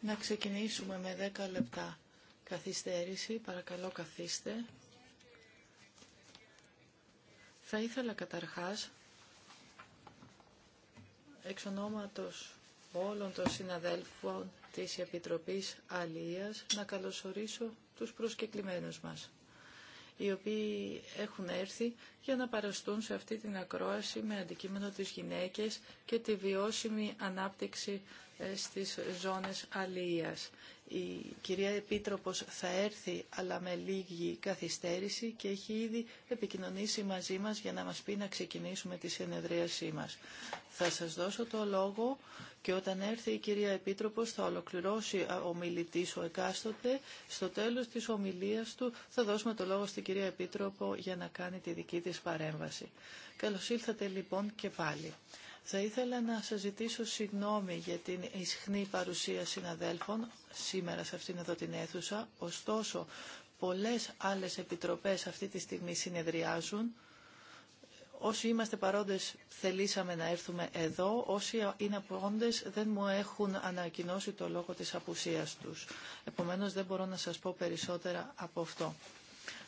Να ξεκινήσουμε με 10 λεπτά καθυστέρηση. Παρακαλώ καθίστε. Θα ήθελα καταρχάς, εξ ονόματος όλων των συναδέλφων της Επιτροπής Αλίας, να καλωσορίσω τους προσκεκλημένους μας οι οποίοι έχουν έρθει για να παραστούν σε αυτή την ακρόαση με αντικείμενο τις γυναίκες και τη βιώσιμη ανάπτυξη ε, στις ζώνες αλίας η κυρία Επίτροπος θα έρθει αλλά με λίγη καθυστέρηση και έχει ήδη επικοινωνήσει μαζί μας για να μας πει να ξεκινήσουμε τη συνεδρίασή μας. Θα σας δώσω το λόγο και όταν έρθει η κυρία Επίτροπος θα ολοκληρώσει ο μιλητής ο εκάστοτε. Στο τέλος της ομιλίας του θα δώσουμε το λόγο στην κυρία Επίτροπο για να κάνει τη δική της παρέμβαση. Καλώς ήλθατε λοιπόν και πάλι. Θα ήθελα να σας ζητήσω συγνώμη για την ισχνή παρουσία συναδέλφων σήμερα σε αυτήν εδώ την αίθουσα. Ωστόσο, πολλές άλλες επιτροπές αυτή τη στιγμή συνεδριάζουν. Όσοι είμαστε παρόντες θελήσαμε να έρθουμε εδώ, όσοι είναι παρόντες δεν μου έχουν ανακοινώσει το λόγο της απουσίας τους. Επομένως δεν μπορώ να σας πω περισσότερα από αυτό.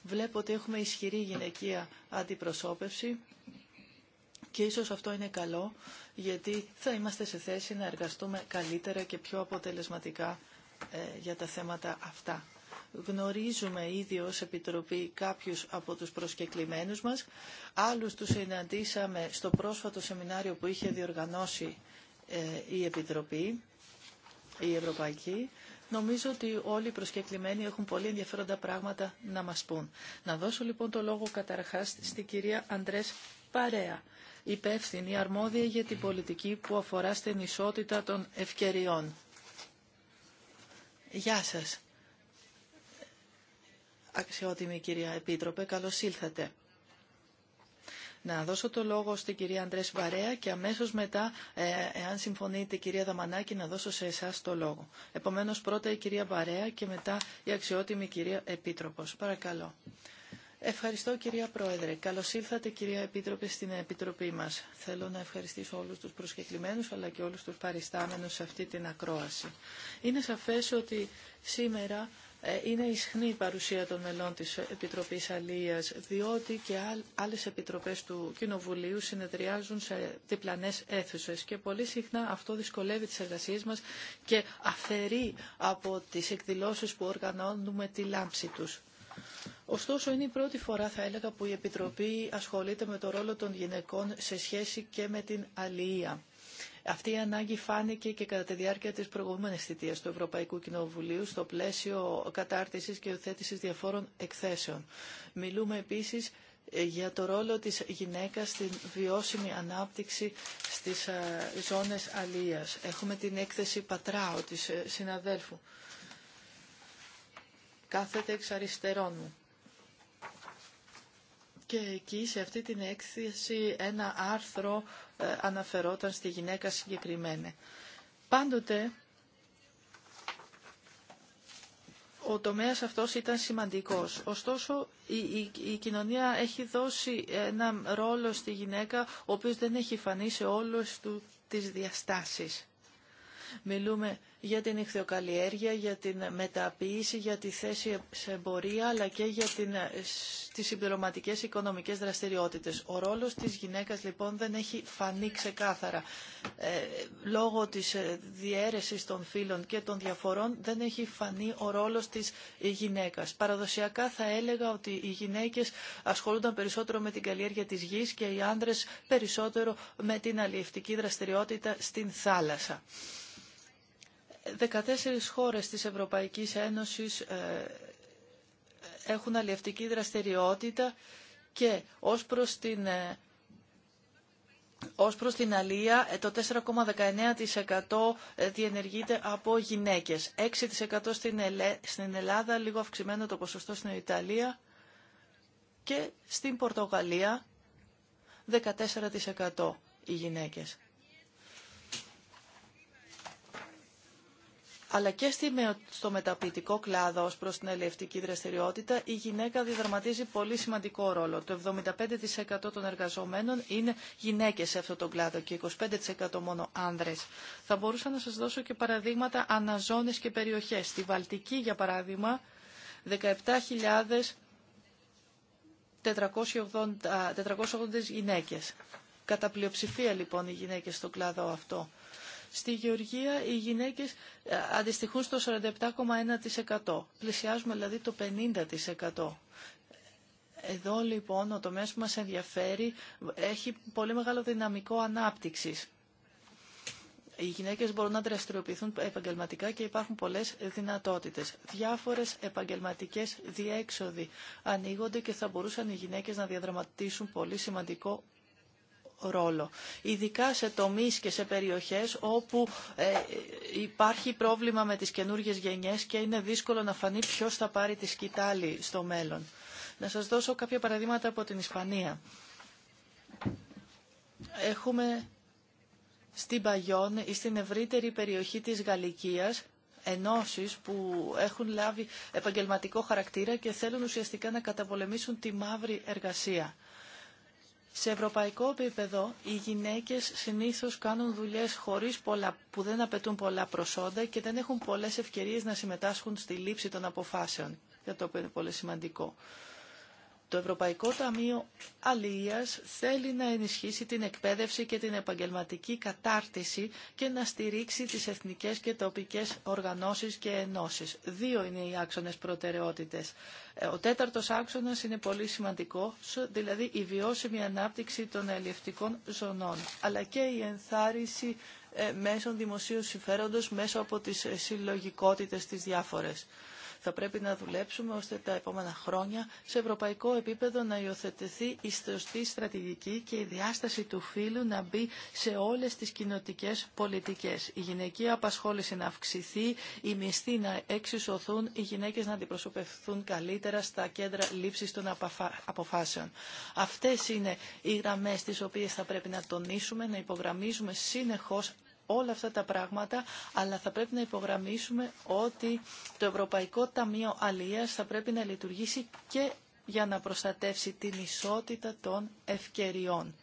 Βλέπω ότι έχουμε ισχυρή γυναικεία αντιπροσώπευση και ίσως αυτό είναι καλό, γιατί θα είμαστε σε θέση να εργαστούμε καλύτερα και πιο αποτελεσματικά ε, για τα θέματα αυτά. Γνωρίζουμε ήδη ως Επιτροπή κάποιους από τους προσκεκλημένους μας. Άλλους τους συναντήσαμε στο πρόσφατο σεμινάριο που είχε διοργανώσει ε, η Επιτροπή, η Ευρωπαϊκή. Νομίζω ότι όλοι οι προσκεκλημένοι έχουν πολύ ενδιαφέροντα πράγματα να μας πούν. Να δώσω λοιπόν το λόγο καταρχάς στην κυρία Αντρές Παρέα, υπεύθυνη, αρμόδια για την πολιτική που αφορά στην ισότητα των ευκαιριών. Γεια σας. Αξιότιμη κυρία Επίτροπε, καλώς ήλθατε. Να δώσω το λόγο στην κυρία Αντρές Βαρέα και αμέσως μετά, ε, εάν συμφωνείτε κυρία Δαμανάκη, να δώσω σε εσάς το λόγο. Επομένως πρώτα η κυρία Βαρέα και μετά η αξιότιμη κυρία Επίτροπος. Παρακαλώ. Ευχαριστώ κυρία Πρόεδρε. Καλώς ήλθατε κυρία Επίτροπε στην Επιτροπή μας. Θέλω να ευχαριστήσω όλους τους προσκεκλημένους αλλά και όλους τους παριστάμενους σε αυτή την ακρόαση. Είναι σαφές ότι σήμερα ε, είναι ισχνή η παρουσία των μελών της Επιτροπής Αλίας, διότι και άλλες επιτροπές του Κοινοβουλίου συνεδριάζουν σε διπλανές αίθουσες και πολύ συχνά αυτό δυσκολεύει τις εργασίες μας και αφαιρεί από τις εκδηλώσεις που οργανώνουμε τη λάμψη τους. Ωστόσο, είναι η πρώτη φορά, θα έλεγα, που η Επιτροπή ασχολείται με το ρόλο των γυναικών σε σχέση και με την αλληλεία. Αυτή η ανάγκη φάνηκε και κατά τη διάρκεια της προηγούμενης θητείας του Ευρωπαϊκού Κοινοβουλίου στο πλαίσιο κατάρτισης και υιοθέτησης διαφόρων εκθέσεων. Μιλούμε επίσης για το ρόλο της γυναίκας στην βιώσιμη ανάπτυξη στις ζώνες αλίας. Έχουμε την έκθεση Πατράου της ε, συναδέλφου. Κάθεται εξ αριστερών μου και εκεί σε αυτή την έκθεση ένα άρθρο ε, αναφερόταν στη γυναίκα συγκεκριμένα. Πάντοτε ο τομέας αυτός ήταν σημαντικός. Ωστόσο, η, κοινωνία έχει δώσει ένα ρόλο στη γυναίκα, ο οποίος δεν έχει φανεί σε όλες του τις διαστάσεις. Μιλούμε για την ηχθειοκαλλιέργεια, για την μεταποίηση, για τη θέση σε εμπορία, αλλά και για την, ε, τις συμπληρωματικές οικονομικές δραστηριότητες. Ο ρόλος της γυναίκας λοιπόν δεν έχει φανεί ξεκάθαρα. Ε, λόγω της ε, διαίρεσης των φύλων και των διαφορών δεν έχει φανεί ο ρόλος της γυναίκας. Παραδοσιακά θα έλεγα ότι οι γυναίκες ασχολούνταν περισσότερο με την καλλιέργεια της γης και οι άντρες περισσότερο με την αλλιευτική δραστηριότητα στην θάλασσα. 14 χώρες της Ευρωπαϊκής Ένωσης ε, έχουν αλλιευτική δραστηριότητα και ως προς την ε, ως προς την αλία, ε, το 4,19% διενεργείται από γυναίκες. 6% στην Ελλάδα, λίγο αυξημένο το ποσοστό στην Ιταλία και στην Πορτογαλία 14% οι γυναίκες. αλλά και στο μεταποιητικό κλάδο ως προς την ελευτική δραστηριότητα η γυναίκα διδραματίζει πολύ σημαντικό ρόλο. Το 75% των εργαζομένων είναι γυναίκες σε αυτό τον κλάδο και 25% μόνο άνδρες. Θα μπορούσα να σας δώσω και παραδείγματα αναζώνες και περιοχές. Στη Βαλτική, για παράδειγμα, 17.480 γυναίκες. Κατά πλειοψηφία λοιπόν οι γυναίκες στο κλάδο αυτό. Στη Γεωργία οι γυναίκες ε, αντιστοιχούν στο 47,1%. Πλησιάζουμε δηλαδή το 50%. Εδώ λοιπόν ο τομέας που μας ενδιαφέρει έχει πολύ μεγάλο δυναμικό ανάπτυξης. Οι γυναίκες μπορούν να δραστηριοποιηθούν επαγγελματικά και υπάρχουν πολλές δυνατότητες. Διάφορες επαγγελματικές διέξοδοι ανοίγονται και θα μπορούσαν οι γυναίκες να διαδραματίσουν πολύ σημαντικό ρόλο. Ειδικά σε τομείς και σε περιοχές όπου ε, υπάρχει πρόβλημα με τις καινούργιες γενιές και είναι δύσκολο να φανεί ποιος θα πάρει τη σκητάλη στο μέλλον. Να σας δώσω κάποια παραδείγματα από την Ισπανία. Έχουμε στην Παγιόν ή στην ευρύτερη περιοχή της Γαλλικίας ενώσεις που έχουν λάβει επαγγελματικό χαρακτήρα και θέλουν ουσιαστικά να καταπολεμήσουν τη μαύρη εργασία. Σε ευρωπαϊκό επίπεδο οι γυναίκες συνήθως κάνουν δουλειές χωρίς πολλά, που δεν απαιτούν πολλά προσόντα και δεν έχουν πολλές ευκαιρίες να συμμετάσχουν στη λήψη των αποφάσεων. Για το οποίο είναι πολύ σημαντικό. Το Ευρωπαϊκό Ταμείο Αλίας θέλει να ενισχύσει την εκπαίδευση και την επαγγελματική κατάρτιση και να στηρίξει τις εθνικές και τοπικές οργανώσεις και ενώσεις. Δύο είναι οι άξονες προτεραιότητες. Ε, ο τέταρτος άξονας είναι πολύ σημαντικό, δηλαδή η βιώσιμη ανάπτυξη των αλληλευτικών ζωνών, αλλά και η ενθάρρυνση ε, μέσων δημοσίου συμφέροντος μέσω από τις ε, συλλογικότητες τις διάφορες. Θα πρέπει να δουλέψουμε ώστε τα επόμενα χρόνια σε ευρωπαϊκό επίπεδο να υιοθετηθεί η σωστή στρατηγική και η διάσταση του φύλου να μπει σε όλες τις κοινοτικέ πολιτικές. Η γυναική απασχόληση να αυξηθεί, οι μισθοί να εξισωθούν, οι γυναίκες να αντιπροσωπευθούν καλύτερα στα κέντρα λήψης των αποφάσεων. Αυτές είναι οι γραμμές τις οποίες θα πρέπει να τονίσουμε, να υπογραμμίζουμε συνεχώς όλα αυτά τα πράγματα, αλλά θα πρέπει να υπογραμμίσουμε ότι το Ευρωπαϊκό Ταμείο Αλίας θα πρέπει να λειτουργήσει και για να προστατεύσει την ισότητα των ευκαιριών.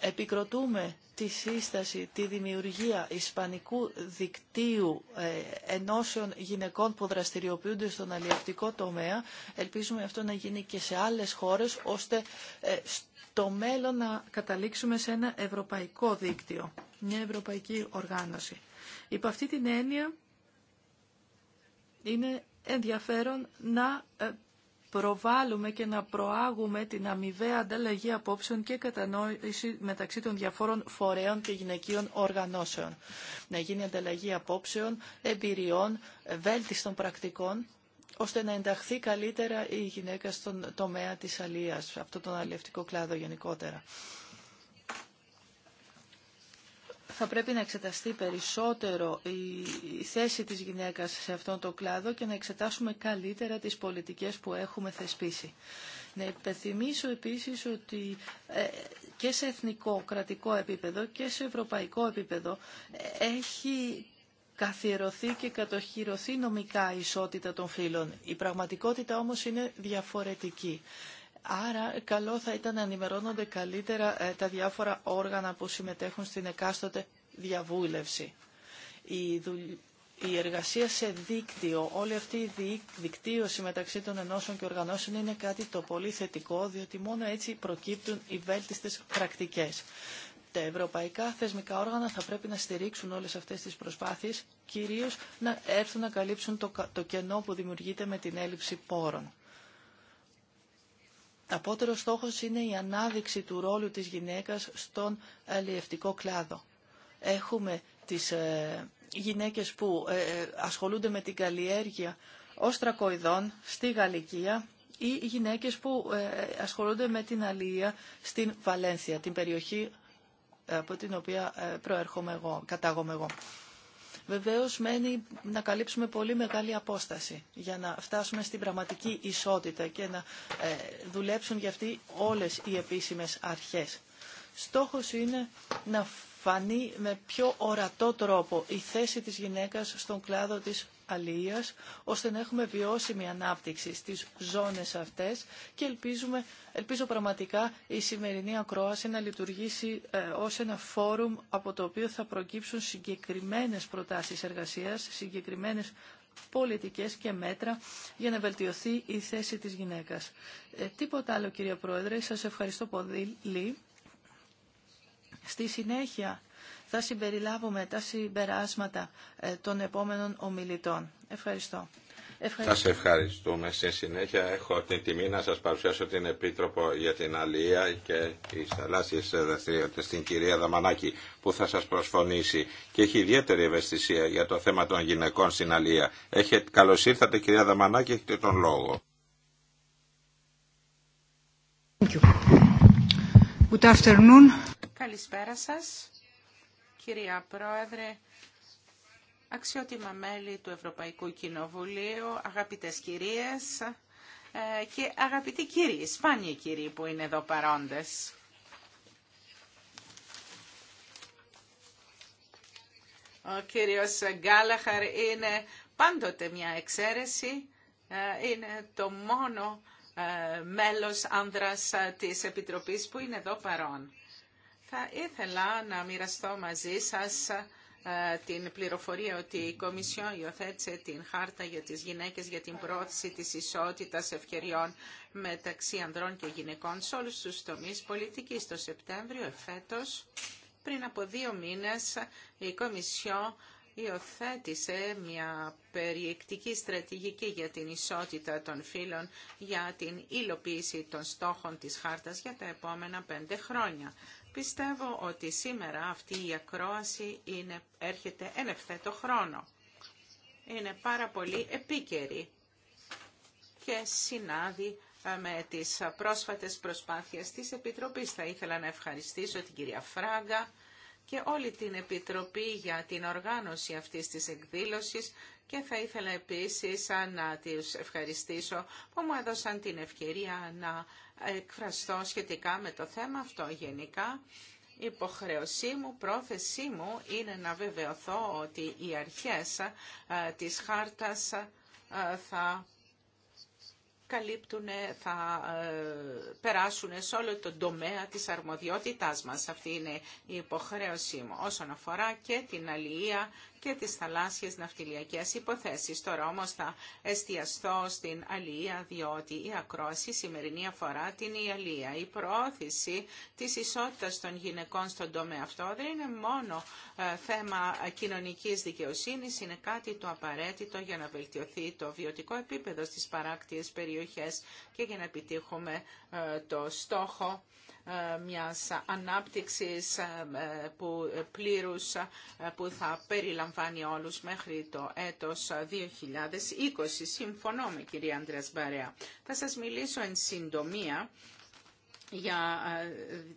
Επικροτούμε τη σύσταση, τη δημιουργία ισπανικού δικτύου ε, ενώσεων γυναικών που δραστηριοποιούνται στον αλλιευτικό τομέα. Ελπίζουμε αυτό να γίνει και σε άλλες χώρες, ώστε ε, στο μέλλον να καταλήξουμε σε ένα ευρωπαϊκό δίκτυο μια ευρωπαϊκή οργάνωση. Υπό αυτή την έννοια είναι ενδιαφέρον να ε, προβάλλουμε και να προάγουμε την αμοιβαία ανταλλαγή απόψεων και κατανόηση μεταξύ των διαφόρων φορέων και γυναικείων οργανώσεων. Να γίνει ανταλλαγή απόψεων, εμπειριών, βέλτιστων πρακτικών, ώστε να ενταχθεί καλύτερα η γυναίκα στον τομέα της αλίας, αυτό τον αλληλευτικό κλάδο γενικότερα θα πρέπει να εξεταστεί περισσότερο η θέση της γυναίκας σε αυτόν τον κλάδο και να εξετάσουμε καλύτερα τις πολιτικές που έχουμε θεσπίσει. Να υπενθυμίσω επίσης ότι ε, και σε εθνικό κρατικό επίπεδο και σε ευρωπαϊκό επίπεδο ε, έχει καθιερωθεί και κατοχυρωθεί νομικά η ισότητα των φύλων. Η πραγματικότητα όμως είναι διαφορετική. Άρα καλό θα ήταν να ενημερώνονται καλύτερα ε, τα διάφορα όργανα που συμμετέχουν στην εκάστοτε διαβούλευση. Η, εργασία σε δίκτυο, όλη αυτή η δικτύωση μεταξύ των ενώσεων και οργανώσεων είναι κάτι το πολύ θετικό, διότι μόνο έτσι προκύπτουν οι βέλτιστες πρακτικές. Τα ευρωπαϊκά θεσμικά όργανα θα πρέπει να στηρίξουν όλες αυτές τις προσπάθειες, κυρίως να έρθουν να καλύψουν το κενό που δημιουργείται με την έλλειψη πόρων απότερος στόχος είναι η ανάδειξη του ρόλου της γυναίκας στον αλλιευτικό κλάδο. Έχουμε τις ε, γυναίκες που ε, ε, ασχολούνται με την καλλιέργεια οστρακοειδών στη Γαλλικία ή γυναίκες που ασχολούνται με την αλληλεία στην Βαλένθια, την περιοχή από την οποία προέρχομαι εγώ, κατάγομαι εγώ. Βεβαίως μένει να καλύψουμε πολύ μεγάλη απόσταση για να φτάσουμε στην πραγματική ισότητα και να ε, δουλέψουν για αυτή όλες οι επίσημες αρχές. Στόχος είναι να φανεί με πιο ορατό τρόπο η θέση της γυναίκας στον κλάδο της ώστε να έχουμε βιώσιμη ανάπτυξη στις ζώνες αυτές και ελπίζουμε, ελπίζω πραγματικά η σημερινή ακρόαση να λειτουργήσει ε, ως ένα φόρουμ από το οποίο θα προκύψουν συγκεκριμένες προτάσεις εργασίας, συγκεκριμένες πολιτικές και μέτρα για να βελτιωθεί η θέση της γυναίκας. Ε, τίποτα άλλο κυρία Πρόεδρε, σας ευχαριστώ πολύ. Στη συνέχεια θα συμπεριλάβουμε τα συμπεράσματα ε, των επόμενων ομιλητών. Ευχαριστώ. Ευχαριστώ. Σας ευχαριστούμε. Στη συνέχεια έχω την τιμή να σας παρουσιάσω την Επίτροπο για την Αλία και τις θαλάσσιες δραστηριότητες, την κυρία Δαμανάκη, που θα σας προσφωνήσει και έχει ιδιαίτερη ευαισθησία για το θέμα των γυναικών στην Αλία. Έχετε, καλώς ήρθατε κυρία Δαμανάκη, έχετε τον λόγο. Καλησπέρα σας κυρία Πρόεδρε, αξιότιμα μέλη του Ευρωπαϊκού Κοινοβουλίου, αγαπητές κυρίες ε, και αγαπητοί κύριοι, σπάνιοι κύριοι που είναι εδώ παρόντες. Ο κύριος Γκάλαχαρ είναι πάντοτε μια εξαίρεση, ε, είναι το μόνο ε, μέλος άνδρας της Επιτροπής που είναι εδώ παρόν. Θα ήθελα να μοιραστώ μαζί σας ε, την πληροφορία ότι η Κομισιόν υιοθέτησε την χάρτα για τις γυναίκες για την πρόθεση της ισότητας ευκαιριών μεταξύ ανδρών και γυναικών σε όλους τους τομείς πολιτικής το Σεπτέμβριο εφέτος. Πριν από δύο μήνες η Κομισιόν υιοθέτησε μια περιεκτική στρατηγική για την ισότητα των φύλων για την υλοποίηση των στόχων της χάρτας για τα επόμενα πέντε χρόνια. Πιστεύω ότι σήμερα αυτή η ακρόαση είναι, έρχεται εν ευθέτω χρόνο. Είναι πάρα πολύ επίκαιρη και συνάδει ε, με τις ε, πρόσφατες προσπάθειες της Επιτροπής. Θα ήθελα να ευχαριστήσω την κυρία Φράγκα και όλη την Επιτροπή για την οργάνωση αυτής της εκδήλωσης και θα ήθελα επίσης να τους ευχαριστήσω που μου έδωσαν την ευκαιρία να εκφραστώ σχετικά με το θέμα αυτό γενικά. Η υποχρεωσή μου, πρόθεσή μου είναι να βεβαιωθώ ότι οι αρχές ε, της χάρτας ε, θα καλύπτουν, θα ε, περάσουν σε όλο τον τομέα της αρμοδιότητάς μας. Αυτή είναι η υποχρέωσή μου όσον αφορά και την αλληλεία και τις θαλάσσιες ναυτιλιακές υποθέσεις. Τώρα όμως θα εστιαστώ στην αλία, διότι η ακρόαση σημερινή αφορά την αλία. Η προώθηση της ισότητας των γυναικών στον τομέα αυτό δεν είναι μόνο ε, θέμα κοινωνικής δικαιοσύνης, είναι κάτι το απαραίτητο για να βελτιωθεί το βιωτικό επίπεδο στις παράκτιες περιοχές και για να επιτύχουμε ε, το στόχο μιας ανάπτυξης ε, ε, που πλήρους ε, που θα περιλαμβάνει όλους μέχρι το έτος 2020. Συμφωνώ με κυρία Αντρέας Μπαρέα. Θα σας μιλήσω εν συντομία για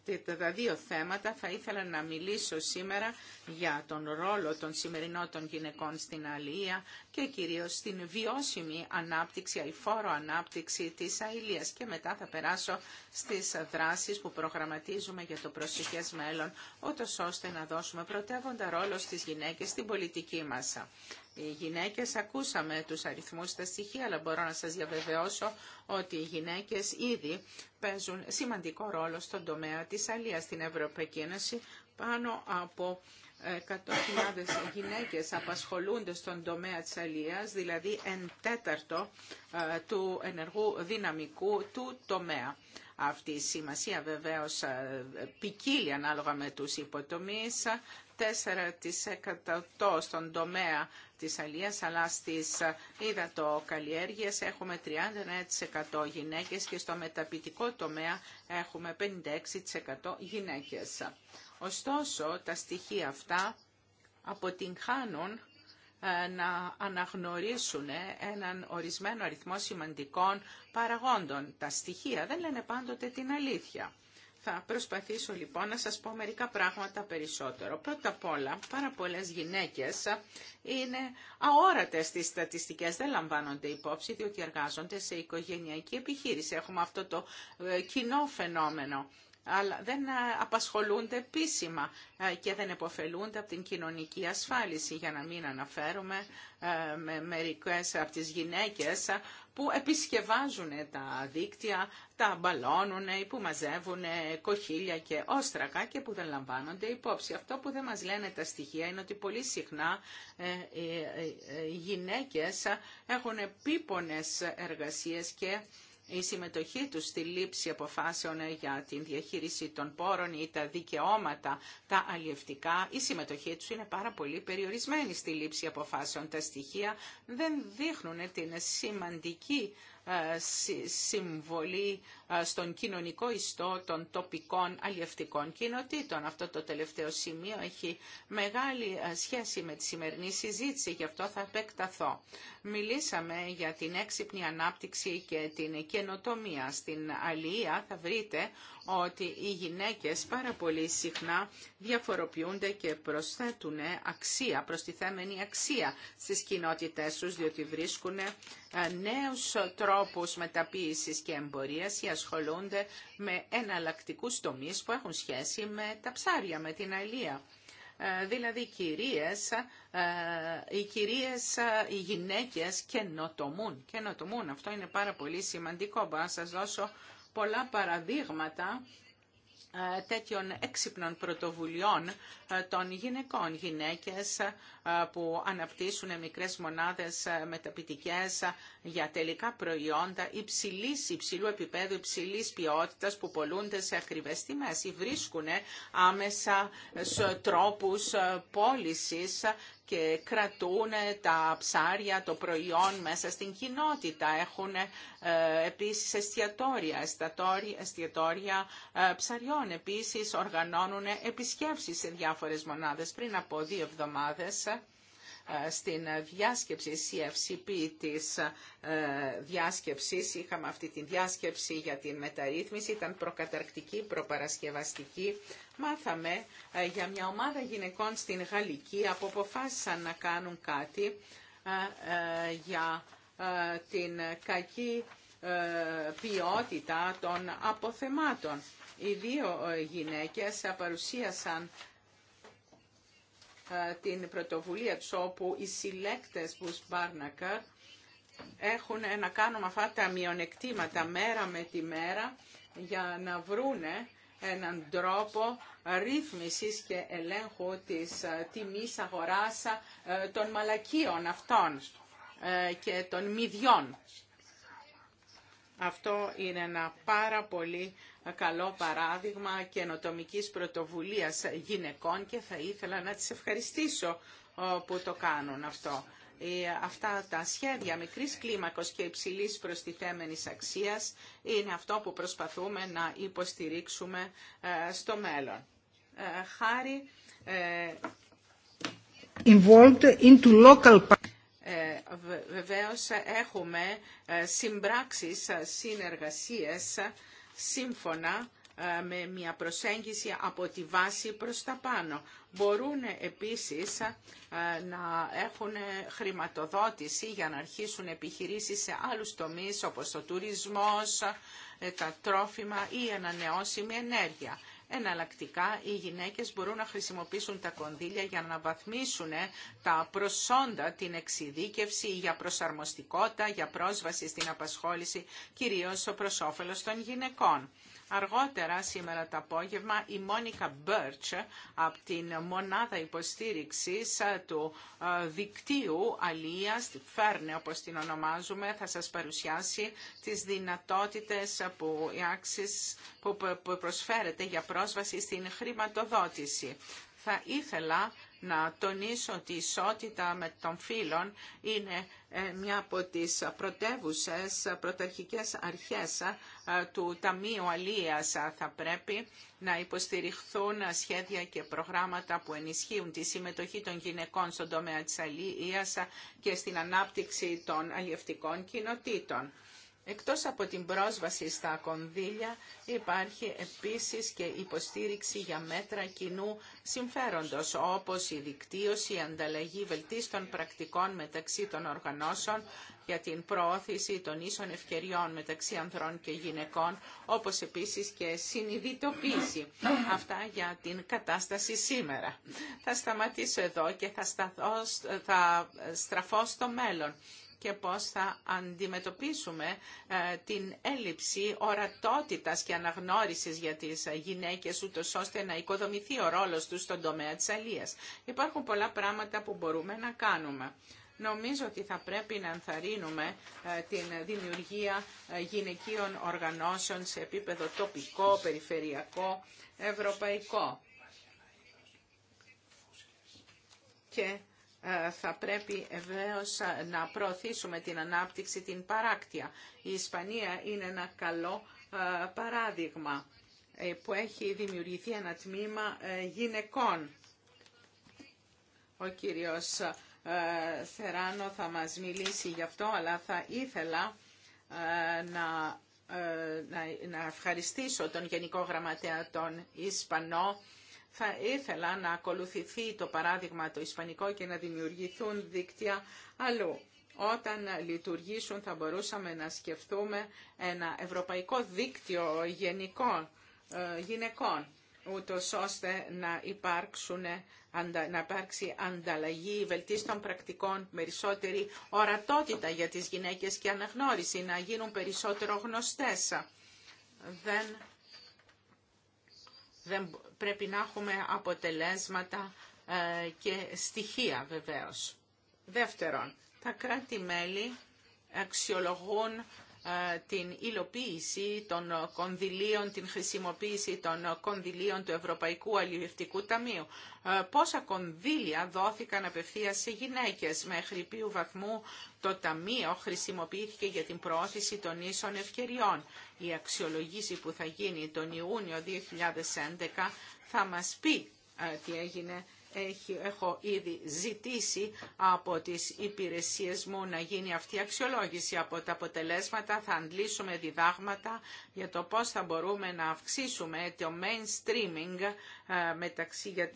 ε, τα δύο θέματα θα ήθελα να μιλήσω σήμερα για τον ρόλο των σημερινών των γυναικών στην αλληλεία και κυρίως στην βιώσιμη ανάπτυξη, αηφόρο ανάπτυξη της αιλιάς και μετά θα περάσω στις δράσεις που προγραμματίζουμε για το προσεχές μέλλον, ώστε να δώσουμε πρωτεύοντα ρόλο στις γυναίκες στην πολιτική μας. Οι γυναίκες ακούσαμε τους αριθμούς στα στοιχεία, αλλά μπορώ να σας διαβεβαιώσω ότι οι γυναίκες ήδη παίζουν σημαντικό ρόλο στον τομέα της αλίας στην Ευρωπαϊκή Ένωση. Πάνω από 100.000 ε, γυναίκες απασχολούνται στον τομέα της αλίας, δηλαδή εν τέταρτο ε, του ενεργού δυναμικού του τομέα. Αυτή η σημασία βεβαίως ε, ποικίλει ανάλογα με τους υποτομείς. 4% στον τομέα της αλίας, αλλά στις υδατοκαλλιέργειες ε, έχουμε 39% γυναίκες και στο μεταπητικό τομέα έχουμε 56% γυναίκες. Ωστόσο, τα στοιχεία αυτά αποτυγχάνουν ε, να αναγνωρίσουν έναν ορισμένο αριθμό σημαντικών παραγόντων. Τα στοιχεία δεν λένε πάντοτε την αλήθεια. Θα προσπαθήσω λοιπόν να σας πω μερικά πράγματα περισσότερο. Πρώτα απ' όλα, πάρα πολλές γυναίκες είναι αόρατες στις στατιστικές, δεν λαμβάνονται υπόψη, διότι εργάζονται σε οικογενειακή επιχείρηση. Έχουμε αυτό το ε, κοινό φαινόμενο αλλά δεν ε, απασχολούνται επίσημα ε, και δεν επωφελούνται από την κοινωνική ασφάλιση, για να μην αναφέρουμε με μερικές από τις γυναίκες που επισκευάζουν τα δίκτυα, τα μπαλώνουν ή που μαζεύουν κοχύλια και όστρακα και που δεν λαμβάνονται υπόψη. Αυτό που δεν μας λένε τα στοιχεία είναι ότι πολύ συχνά ε, ε, ε, οι γυναίκες έχουν επίπονες εργασίες και η συμμετοχή τους στη λήψη αποφάσεων για την διαχείριση των πόρων ή τα δικαιώματα, τα αλλιευτικά, η συμμετοχή τους είναι πάρα πολύ περιορισμένη στη λήψη αποφάσεων. Τα στοιχεία δεν δείχνουν την σημαντική ε, συμβολή ε, στον κοινωνικό ιστό των τοπικών αλλιευτικών κοινοτήτων. Αυτό το τελευταίο σημείο έχει μεγάλη ε, σχέση με τη σημερινή συζήτηση, γι' αυτό θα επεκταθώ. Μιλήσαμε για την έξυπνη ανάπτυξη και την καινοτομία. Στην Αλία θα βρείτε ότι οι γυναίκες πάρα πολύ συχνά διαφοροποιούνται και προσθέτουν αξία, προστιθέμενη αξία στις κοινότητές τους, διότι βρίσκουν ε, νέους τρόπους μεταποίησης και εμπορίας ασχολούνται με εναλλακτικούς τομείς που έχουν σχέση με τα ψάρια, με την αηλία. Ε, δηλαδή κυρίες, ε, οι κυρίες, ε, οι γυναίκες καινοτομούν. Καινοτομούν, αυτό είναι πάρα πολύ σημαντικό. Μπορώ να σας δώσω πολλά παραδείγματα ε, τέτοιων έξυπνων πρωτοβουλειών ε, των γυναικών. Γυναίκες ε, που αναπτύσσουν μικρές μονάδες μεταπητικές για τελικά προϊόντα υψηλής, υψηλού επίπεδου, υψηλής ποιότητας που πολλούνται σε ακριβές τιμές ή βρίσκουν άμεσα τρόπους πώλησης και κρατούν τα ψάρια, το προϊόν μέσα στην κοινότητα. Έχουν ε, επίσης εστιατόρια, εστιατόρια ε, ψαριών. Επίσης οργανώνουν επισκέψεις σε διάφορες μονάδες. Πριν από δύο εβδομάδες στην διάσκεψη CFCP της ε, διάσκεψης. Είχαμε αυτή τη διάσκεψη για την μεταρρύθμιση, ήταν προκαταρκτική, προπαρασκευαστική. Μάθαμε ε, για μια ομάδα γυναικών στην Γαλλική που αποφάσισαν να κάνουν κάτι ε, για την κακή ποιότητα των αποθεμάτων. Οι δύο γυναίκες παρουσίασαν ε, την πρωτοβουλία του όπου οι συλλέκτες που σπάρνακα έχουν να κάνουν αυτά τα μειονεκτήματα μέρα με τη μέρα για να βρούνε έναν τρόπο ρύθμισης και ελέγχου της ε, τιμής αγοράς ε, των μαλακίων αυτών και των μηδιών. Αυτό είναι ένα πάρα πολύ καλό παράδειγμα καινοτομικής πρωτοβουλίας γυναικών και θα ήθελα να τις ευχαριστήσω που το κάνουν αυτό. Ε, αυτά τα σχέδια μικρής κλίμακος και υψηλής προστιθέμενης αξίας είναι αυτό που προσπαθούμε να υποστηρίξουμε ε, στο μέλλον. Ε, Χάρη involved into local βεβαίως έχουμε συμπράξεις, συνεργασίες σύμφωνα ε, με μια προσέγγιση από τη βάση προς τα πάνω. Μπορούν επίσης ε, να έχουν χρηματοδότηση για να αρχίσουν επιχειρήσεις σε άλλους τομείς όπως ο τουρισμός, ε, τα τρόφιμα ή η ανανεώσιμη ενέργεια. Εναλλακτικά, οι γυναίκες μπορούν να χρησιμοποιήσουν τα κονδύλια για να βαθμίσουν ε, τα προσόντα, την εξειδίκευση για προσαρμοστικότητα, για πρόσβαση στην απασχόληση, κυρίως προς όφελος των γυναικών. Αργότερα σήμερα το απόγευμα η Μόνικα Μπέρτ από την Μονάδα Υποστήριξης ε, του ε, Δικτύου Αλίας, Φέρνε όπως την ονομάζουμε, θα σας παρουσιάσει τις δυνατότητες που, η που προσφέρεται για πρόσβαση στην χρηματοδότηση. Θα ήθελα να τονίσω ότι η ισότητα με τον φίλων είναι ε, μια από τις πρωτεύουσες, πρωταρχικές αρχές ε, του Ταμείου Αλίας θα πρέπει να υποστηριχθούν σχέδια και προγράμματα που ενισχύουν τη συμμετοχή των γυναικών στον τομέα της αλίας και στην ανάπτυξη των αλλιευτικών κοινοτήτων. Εκτός από την πρόσβαση στα κονδύλια υπάρχει επίσης και υποστήριξη για μέτρα κοινού συμφέροντος όπως η δικτύωση, η ανταλλαγή βελτίστων πρακτικών μεταξύ των οργανώσεων για την προώθηση των ίσων ευκαιριών μεταξύ ανδρών και γυναικών όπως επίσης και συνειδητοποίηση. Αυτά για την κατάσταση σήμερα. Θα σταματήσω εδώ και θα, σταθώ, θα στραφώ στο μέλλον και πώς θα αντιμετωπίσουμε ε, την έλλειψη ορατότητας και αναγνώρισης για τις γυναίκες, ούτως ώστε να οικοδομηθεί ο ρόλος τους στον τομέα της αλίας. Υπάρχουν πολλά πράγματα που μπορούμε να κάνουμε. Νομίζω ότι θα πρέπει να ενθαρρύνουμε ε, την δημιουργία ε, γυναικείων οργανώσεων σε επίπεδο τοπικό, περιφερειακό, ευρωπαϊκό. Και ε, θα πρέπει βεβαίως ε, να προωθήσουμε την ανάπτυξη την παράκτεια. Η Ισπανία είναι ένα καλό ε, παράδειγμα που έχει δημιουργηθεί ένα τμήμα γυναικών. Ο κύριος Θεράνο θα μας μιλήσει γι' αυτό, αλλά θα ήθελα να, να ευχαριστήσω τον Γενικό Γραμματέα των Ισπανών. Θα ήθελα να ακολουθηθεί το παράδειγμα το ισπανικό και να δημιουργηθούν δίκτυα αλλού. Όταν λειτουργήσουν θα μπορούσαμε να σκεφτούμε ένα ευρωπαϊκό δίκτυο γενικών, ε, γυναικών ούτως ώστε να, υπάρξουν, να υπάρξει ανταλλαγή βελτίστων πρακτικών, περισσότερη ορατότητα για τις γυναίκες και αναγνώριση, να γίνουν περισσότερο γνωστές. Δεν δεν πρέπει να έχουμε αποτελέσματα ε, και στοιχεία βεβαίως. Δεύτερον, τα κράτη-μέλη αξιολογούν ε, την υλοποίηση των κονδυλίων, την χρησιμοποίηση των κονδυλίων του Ευρωπαϊκού Αλληλευτικού Ταμείου. Ε, πόσα κονδύλια δόθηκαν απευθείας σε γυναίκες, μέχρι ποιου βαθμού το Ταμείο χρησιμοποιήθηκε για την προώθηση των ίσων ευκαιριών. Η αξιολογήση που θα γίνει τον Ιούνιο 2011 θα μας πει ε, τι έγινε έχω ήδη ζητήσει από τις υπηρεσίες μου να γίνει αυτή η αξιολόγηση από τα αποτελέσματα. Θα αντλήσουμε διδάγματα για το πώς θα μπορούμε να αυξήσουμε το mainstreaming ε, μεταξύ για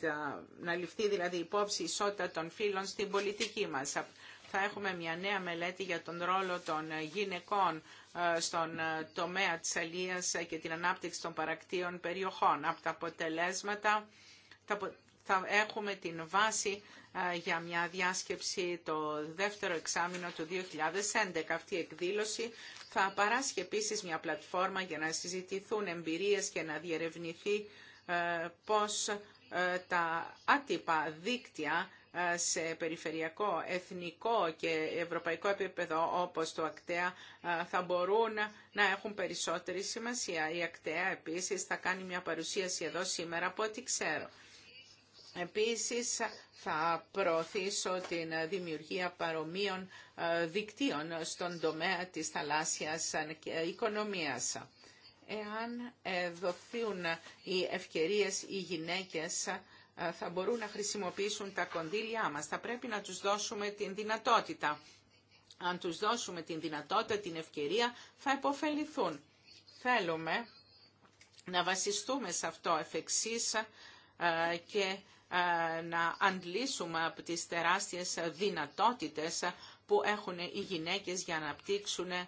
να ληφθεί δηλαδή υπόψη ισότητα των φίλων στην πολιτική μας. Θα έχουμε μια νέα μελέτη για τον ρόλο των γυναικών ε, στον ε, τομέα της αλίας και την ανάπτυξη των παρακτήων περιοχών. Από τα αποτελέσματα θα έχουμε την βάση για μια διάσκεψη το δεύτερο εξάμεινο του 2011. Αυτή η εκδήλωση θα παράσχει επίσης μια πλατφόρμα για να συζητηθούν εμπειρίες και να διερευνηθεί ε, πώς ε, τα άτυπα δίκτυα ε, σε περιφερειακό, εθνικό και ευρωπαϊκό επίπεδο όπως το ακτέα θα μπορούν να έχουν περισσότερη σημασία. Η ακτέα επίσης θα κάνει μια παρουσίαση εδώ σήμερα από ό,τι ξέρω. Επίσης, θα προωθήσω την δημιουργία παρομοίων ε, δικτύων στον τομέα της θαλάσσιας οικονομίας. Εάν ε, δοθούν οι ευκαιρίες οι γυναίκες ε, θα μπορούν να χρησιμοποιήσουν τα κονδύλια μας. Θα πρέπει να τους δώσουμε την δυνατότητα. Αν τους δώσουμε την δυνατότητα, την ευκαιρία, θα υποφεληθούν. Θέλουμε να βασιστούμε σε αυτό εφ' και ε, να αντλήσουμε από τις τεράστιες δυνατότητες που έχουν οι γυναίκες για να απτύξουν ε,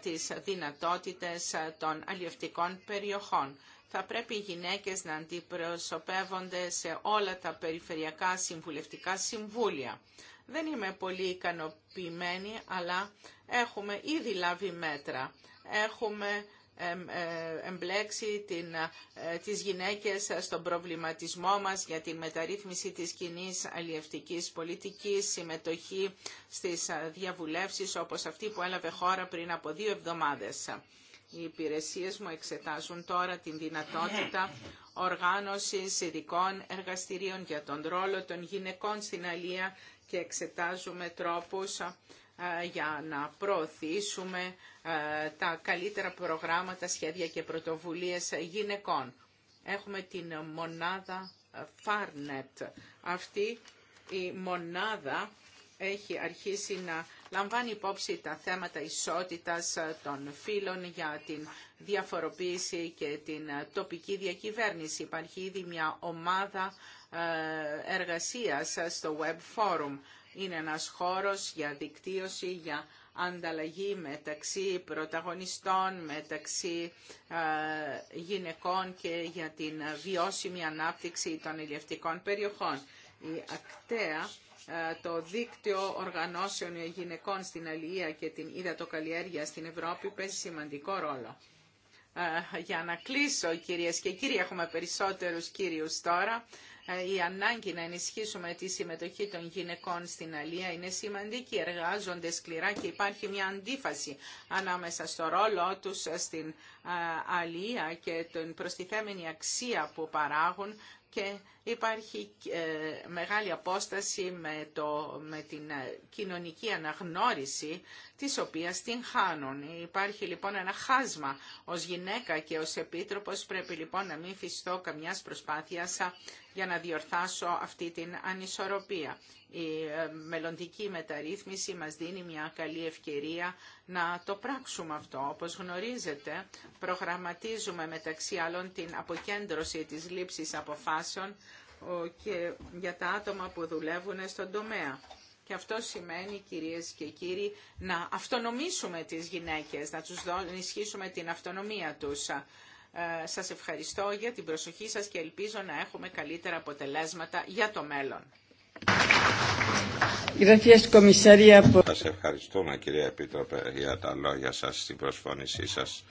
τις δυνατότητες ε, των αλλιευτικών περιοχών. Θα πρέπει οι γυναίκες να αντιπροσωπεύονται σε όλα τα περιφερειακά συμβουλευτικά συμβούλια. Δεν είμαι πολύ ικανοποιημένη, αλλά έχουμε ήδη λάβει μέτρα. Έχουμε ε, εμπλέξει την, ε, τις γυναίκες στον προβληματισμό μας για την μεταρρύθμιση της κοινή αλλιευτικής πολιτικής, συμμετοχή στις ε, διαβουλεύσεις όπως αυτή που έλαβε χώρα πριν από δύο εβδομάδες. Οι υπηρεσίες μου εξετάζουν τώρα την δυνατότητα οργάνωσης ειδικών εργαστηρίων για τον ρόλο των γυναικών στην αλία και εξετάζουμε τρόπους ε, για να προωθήσουμε ε, τα καλύτερα προγράμματα, σχέδια και πρωτοβουλίες γυναικών. Έχουμε την μονάδα Farnet. Αυτή η μονάδα έχει αρχίσει να λαμβάνει υπόψη τα θέματα ισότητας των φύλων για την διαφοροποίηση και την τοπική διακυβέρνηση. Υπάρχει ήδη μια ομάδα ε, εργασίας στο Web Forum είναι ένας χώρος για δικτύωση, για ανταλλαγή μεταξύ πρωταγωνιστών, μεταξύ ε, γυναικών και για την βιώσιμη ανάπτυξη των ηλιευτικών περιοχών. Η ακτέα ε, το δίκτυο οργανώσεων γυναικών στην Αλληλεία και την Ιδατοκαλλιέργεια στην Ευρώπη παίζει σημαντικό ρόλο. Ε, για να κλείσω κυρίες και κύριοι, έχουμε περισσότερους κύριους τώρα. Ε, η ανάγκη να ενισχύσουμε τη συμμετοχή των γυναικών στην Αλία είναι σημαντική. Εργάζονται σκληρά και υπάρχει μια αντίφαση ανάμεσα στο ρόλο τους στην ε, Αλία και την προστιθέμενη αξία που παράγουν και υπάρχει ε, μεγάλη απόσταση με, το, με την ε, κοινωνική αναγνώριση της οποίας την χάνουν. Υπάρχει λοιπόν ένα χάσμα. Ως γυναίκα και ως επίτροπος πρέπει λοιπόν να μην φυστώ καμιάς προσπάθειας για να διορθάσω αυτή την ανισορροπία. Η ε, μελλοντική μεταρρύθμιση μας δίνει μια καλή ευκαιρία να το πράξουμε αυτό. Όπως γνωρίζετε, προγραμματίζουμε μεταξύ άλλων την αποκέντρωση της λήψης αποφάσεων και για τα άτομα που δουλεύουν στον τομέα. Και αυτό σημαίνει, κυρίες και κύριοι, να αυτονομήσουμε τις γυναίκες, να τους ενισχύσουμε την αυτονομία τους. Ε, σας ευχαριστώ για την προσοχή σας και ελπίζω να έχουμε καλύτερα αποτελέσματα για το μέλλον. Σας ευχαριστούμε κυρία Επίτροπε για τα λόγια σας, στην προσφώνησή σας.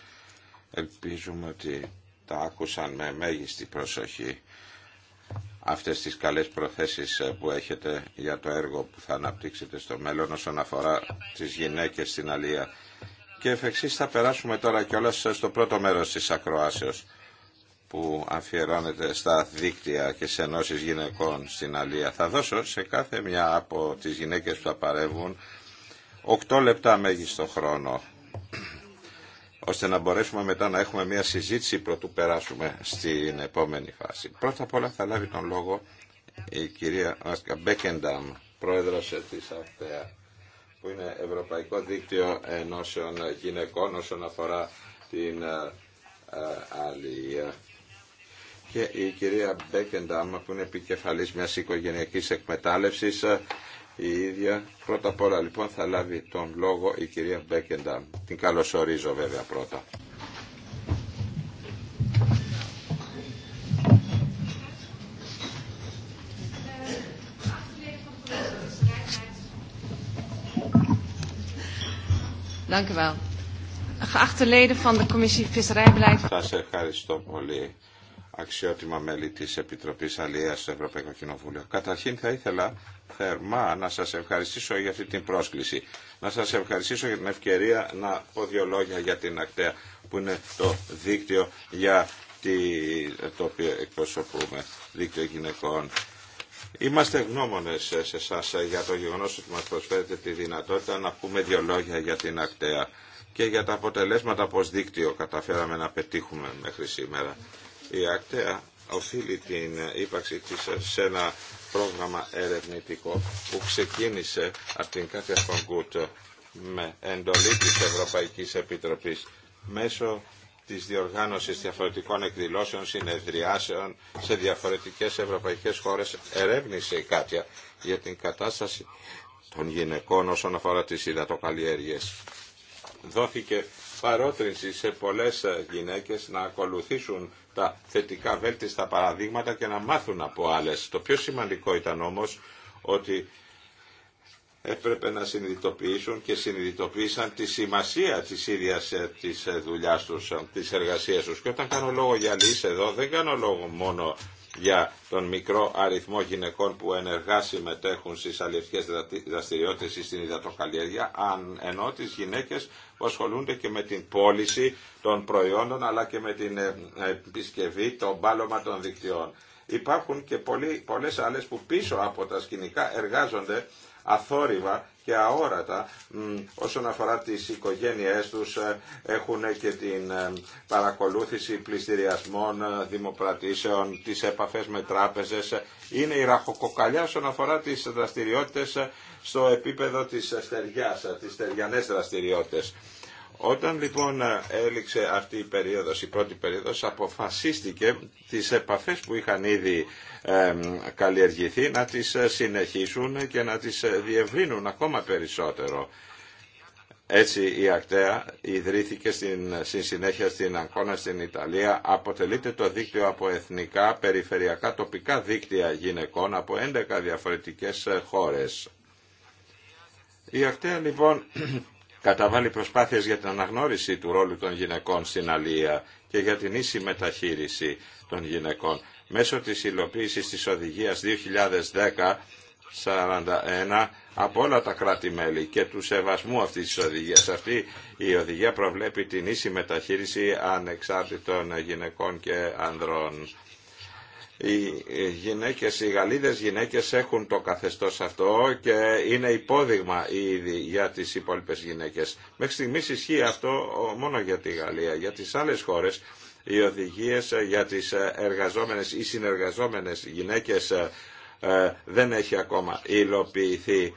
Ελπίζουμε ότι τα άκουσαν με μέγιστη προσοχή αυτές τις καλές προθέσεις ε, που έχετε για το έργο που θα αναπτύξετε στο μέλλον όσον αφορά τις γυναίκες στην Αλία. Και εφ' θα περάσουμε τώρα κιόλας στο πρώτο μέρος της ακροάσεως που αφιερώνεται στα δίκτυα και σε ενώσεις γυναικών στην Αλία. Θα δώσω σε κάθε μια από τις γυναίκες που θα παρεύουν 8 λεπτά μέγιστο χρόνο ώστε να μπορέσουμε μετά να έχουμε μια συζήτηση πρωτού περάσουμε στην επόμενη φάση. Πρώτα απ' όλα θα λάβει τον λόγο η κυρία Μπέκενταμ, πρόεδρος της ΑΦΤΕΑ, που είναι Ευρωπαϊκό Δίκτυο Ενώσεων Γυναικών όσον αφορά την ε, ε, Αλία και η κυρία Μπέκενταμ που είναι επικεφαλής μιας οικογενειακής εκμετάλλευσης ε, η ίδια. Πρώτα απ' όλα λοιπόν θα λάβει τον λόγο η κυρία Μπέκενταμ. Την καλωσορίζω βέβαια πρώτα. Dank u wel. Geachte leden van de commissie Visserijbeleid. Σας ευχαριστώ πολύ αξιότιμα μέλη της Επιτροπής Αλληλείας στο Ευρωπαϊκό Κοινοβούλιο. Καταρχήν θα ήθελα θερμά να σας ευχαριστήσω για αυτή την πρόσκληση. Να σας ευχαριστήσω για την ευκαιρία να πω δύο λόγια για την ακτέα που είναι το δίκτυο για τη, το οποίο εκπροσωπούμε, δίκτυο γυναικών. Είμαστε γνώμονες σε εσά για το γεγονός ότι μας προσφέρετε τη δυνατότητα να πούμε δύο λόγια για την ακτέα και για τα αποτελέσματα πως δίκτυο καταφέραμε να πετύχουμε μέχρι σήμερα. Η ΑΚΤΕΑ οφείλει την ύπαρξη της σε ένα πρόγραμμα ερευνητικό που ξεκίνησε από την Κάτια Φονγκούτ με εντολή της Ευρωπαϊκής Επιτροπής μέσω της διοργάνωσης διαφορετικών εκδηλώσεων, συνεδριάσεων σε διαφορετικές ευρωπαϊκές χώρες ερεύνησε η Κάτια για την κατάσταση των γυναικών όσον αφορά τις υδατοκαλλιέργειες. Δόθηκε παρότρινση σε πολλές γυναίκες να ακολουθήσουν τα θετικά βέλτιστα παραδείγματα και να μάθουν από άλλες. Το πιο σημαντικό ήταν όμως ότι έπρεπε να συνειδητοποιήσουν και συνειδητοποίησαν τη σημασία της ίδιας ε, της ε, δουλειάς τους, ε, της εργασίας τους. Και όταν κάνω λόγο για λύση εδώ, δεν κάνω λόγο μόνο για τον μικρό αριθμό γυναικών που ενεργά συμμετέχουν στις αλληλευτικές δραστηριότητες ή στην υδατοκαλλιέργεια, αν ενώ τις γυναίκες που ασχολούνται και με την πώληση των προϊόντων αλλά και με την ε, επισκευή, το μπάλωμα των δικτυών. Υπάρχουν και πολλές άλλες που πίσω από τα σκηνικά εργάζονται αθόρυβα και αόρατα όσον αφορά τις οικογένειές τους ε, έχουν και την ε, παρακολούθηση πληστηριασμών, ε, δημοπρατήσεων, τις επαφές με τράπεζες. Είναι η ραχοκοκαλιά όσον αφορά τις δραστηριότητες στο επίπεδο της στεριάς, τις στεριανές δραστηριότητες. Όταν λοιπόν ε, έληξε αυτή η περίοδος, η πρώτη περίοδος, αποφασίστηκε τις επαφές που είχαν ήδη ε, καλλιεργηθεί να τις ε, συνεχίσουν και να τις διευρύνουν ακόμα περισσότερο. Έτσι η ΑΚΤΕΑ ιδρύθηκε στην, στη συνέχεια στην Αγκώνα στην Ιταλία. Αποτελείται το δίκτυο από εθνικά, περιφερειακά, τοπικά δίκτυα γυναικών από 11 διαφορετικές χώρες. Η ΑΚΤΕΑ λοιπόν καταβάλει προσπάθειες για την αναγνώριση του ρόλου των γυναικών στην αλία και για την ίση μεταχείριση των γυναικών. Μέσω της υλοποίησης της οδηγίας 2010-41 από όλα τα κράτη-μέλη και του σεβασμού αυτής της οδηγίας. Αυτή η οδηγία προβλέπει την ίση μεταχείριση ανεξάρτητων γυναικών και ανδρών οι γυναίκες, οι Γαλλίδες γυναίκες έχουν το καθεστώς αυτό και είναι υπόδειγμα ήδη για τις υπόλοιπες γυναίκες. Μέχρι στιγμής ισχύει αυτό μόνο για τη Γαλλία. Για τις άλλες χώρες οι οδηγίες για τις εργαζόμενες ή συνεργαζόμενες γυναίκες ε, ε, δεν έχει ακόμα υλοποιηθεί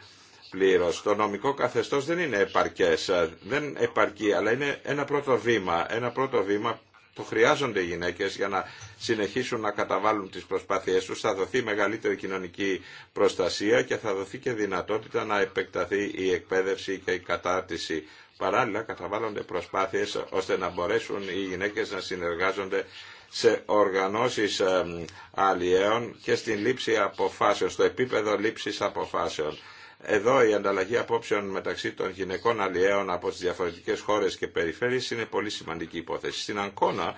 πλήρως. Το νομικό καθεστώς δεν είναι επαρκές, ε, δεν επαρκεί, αλλά είναι ένα πρώτο βήμα, ένα πρώτο βήμα το χρειάζονται οι γυναίκες για να συνεχίσουν να καταβάλουν τις προσπάθειές τους, θα δοθεί μεγαλύτερη κοινωνική προστασία και θα δοθεί και δυνατότητα να επεκταθεί η εκπαίδευση και η κατάρτιση. Παράλληλα καταβάλλονται προσπάθειες ώστε να μπορέσουν οι γυναίκες να συνεργάζονται σε οργανώσεις αλλιέων και στην λήψη αποφάσεων, στο επίπεδο λήψης αποφάσεων. Εδώ η ανταλλαγή απόψεων μεταξύ των γυναικών αλλιέων από τις διαφορετικές χώρες και περιφέρειες είναι πολύ σημαντική υπόθεση. Στην Αγκώνα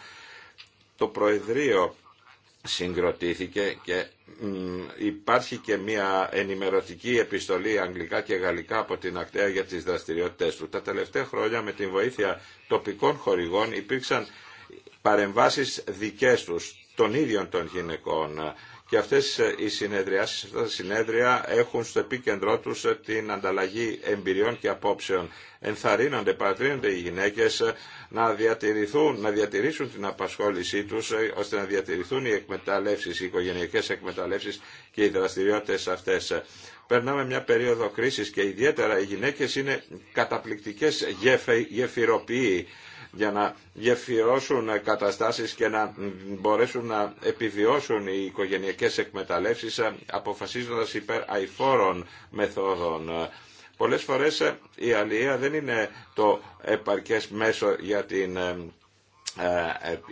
το Προεδρείο συγκροτήθηκε και υπάρχει και μια ενημερωτική επιστολή αγγλικά και γαλλικά από την Ακτέα για τις δραστηριότητες του. Τα τελευταία χρόνια με την βοήθεια τοπικών χορηγών υπήρξαν παρεμβάσεις δικές τους των ίδιων των γυναικών και αυτές ε, οι συνεδριάσεις, αυτά τα συνέδρια έχουν στο επίκεντρό τους ε, την ανταλλαγή εμπειριών και απόψεων. Ενθαρρύνονται, παρατρύνονται οι γυναίκες ε, να, διατηρηθούν, να διατηρήσουν την απασχόλησή τους ώστε να διατηρηθούν οι εκμεταλλεύσεις, οι οικογενειακές εκμεταλλεύσεις και οι δραστηριότητες αυτές. Περνάμε μια περίοδο κρίσης και ιδιαίτερα οι γυναίκες είναι καταπληκτικές γεφυροποιοί για να γεφυρώσουν καταστάσεις και να μπορέσουν να επιβιώσουν οι οικογενειακές εκμεταλλεύσεις ε, αποφασίζοντας υπέρ αηφόρων μεθόδων. Πολλές φορές ε, η αλληλεία δεν είναι το επαρκές μέσο για την ε,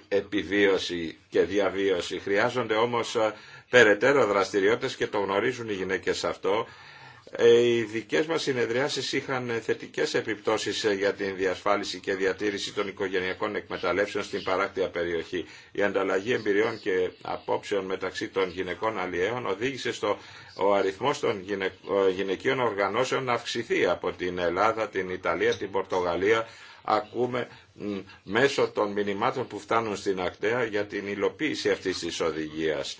επιβίωση και διαβίωση. Χρειάζονται όμως περαιτέρω δραστηριότητες και το γνωρίζουν οι γυναίκες αυτό ε, οι δικές μας συνεδριάσεις είχαν θετικές επιπτώσεις ε, για την διασφάλιση και διατήρηση των οικογενειακών εκμεταλλεύσεων στην παράκτια περιοχή. Η ανταλλαγή εμπειριών και απόψεων μεταξύ των γυναικών αλλιέων οδήγησε στο ο αριθμός των γυναικείων οργανώσεων να αυξηθεί από την Ελλάδα, την Ιταλία, την Πορτογαλία. Ακούμε μέσω των μηνυμάτων που φτάνουν στην ακτέα για την υλοποίηση αυτής της οδηγίας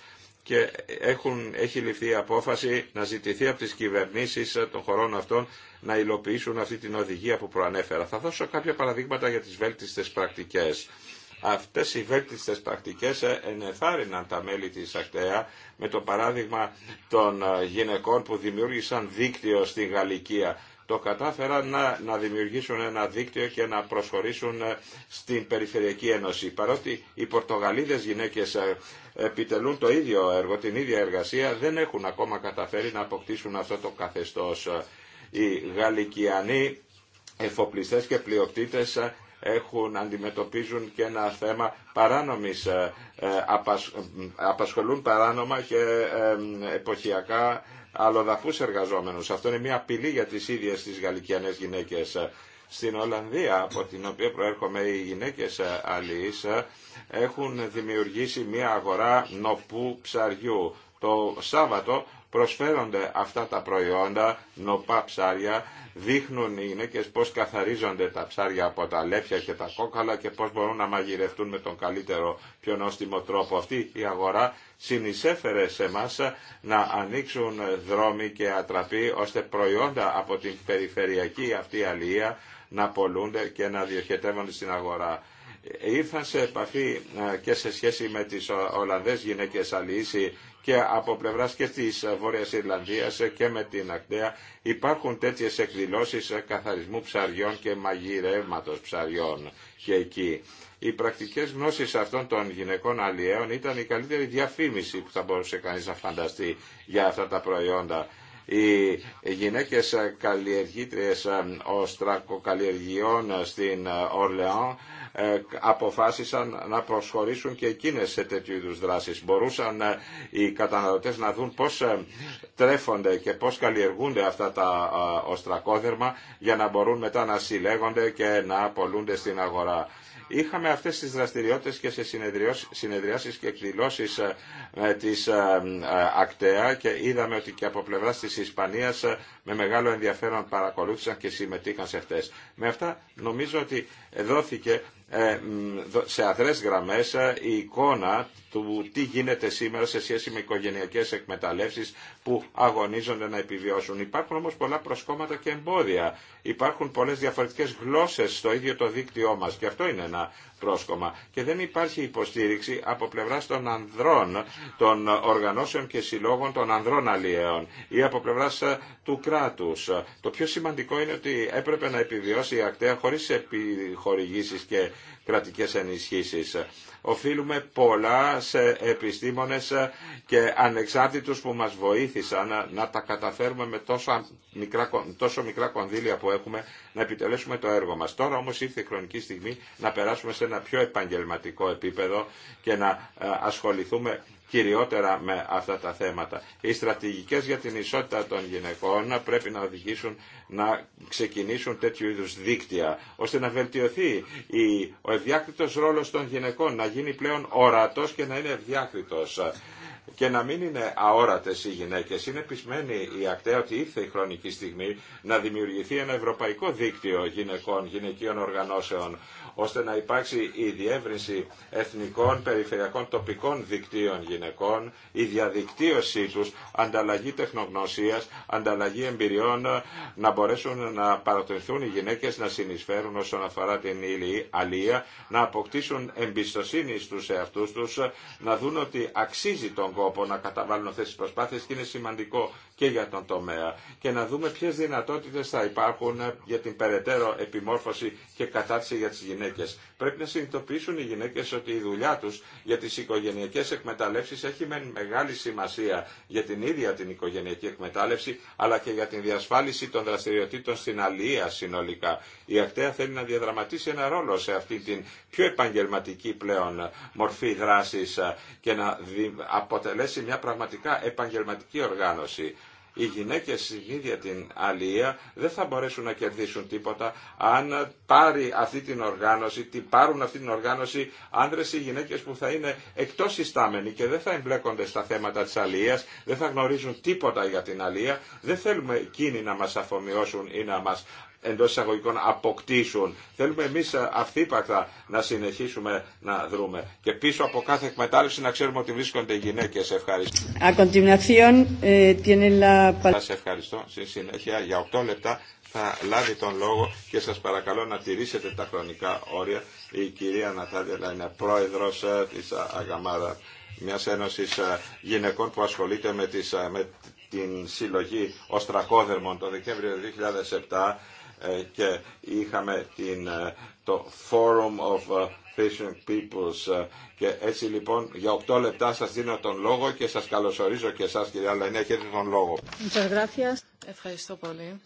και έχουν, έχει ληφθεί απόφαση να ζητηθεί από τις κυβερνήσεις των χωρών αυτών να υλοποιήσουν αυτή την οδηγία που προανέφερα. Θα δώσω κάποια παραδείγματα για τις βέλτιστες πρακτικές. Αυτές οι βέλτιστες πρακτικές ενεθάρρυναν τα μέλη της ΑΚΤΕΑ με το παράδειγμα των γυναικών που δημιούργησαν δίκτυο στη Γαλλικία το κατάφεραν να, να δημιουργήσουν ένα δίκτυο και να προσχωρήσουν ε, στην Περιφερειακή Ένωση. Παρότι οι Πορτογαλίδες γυναίκες ε, επιτελούν το ίδιο έργο, την ίδια εργασία, δεν έχουν ακόμα καταφέρει να αποκτήσουν αυτό το καθεστώς. Οι Γαλλικιανοί εφοπλιστές και πλειοκτήτες ε, έχουν, αντιμετωπίζουν και ένα θέμα παράνομης, απασχολούν παράνομα και εποχιακά αλλοδαφού εργαζόμενου. Αυτό είναι μια απειλή για τι ίδιε τι γαλλικιανέ γυναίκε. Στην Ολλανδία, από την οποία προέρχομαι, οι γυναίκε ε, αλληλεί, έχουν δημιουργήσει μια αγορά νοπού ψαριού. Το Σάββατο προσφέρονται αυτά τα προϊόντα, νοπά ψάρια, δείχνουν οι γυναίκες πώς καθαρίζονται τα ψάρια από τα λέφια και τα κόκαλα και πώς μπορούν να μαγειρευτούν με τον καλύτερο πιο νόστιμο τρόπο. Αυτή η αγορά συνεισέφερε σε εμά να ανοίξουν δρόμοι και ατραπή ώστε προϊόντα από την περιφερειακή αυτή αλληλεία να πολλούνται και να διοχετεύονται στην αγορά. Ήρθαν σε επαφή ε, και σε σχέση με τις Ολλανδές γυναίκες αλληλείς και από πλευρά και της Βόρειας Ιρλανδίας και με την Ακτέα υπάρχουν τέτοιες εκδηλώσεις καθαρισμού ψαριών και μαγειρεύματο ψαριών και εκεί. Οι πρακτικές γνώσεις αυτών των γυναικών αλλιέων ήταν η καλύτερη διαφήμιση που θα μπορούσε κανείς να φανταστεί για αυτά τα προϊόντα. Οι γυναίκες καλλιεργήτριες ε, οστρακοκαλλιεργιών στην Ορλεόν ε, αποφάσισαν να προσχωρήσουν και εκείνες σε τέτοιου είδου δράσεις. Μπορούσαν ε, οι καταναλωτές να δουν πώς ε, τρέφονται και πώς καλλιεργούνται αυτά τα οστρακόδερμα για να μπορούν μετά να συλλέγονται και να απολούνται στην αγορά. Είχαμε αυτές τις δραστηριότητες και σε συνεδριάσεις και εκδηλώσεις της ΑΚΤΕΑ και είδαμε ότι και από πλευρά της Ισπανίας με μεγάλο ενδιαφέρον παρακολούθησαν και συμμετείχαν σε αυτές. Με αυτά νομίζω ότι δόθηκε ε, σε αδρές γραμμές ε, η εικόνα του τι γίνεται σήμερα σε σχέση με οικογενειακές εκμεταλλεύσεις που αγωνίζονται να επιβιώσουν. Υπάρχουν όμως πολλά προσκόμματα και εμπόδια. Υπάρχουν πολλές διαφορετικές γλώσσες στο ίδιο το δίκτυό μας και αυτό είναι ένα και δεν υπάρχει υποστήριξη από πλευράς των ανδρών, των οργανώσεων και συλλόγων των ανδρών αλλιέων ή από πλευράς ε, του κράτους. Το πιο σημαντικό είναι ότι έπρεπε να επιβιώσει η ακτέα χωρίς επιχορηγήσεις και κρατικές ενισχύσεις. Οφείλουμε πολλά σε επιστήμονες και ανεξάρτητους που μας βοήθησαν να τα καταφέρουμε με τόσο μικρά, τόσο μικρά κονδύλια που έχουμε να επιτελέσουμε το έργο μας. Τώρα όμως ήρθε η χρονική στιγμή να περάσουμε σε ένα πιο επαγγελματικό επίπεδο και να ε, ασχοληθούμε κυριότερα με αυτά τα θέματα. Οι στρατηγικές για την ισότητα των γυναικών πρέπει να οδηγήσουν να ξεκινήσουν τέτοιου είδους δίκτυα, ώστε να βελτιωθεί ο ευδιάκριτος ρόλος των γυναικών, να γίνει πλέον ορατός και να είναι ευδιάκριτος και να μην είναι αόρατες οι γυναίκες. Είναι πεισμένη η ακτέα ότι ήρθε η χρονική στιγμή να δημιουργηθεί ένα ευρωπαϊκό δίκτυο γυναικών, γυναικείων οργανώσεων, ώστε να υπάρξει η διεύρυνση εθνικών, περιφερειακών, τοπικών δικτύων γυναικών, η διαδικτύωσή τους, ανταλλαγή τεχνογνωσίας, ανταλλαγή εμπειριών, να μπορέσουν να παρατηρηθούν οι γυναίκες να συνεισφέρουν όσον αφορά την αλία, να αποκτήσουν εμπιστοσύνη στους εαυτούς τους, να δουν ότι αξίζει τον κόσμο τρόπο να καταβάλουν αυτές τις προσπάθειες και είναι σημαντικό και για τον τομέα και να δούμε ποιες δυνατότητες θα υπάρχουν για την περαιτέρω επιμόρφωση και κατάρτιση για τις γυναίκες. Πρέπει να συνειδητοποιήσουν οι γυναίκες ότι η δουλειά τους για τις οικογενειακές εκμεταλλεύσεις έχει μεγάλη σημασία για την ίδια την οικογενειακή εκμετάλλευση αλλά και για την διασφάλιση των δραστηριοτήτων στην αλληλεία συνολικά. Η ακτέα θέλει να διαδραματίσει ένα ρόλο σε αυτή την πιο επαγγελματική πλέον μορφή δράσης και να αποτελέσει μια πραγματικά επαγγελματική οργάνωση οι γυναίκες στην ίδια την αλληλεία δεν θα μπορέσουν να κερδίσουν τίποτα αν πάρει αυτή την οργάνωση, τι πάρουν αυτή την οργάνωση άντρες ή γυναίκες που θα είναι εκτός συστάμενοι και δεν θα εμπλέκονται στα θέματα της αλληλεία, δεν θα γνωρίζουν τίποτα για την αλληλεία, δεν θέλουμε εκείνοι να μας αφομοιώσουν ή να μας εντό εισαγωγικών αποκτήσουν. Θέλουμε εμεί ε, αυθύπακτα να συνεχίσουμε να δρούμε. Και πίσω από κάθε εκμετάλλευση να ξέρουμε ότι βρίσκονται οι γυναίκε. Ευχαριστώ. A continuación, ε, tiene la... Σας ευχαριστώ. Στη συνέχεια για 8 λεπτά θα λάβει τον λόγο και σας παρακαλώ να τηρήσετε τα χρονικά όρια. Η κυρία Νατάδια είναι πρόεδρος ε, της Αγαμάδα, μιας ένωσης γυναικών που ασχολείται με, τις, με την συλλογή οστρακόδερμων το Δεκέμβριο 2007 ε, και είχαμε την, ε, το Forum of Fishing ε, Peoples και έτσι λοιπόν για 8 λεπτά σας δίνω τον λόγο και σας καλωσορίζω και εσάς κυρία Λαϊνέ, έχετε τον λόγο. Ευχαριστώ πολύ.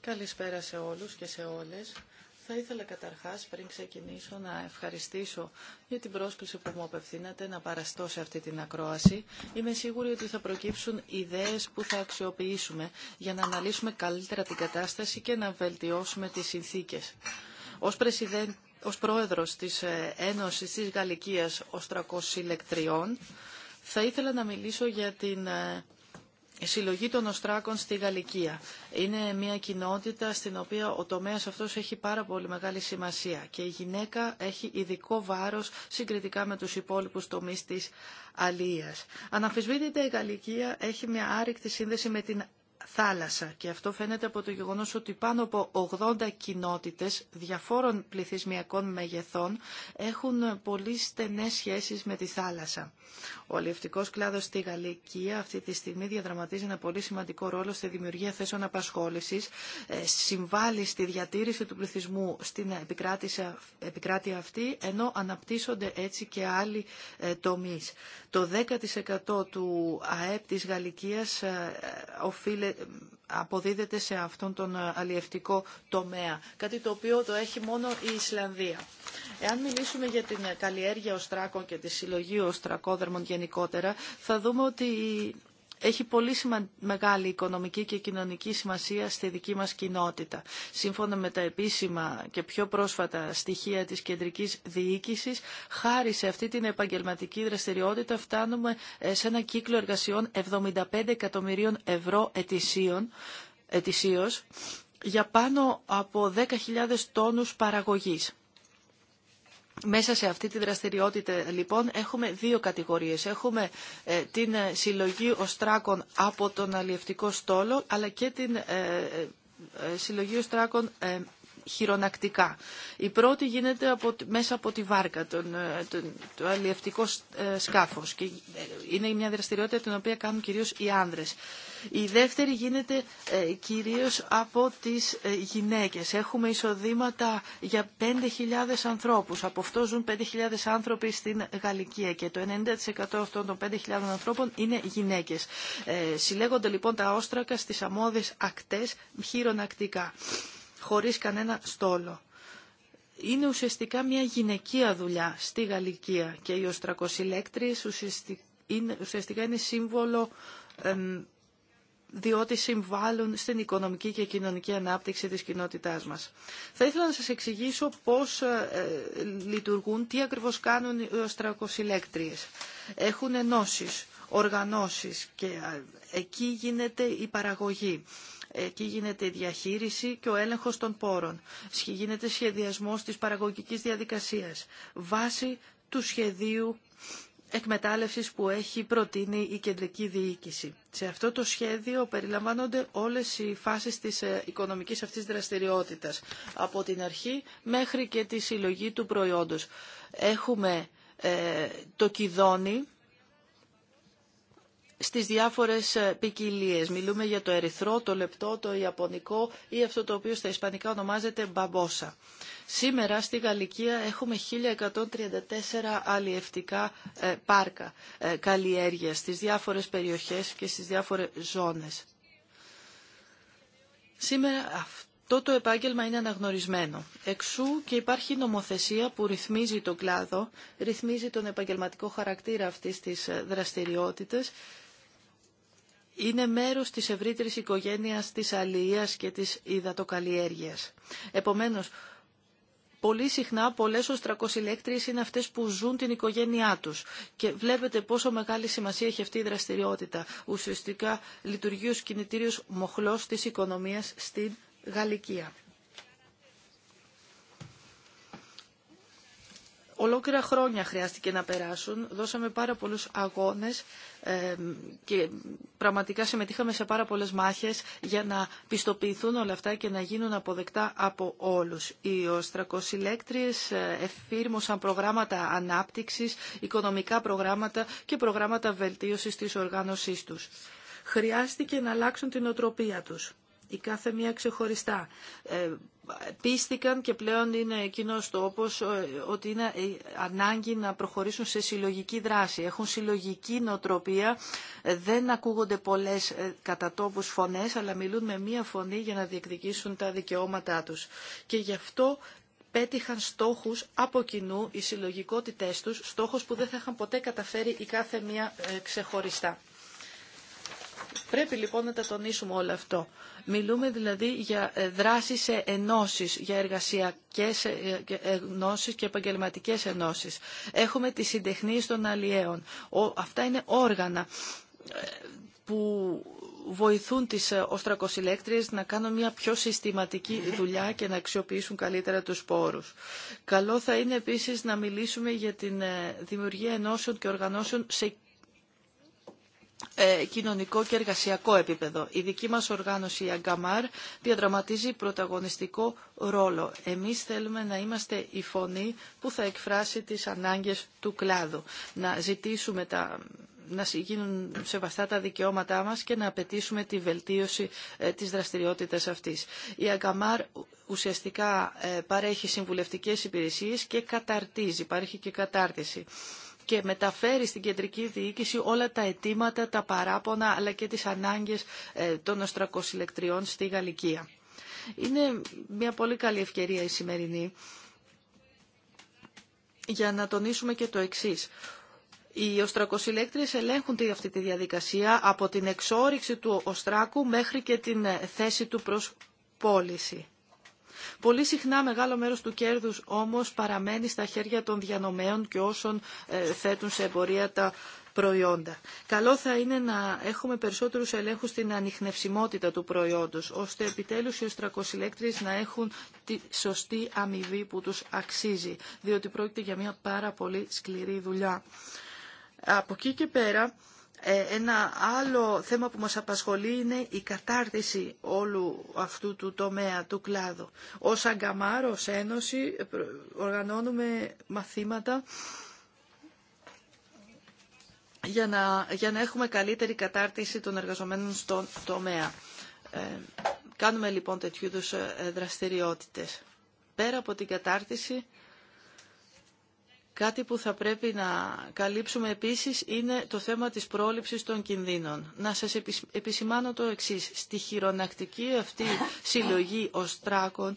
Καλησπέρα σε όλους και σε όλες. Θα ήθελα καταρχάς πριν ξεκινήσω να ευχαριστήσω για την πρόσκληση που μου απευθύνατε να παραστώ σε αυτή την ακρόαση. Είμαι σίγουρη ότι θα προκύψουν ιδέες που θα αξιοποιήσουμε για να αναλύσουμε καλύτερα την κατάσταση και να βελτιώσουμε τις συνθήκες. Ως πρεσιδέν, ως πρόεδρος της ε, Ένωσης της Γαλλικίας Οστρακός Συλλεκτριών θα ήθελα να μιλήσω για την ε, η συλλογή των οστράκων στη Γαλλικία είναι μια κοινότητα στην οποία ο τομέας αυτός έχει πάρα πολύ μεγάλη σημασία και η γυναίκα έχει ειδικό βάρος συγκριτικά με τους υπόλοιπους τομείς της αλίας. Αναμφισβήτητα η Γαλλικία έχει μια άρρηκτη σύνδεση με την θάλασσα και αυτό φαίνεται από το γεγονός ότι πάνω από 80 κοινότητες διαφόρων πληθυσμιακών μεγεθών έχουν πολύ στενές σχέσεις με τη θάλασσα. Ο αλληλευτικός κλάδος στη Γαλλικία αυτή τη στιγμή διαδραματίζει ένα πολύ σημαντικό ρόλο στη δημιουργία θέσεων απασχόλησης, ε, συμβάλλει στη διατήρηση του πληθυσμού στην επικράτεια αυτή, ενώ αναπτύσσονται έτσι και άλλοι ε, τομείς. Το 10% του ΑΕΠ της Γαλλικίας ε, οφείλεται αποδίδεται σε αυτόν τον ε, αλλιευτικό τομέα. Κάτι το οποίο το έχει μόνο η Ισλανδία. Εάν μιλήσουμε για την καλλιέργεια οστράκων και τη συλλογή οστρακόδερμων γενικότερα, θα δούμε ότι έχει πολύ μεγάλη οικονομική και κοινωνική σημασία στη δική μας κοινότητα. Σύμφωνα με τα επίσημα και πιο πρόσφατα στοιχεία της κεντρικής διοίκησης, χάρη σε αυτή την επαγγελματική δραστηριότητα φτάνουμε ε, σε ένα κύκλο εργασιών 75 εκατομμυρίων ευρώ ετησίων, ετησίως για πάνω από 10.000 τόνους παραγωγής. Μέσα σε αυτή τη δραστηριότητα λοιπόν έχουμε δύο κατηγορίες. Έχουμε ε, την ε, συλλογή οστράκων από τον αλλιευτικό στόλο αλλά και την ε, συλλογή οστράκων χειρονακτικά. Η πρώτη γίνεται μέσα από τη βάρκα, τον, τον, το αλλιευτικό σκάφος και είναι μια δραστηριότητα την οποία κάνουν κυρίως οι άνδρες. Η δεύτερη γίνεται ε, κυρίως από τις ε, γυναίκες. Έχουμε εισοδήματα για 5.000 ανθρώπους. Από αυτό ζουν 5.000 άνθρωποι στην Γαλλικία και το 90% αυτών των 5.000 ανθρώπων είναι γυναίκες. Ε, συλλέγονται λοιπόν τα όστρακα στις αμόδες ακτές χειρονακτικά, χωρίς κανένα στόλο είναι ουσιαστικά μια γυναικεία δουλειά στη Γαλλικία και οι οστρακοσυλλέκτριες ουσιαστικά είναι, σύμβολο διότι συμβάλλουν στην οικονομική και κοινωνική ανάπτυξη της κοινότητάς μας. Θα ήθελα να σας εξηγήσω πώς ε, λειτουργούν, τι ακριβώς κάνουν οι οστρακοσυλλέκτριες. Έχουν ενώσεις, οργανώσεις και ε, εκεί γίνεται η παραγωγή. Εκεί γίνεται η διαχείριση και ο έλεγχος των πόρων. Γίνεται σχεδιασμός της παραγωγικής διαδικασίας βάσει του σχεδίου εκμετάλλευσης που έχει προτείνει η κεντρική διοίκηση. Σε αυτό το σχέδιο περιλαμβάνονται όλες οι φάσεις της ε, οικονομικής αυτής δραστηριότητας, από την αρχή μέχρι και τη συλλογή του προϊόντος. Έχουμε ε, το κιδόνι στις διάφορες ε, ποικιλίε. Μιλούμε για το ερυθρό, το λεπτό, το ιαπωνικό ή αυτό το οποίο στα ισπανικά ονομάζεται μπαμπόσα. Σήμερα στη Γαλλικία έχουμε 1134 αλλιευτικά ε, πάρκα ε, καλλιέργεια στις διάφορες περιοχές και στις διάφορες ζώνες. Σήμερα αυτό το επάγγελμα είναι αναγνωρισμένο. Εξού και υπάρχει νομοθεσία που ρυθμίζει τον κλάδο, ρυθμίζει τον επαγγελματικό χαρακτήρα αυτής της ε, δραστηριότητας είναι μέρος της ευρύτερης οικογένειας της αλληλείας και της υδατοκαλλιέργειας. Επομένως, πολύ συχνά πολλές οστρακοσυλλέκτριες είναι αυτές που ζουν την οικογένειά τους. Και βλέπετε πόσο μεγάλη σημασία έχει αυτή η δραστηριότητα. Ουσιαστικά λειτουργεί ως κινητήριος μοχλός της οικονομίας στην Γαλλικία. Ολόκληρα χρόνια χρειάστηκε να περάσουν. Δώσαμε πάρα πολλούς αγώνες και πραγματικά συμμετείχαμε σε πάρα πολλές μάχες για να πιστοποιηθούν όλα αυτά και να γίνουν αποδεκτά από όλους. Οι οστρακοσυλέκτριες ε, εφήρμοσαν προγράμματα ανάπτυξης, οικονομικά προγράμματα και προγράμματα βελτίωσης της οργάνωσής τους. Χρειάστηκε να αλλάξουν την οτροπία τους η κάθε μία ξεχωριστά. Ε, πίστηκαν και πλέον είναι εκείνο τόπο ε, ότι είναι ε, ανάγκη να προχωρήσουν σε συλλογική δράση. Έχουν συλλογική νοοτροπία, ε, δεν ακούγονται πολλέ κατά τόπου φωνέ, αλλά μιλούν με μία φωνή για να διεκδικήσουν τα δικαιώματά του. Και γι' αυτό πέτυχαν στόχους από κοινού οι συλλογικότητέ τους, στόχου που δεν θα είχαν ποτέ καταφέρει η κάθε μία ξεχωριστά. Πρέπει λοιπόν να τα τονίσουμε όλο αυτό. Μιλούμε δηλαδή για ε, δράσεις σε ενώσεις, για εργασιακές ε, ε, ενώσεις και επαγγελματικές ενώσεις. Έχουμε τις συντεχνίες των αλλιέων. Αυτά είναι όργανα που βοηθούν τις οστρακοσυλέκτριες να κάνουν μια πιο συστηματική δουλειά και να αξιοποιήσουν καλύτερα τους πόρους. Καλό θα είναι επίσης να μιλήσουμε για την δημιουργία ενώσεων και οργανώσεων σε ε, κοινωνικό και εργασιακό επίπεδο. Η δική μας οργάνωση, η Αγκαμάρ, διαδραματίζει πρωταγωνιστικό ρόλο. Εμείς θέλουμε να είμαστε η φωνή που θα εκφράσει τις ανάγκες του κλάδου. Να ζητήσουμε τα να γίνουν σεβαστά τα δικαιώματά μας και να απαιτήσουμε τη βελτίωση ε, της δραστηριότητας αυτής. Η Αγκαμάρ ουσιαστικά ε, παρέχει συμβουλευτικές υπηρεσίες και καταρτίζει, υπάρχει και κατάρτιση και μεταφέρει στην κεντρική διοίκηση όλα τα αιτήματα, τα παράπονα αλλά και τις ανάγκες ε, των οστρακοσυλλεκτριών στη Γαλλικία. Είναι μια πολύ καλή ευκαιρία η σημερινή για να τονίσουμε και το εξής. Οι οστρακοσυλλέκτριες ελέγχουν αυτή τη διαδικασία από την εξόριξη του οστράκου μέχρι και την ε, θέση του προς πώληση. Πολύ συχνά μεγάλο μέρος του κέρδους όμως παραμένει στα χέρια των διανομέων και όσων ε, θέτουν σε εμπορία τα προϊόντα. Καλό θα είναι να έχουμε περισσότερους ελέγχους στην ανιχνευσιμότητα του προϊόντος, ώστε επιτέλους οι οστρακοσυλέκτριες να έχουν τη σωστή αμοιβή που τους αξίζει, διότι πρόκειται για μια πάρα πολύ σκληρή δουλειά. Από εκεί και πέρα ε, ένα άλλο θέμα που μας απασχολεί είναι η κατάρτιση όλου αυτού του τομέα, του κλάδου. Ως Αγκαμάρ, ως Ένωση, οργανώνουμε μαθήματα για να, για να έχουμε καλύτερη κατάρτιση των εργαζομένων στον τομέα. Ε, κάνουμε λοιπόν τέτοιου είδους ε, δραστηριότητες. Πέρα από την κατάρτιση Κάτι που θα πρέπει να καλύψουμε επίσης είναι το θέμα της πρόληψης των κινδύνων. Να σας επισημάνω το εξής. Στη χειρονακτική αυτή συλλογή οστράκων,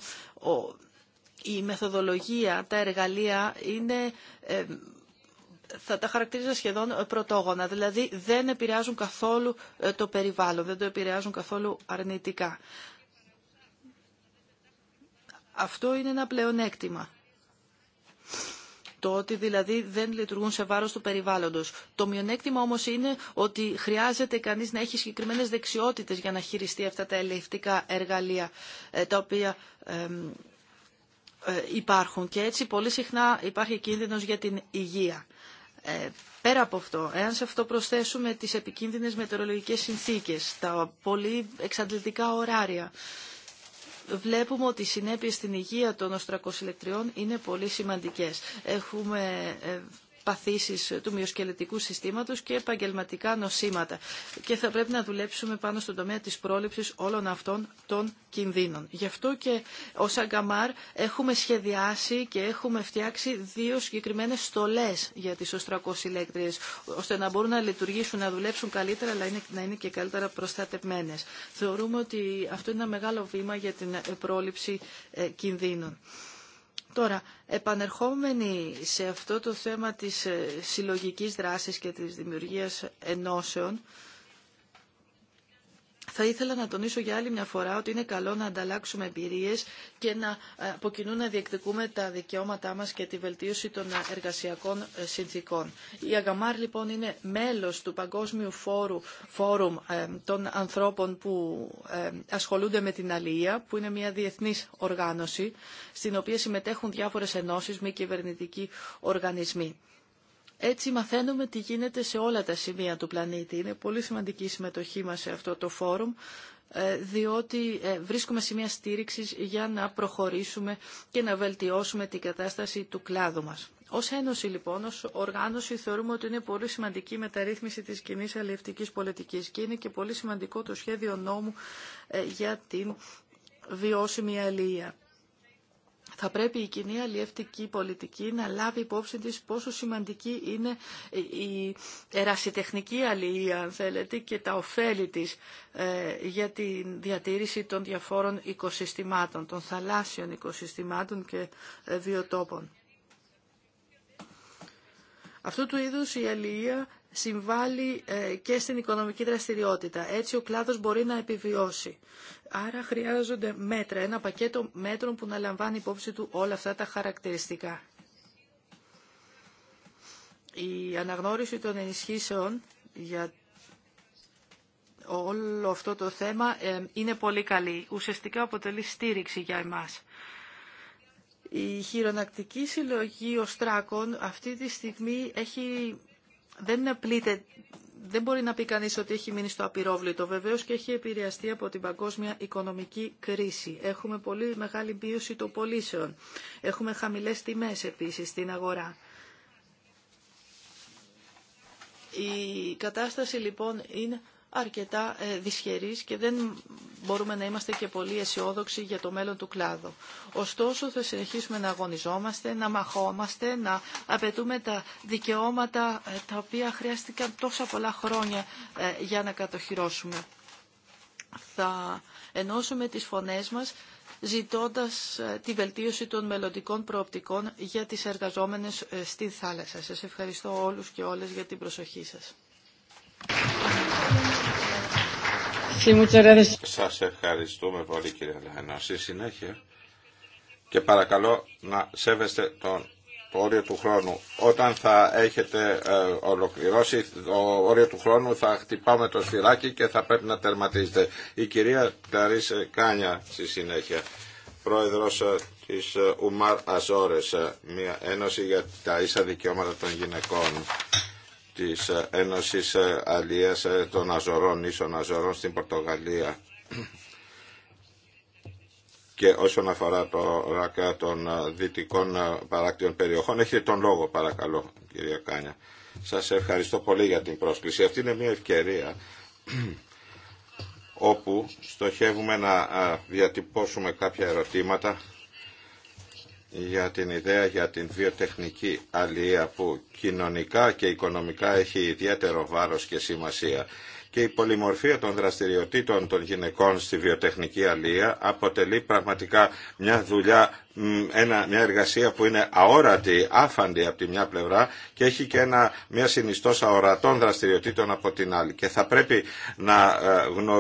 η μεθοδολογία, τα εργαλεία είναι ε, θα τα χαρακτηρίζω σχεδόν πρωτόγωνα, δηλαδή δεν επηρεάζουν καθόλου ε, το περιβάλλον, δεν το επηρεάζουν καθόλου αρνητικά. Αυτό είναι ένα πλεονέκτημα το ότι δηλαδή δεν λειτουργούν σε βάρος του περιβάλλοντος. Το μειονέκτημα όμως είναι ότι χρειάζεται κανείς να έχει συγκεκριμένες δεξιότητες για να χειριστεί αυτά τα ελευτικά εργαλεία ε, τα οποία ε, υπάρχουν και έτσι πολύ συχνά υπάρχει κίνδυνος για την υγεία. Ε, πέρα από αυτό, εάν σε αυτό προσθέσουμε τις επικίνδυνες μετεωρολογικές συνθήκες, τα πολύ εξαντλητικά ωράρια, βλέπουμε ότι οι συνέπειες στην υγεία των οστρακοσυλλεκτριών είναι πολύ σημαντικές. Έχουμε ε, παθήσεις ε, του μυοσκελετικού συστήματος και επαγγελματικά νοσήματα. Και θα πρέπει να δουλέψουμε πάνω στον τομέα της πρόληψης όλων αυτών των κινδύνων. Γι' αυτό και ως Αγκαμάρ έχουμε σχεδιάσει και έχουμε φτιάξει δύο συγκεκριμένες στολές για τις ηλέκτριες, ώστε να μπορούν να λειτουργήσουν, να δουλέψουν καλύτερα, αλλά να είναι και καλύτερα προστατευμένες. Θεωρούμε ότι αυτό είναι ένα μεγάλο βήμα για την ε, πρόληψη ε, κινδύνων. Τώρα, επανερχόμενοι σε αυτό το θέμα της ε, συλλογικής δράσης και της δημιουργίας ενώσεων, θα ήθελα να τονίσω για άλλη μια φορά ότι είναι καλό να ανταλλάξουμε εμπειρίε και να ε, αποκοινούν να διεκδικούμε τα δικαιώματά μας και τη βελτίωση των ε, εργασιακών ε, συνθήκων. Η Αγαμάρ λοιπόν είναι μέλος του Παγκόσμιου Φόρου, Φόρουμ των ανθρώπων που ασχολούνται με την αλληλία, που είναι μια διεθνής οργάνωση, στην οποία συμμετέχουν διάφορε ενώσει μη κυβερνητικοί οργανισμοί. Έτσι μαθαίνουμε τι γίνεται σε όλα τα σημεία του πλανήτη. Είναι πολύ σημαντική η συμμετοχή μας σε αυτό το φόρουμ ε, διότι ε, βρίσκουμε σημεία στήριξης για να προχωρήσουμε και να βελτιώσουμε την κατάσταση του κλάδου μας. Ως Ένωση λοιπόν, ως οργάνωση θεωρούμε ότι είναι πολύ σημαντική η μεταρρύθμιση της κοινή αλληλευτικής πολιτικής και είναι και πολύ σημαντικό το σχέδιο νόμου ε, για την βιώσιμη αλληλεία θα πρέπει η κοινή αλλιευτική πολιτική να λάβει υπόψη της πόσο σημαντική είναι η ερασιτεχνική αλληλεία, αν θέλετε, και τα ωφέλη της ε, για τη διατήρηση των διαφόρων οικοσυστημάτων, των θαλάσσιων οικοσυστημάτων και ε, βιοτόπων. Αυτού του είδους η αλληλεία συμβάλλει ε, και στην οικονομική δραστηριότητα. Έτσι ο κλάδος μπορεί να επιβιώσει. Άρα χρειάζονται μέτρα, ένα πακέτο μέτρων που να λαμβάνει υπόψη του όλα αυτά τα χαρακτηριστικά. Η αναγνώριση των ενισχύσεων για όλο αυτό το θέμα ε, είναι πολύ καλή. Ουσιαστικά αποτελεί στήριξη για εμάς. Η χειρονακτική συλλογή οστράκων αυτή τη στιγμή έχει δεν μπορεί να πει κανεί ότι έχει μείνει στο απειρόβλητο. Βεβαίω και έχει επηρεαστεί από την παγκόσμια οικονομική κρίση. Έχουμε πολύ μεγάλη μείωση των πωλήσεων. Έχουμε χαμηλέ τιμέ επίση στην αγορά. Η κατάσταση λοιπόν είναι αρκετά ε, δυσχερείς και δεν μπορούμε να είμαστε και πολύ αισιόδοξοι για το μέλλον του κλάδου. Ωστόσο θα συνεχίσουμε να αγωνιζόμαστε, να μαχόμαστε, να απαιτούμε τα δικαιώματα ε, τα οποία χρειάστηκαν τόσα πολλά χρόνια ε, για να κατοχυρώσουμε. Θα ενώσουμε τις φωνές μας ζητώντας τη βελτίωση των μελλοντικών προοπτικών για τις εργαζόμενες στη θάλασσα. Σας ευχαριστώ όλους και όλες για την προσοχή σας. Σας ευχαριστούμε πολύ κύριε Λαϊνό. Στη συνέχεια και παρακαλώ να σέβεστε τον το όριο του χρόνου. Όταν θα έχετε ε, ολοκληρώσει το όριο του χρόνου θα χτυπάμε το σφυράκι και θα πρέπει να τερματίζετε. Η κυρία Καρίς Κάνια στη συνέχεια, πρόεδρος ε, της ε, Ουμάρ Αζόρες, μια ένωση για τα ίσα δικαιώματα των γυναικών της ε, Ένωσης ε, Αλίας ε, των Αζωρών, Ίσων Αζωρών στην Πορτογαλία. Και όσον αφορά το ΡΑΚΑ των δυτικών παράκτιων περιοχών, έχετε τον λόγο παρακαλώ κυρία Κάνια. Σας ευχαριστώ πολύ για την πρόσκληση. Αυτή είναι μια ευκαιρία όπου στοχεύουμε να διατυπώσουμε κάποια ερωτήματα για την ιδέα για την βιοτεχνική αλληλεία που κοινωνικά και οικονομικά έχει ιδιαίτερο βάρος και σημασία. Και η πολυμορφία των δραστηριοτήτων των γυναικών στη βιοτεχνική αλληλεία αποτελεί πραγματικά μια δουλειά ένα, μια εργασία που είναι αόρατη, άφαντη από τη μια πλευρά και έχει και ένα, μια συνιστόσα αορατών δραστηριοτήτων από την άλλη. Και θα πρέπει να,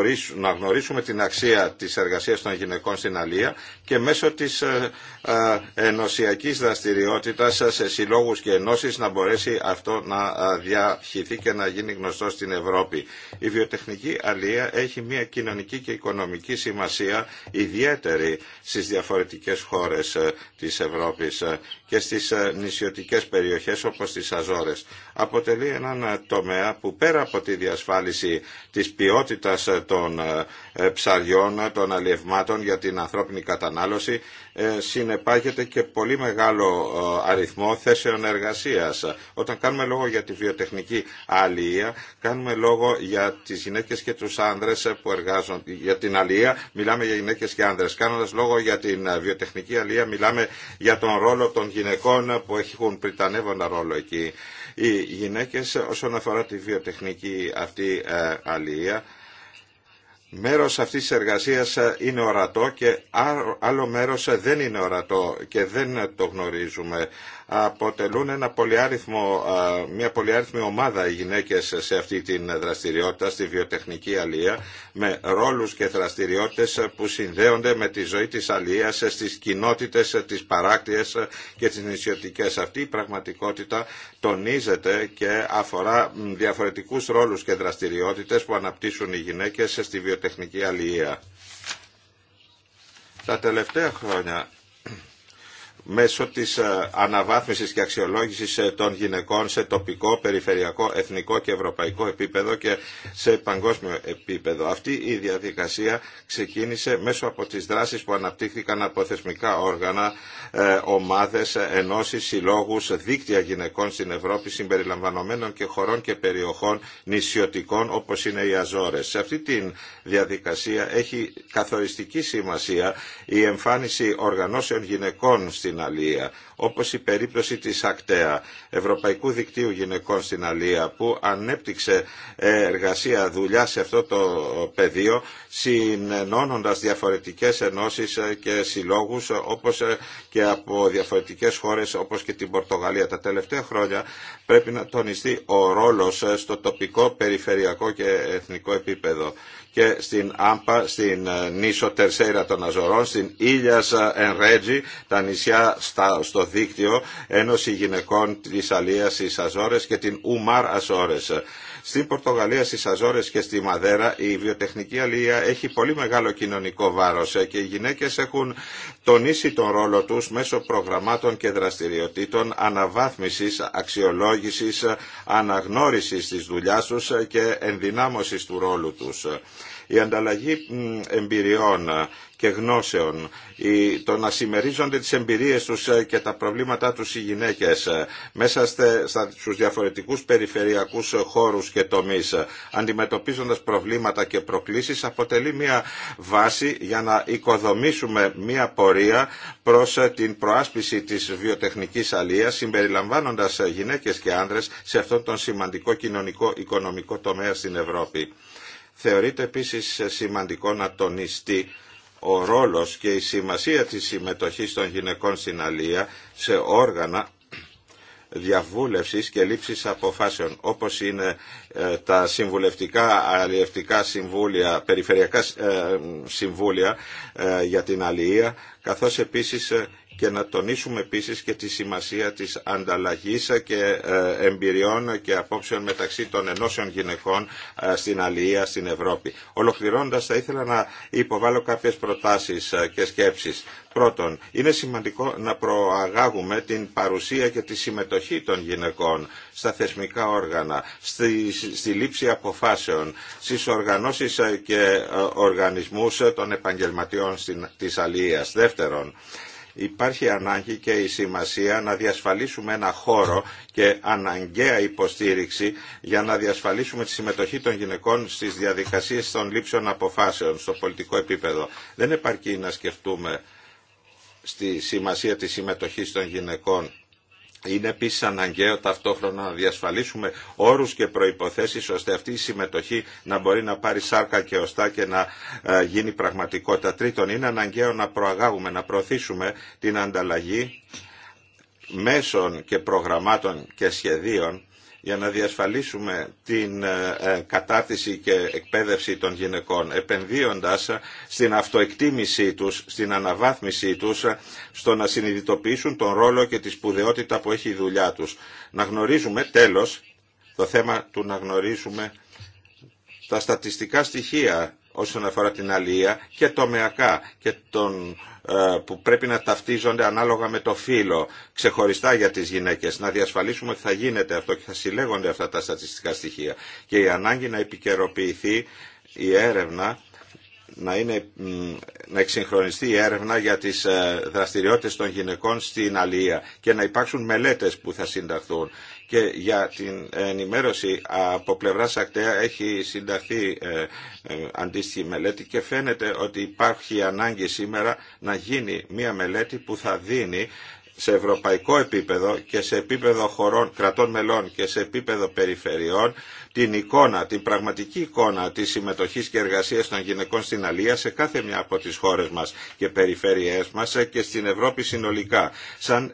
ε, να γνωρίσουμε την αξία της εργασίας των γυναικών στην Αλία και μέσω της ε, ε, ενωσιακής δραστηριότητας σε συλλόγους και ενώσεις να μπορέσει αυτό να διαχυθεί και να γίνει γνωστό στην Ευρώπη. Η βιοτεχνική αλία έχει μια κοινωνική και οικονομική σημασία ιδιαίτερη στις διαφορετικές χώρες χώρες ε, της Ευρώπης ε, και στις ε, νησιωτικές περιοχές όπως τις Αζόρες. Αποτελεί έναν ε, τομέα που πέρα από τη διασφάλιση της ποιότητας ε, των ψαριών, των αλλιευμάτων για την ανθρώπινη κατανάλωση, συνεπάγεται και πολύ μεγάλο αριθμό θέσεων εργασίας. Όταν κάνουμε λόγο για τη βιοτεχνική αλληλεία, κάνουμε λόγο για τις γυναίκες και τους άνδρες που εργάζονται. Για την αλληλεία μιλάμε για γυναίκες και άνδρες. Κάνοντας λόγο για την βιοτεχνική αλληλεία μιλάμε για τον ρόλο των γυναικών γυναικών που έχουν πριτανεύοντα ρόλο εκεί. Οι γυναίκες όσον αφορά τη βιοτεχνική αυτή ε, αλληλεία, μέρος αυτής της εργασίας ε, είναι ορατό και άλλο μέρος ε, δεν είναι ορατό και δεν το γνωρίζουμε αποτελούν ένα πολυάριθμο, μια πολυάριθμη ομάδα οι γυναίκες σε αυτή την δραστηριότητα, στη βιοτεχνική αλία, με ρόλους και δραστηριότητες που συνδέονται με τη ζωή της αλίας στις κοινότητες, τις παράκτιες και τις νησιωτικές. Αυτή η πραγματικότητα τονίζεται και αφορά διαφορετικούς ρόλους και δραστηριότητες που αναπτύσσουν οι γυναίκες στη βιοτεχνική αλληλεία. Τα τελευταία χρόνια μέσω της ε, αναβάθμισης και αξιολόγησης ε, των γυναικών σε τοπικό, περιφερειακό, εθνικό και ευρωπαϊκό επίπεδο και σε παγκόσμιο επίπεδο. Αυτή η διαδικασία ξεκίνησε μέσω από τις δράσεις που αναπτύχθηκαν από θεσμικά όργανα, ε, ομάδες, ενώσεις, συλλόγους, δίκτυα γυναικών στην Ευρώπη συμπεριλαμβανομένων και χωρών και περιοχών νησιωτικών όπως είναι οι Αζόρες. Σε αυτή τη διαδικασία έχει καθοριστική σημασία η εμφάνιση οργανώσεων γυναικών στην Αλία, όπως η περίπτωση της ΑΚΤΕΑ, Ευρωπαϊκού Δικτύου Γυναικών στην Αλία, που ανέπτυξε ε, εργασία, δουλειά σε αυτό το πεδίο, συνενώνοντας διαφορετικές ενώσεις ε, και συλλόγους, όπως ε, και από διαφορετικές χώρες, όπως και την Πορτογαλία. Τα τελευταία χρόνια πρέπει να τονιστεί ο ρόλος στο τοπικό, περιφερειακό και εθνικό επίπεδο και στην Άμπα, στην ε, νήσο Τερσέρα των Αζωρών, στην Ήλιας ε, Ενρέτζη, τα νησιά στο δίκτυο Ένωση Γυναικών της Αλίας στις Αζόρες και την Ουμάρ Αζόρες. Στην Πορτογαλία, στι Αζόρε και στη Μαδέρα η βιοτεχνική αλληλεία έχει πολύ μεγάλο κοινωνικό βάρο ε, και οι γυναίκε έχουν τονίσει τον ρόλο του μέσω προγραμμάτων και δραστηριοτήτων αναβάθμιση, αξιολόγηση, αναγνώριση τη δουλειά του ε, και ενδυνάμωση του ρόλου του. Η ανταλλαγή εμπειριών και γνώσεων, το να συμμερίζονται τις εμπειρίες τους ε, και τα προβλήματά τους οι γυναίκες ε, μέσα στους διαφορετικούς περιφερειακούς χώρους και τομείς, ε, αντιμετωπίζοντας προβλήματα και προκλήσεις, αποτελεί μια βάση για να οικοδομήσουμε μια πορεία προς την προάσπιση της βιοτεχνικής αλίας, συμπεριλαμβάνοντας γυναίκες και άνδρες σε αυτόν τον σημαντικό κοινωνικό-οικονομικό τομέα στην Ευρώπη. Θεωρείται επίσης σημαντικό να τονιστεί ο ρόλος και η σημασία της συμμετοχής των γυναικών στην Αλία σε όργανα διαβούλευσης και λήψης αποφάσεων, όπως είναι ε, τα συμβουλευτικά αλλιευτικά συμβούλια, περιφερειακά ε, ε, συμβούλια για την αλληλεία, καθώς επίσης και να τονίσουμε επίσης και τη σημασία της ανταλλαγής και ε, εμπειριών και απόψεων μεταξύ των ενώσεων γυναικών ε, στην Αλληλεία στην Ευρώπη. Ολοκληρώνοντας θα ήθελα να υποβάλω κάποιες προτάσεις ε, και σκέψεις. Πρώτον, είναι σημαντικό να προαγάγουμε την παρουσία και τη συμμετοχή των γυναικών στα θεσμικά όργανα, στη, λήψη αποφάσεων, στις οργανώσεις και οργανισμούς των επαγγελματιών της Αλίας. Δεύτερον, υπάρχει ανάγκη και η σημασία να διασφαλίσουμε ένα χώρο και αναγκαία υποστήριξη για να διασφαλίσουμε τη συμμετοχή των γυναικών στις διαδικασίες των λήψεων αποφάσεων στο πολιτικό επίπεδο. Δεν επαρκεί να σκεφτούμε στη σημασία της συμμετοχής των γυναικών είναι επίση αναγκαίο ταυτόχρονα να διασφαλίσουμε όρου και προποθέσει ώστε αυτή η συμμετοχή να μπορεί να πάρει σάρκα και οστά και να ε, γίνει πραγματικότητα. Τρίτον, είναι αναγκαίο να προαγάγουμε, να προωθήσουμε την ανταλλαγή μέσων και προγραμμάτων και σχεδίων για να διασφαλίσουμε την ε, ε, κατάρτιση και εκπαίδευση των γυναικών, επενδύοντας ε, στην αυτοεκτίμησή τους, στην αναβάθμισή τους, στο να συνειδητοποιήσουν τον ρόλο και τη σπουδαιότητα που έχει η δουλειά τους. Να γνωρίζουμε, τέλος, το θέμα του να γνωρίζουμε τα στατιστικά στοιχεία όσον αφορά την αλληλεία και τομεακά και τον ε, που πρέπει να ταυτίζονται ανάλογα με το φύλλο, ξεχωριστά για τις γυναίκες. Να διασφαλίσουμε ότι θα γίνεται αυτό και θα συλλέγονται αυτά τα στατιστικά στοιχεία. Και η ανάγκη να επικαιροποιηθεί η έρευνα να, είναι, να εξυγχρονιστεί η έρευνα για τις ε, δραστηριότητες των γυναικών στην Αλία και να υπάρξουν μελέτες που θα συνταχθούν. Και για την ενημέρωση από πλευρά ΑΚΤΕΑ έχει συνταχθεί ε, ε, αντίστοιχη μελέτη και φαίνεται ότι υπάρχει ανάγκη σήμερα να γίνει μια μελέτη που θα δίνει σε ευρωπαϊκό επίπεδο και σε επίπεδο χωρών, κρατών μελών και σε επίπεδο περιφερειών την εικόνα, την πραγματική εικόνα της συμμετοχής και εργασίας των γυναικών στην Αλία σε κάθε μια από τις χώρες μας και περιφέρειές μας και στην Ευρώπη συνολικά, σαν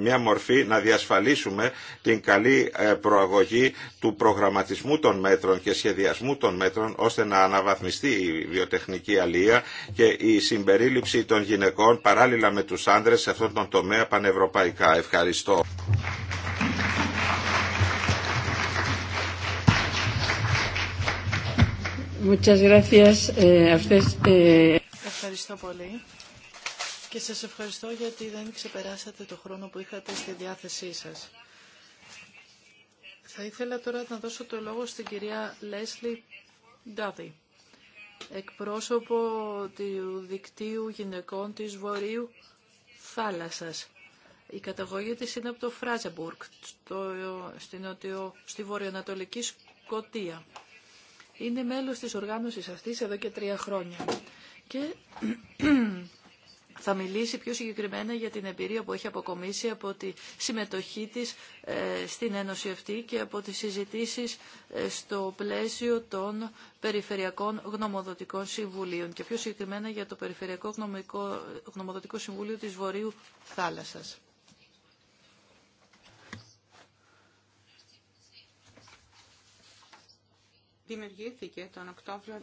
μια μορφή να διασφαλίσουμε την καλή ε, προαγωγή του προγραμματισμού των μέτρων και σχεδιασμού των μέτρων, ώστε να αναβαθμιστεί η βιοτεχνική αλία και η συμπερίληψη των γυναικών παράλληλα με τους άνδρες σε αυτόν τον τομέα πανευρωπαϊκά. Ευχαριστώ. Muchas gracias eh, a eh. Ευχαριστώ πολύ και σας ευχαριστώ γιατί δεν ξεπεράσατε το χρόνο που είχατε στη διάθεσή σας. Θα ήθελα τώρα να δώσω το λόγο στην κυρία Λέσλι Ντάδη, εκπρόσωπο του δικτύου γυναικών της Βορείου Θάλασσας. Η καταγωγή της είναι από το Φράζεμπουργκ, στη βορειοανατολική Σκοτία είναι μέλος της οργάνωσης αυτής εδώ και τρία χρόνια. Και θα μιλήσει πιο συγκεκριμένα για την εμπειρία που έχει αποκομίσει από τη συμμετοχή της ε, στην Ένωση αυτή και από τις συζητήσεις ε, στο πλαίσιο των Περιφερειακών Γνωμοδοτικών Συμβουλίων και πιο συγκεκριμένα για το Περιφερειακό Γνωμικό, Γνωμοδοτικό Συμβούλιο της Βορείου Θάλασσας. δημιουργήθηκε τον Οκτώβριο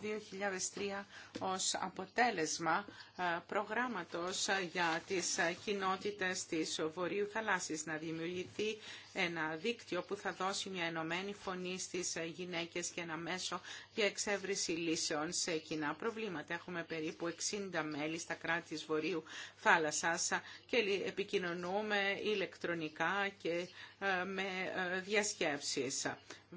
2003 ως αποτέλεσμα ε, προγράμματος ε, για τις ε, κοινότητες της Βορείου Θαλάσσης να δημιουργηθεί ένα δίκτυο που θα δώσει μια ενωμένη φωνή στις ε, γυναίκες και ένα μέσο για εξέβριση λύσεων σε κοινά προβλήματα. Έχουμε περίπου 60 μέλη στα κράτη της Βορείου Θάλασσας ε, και επικοινωνούμε ηλεκτρονικά και ε, με διασκέψεις.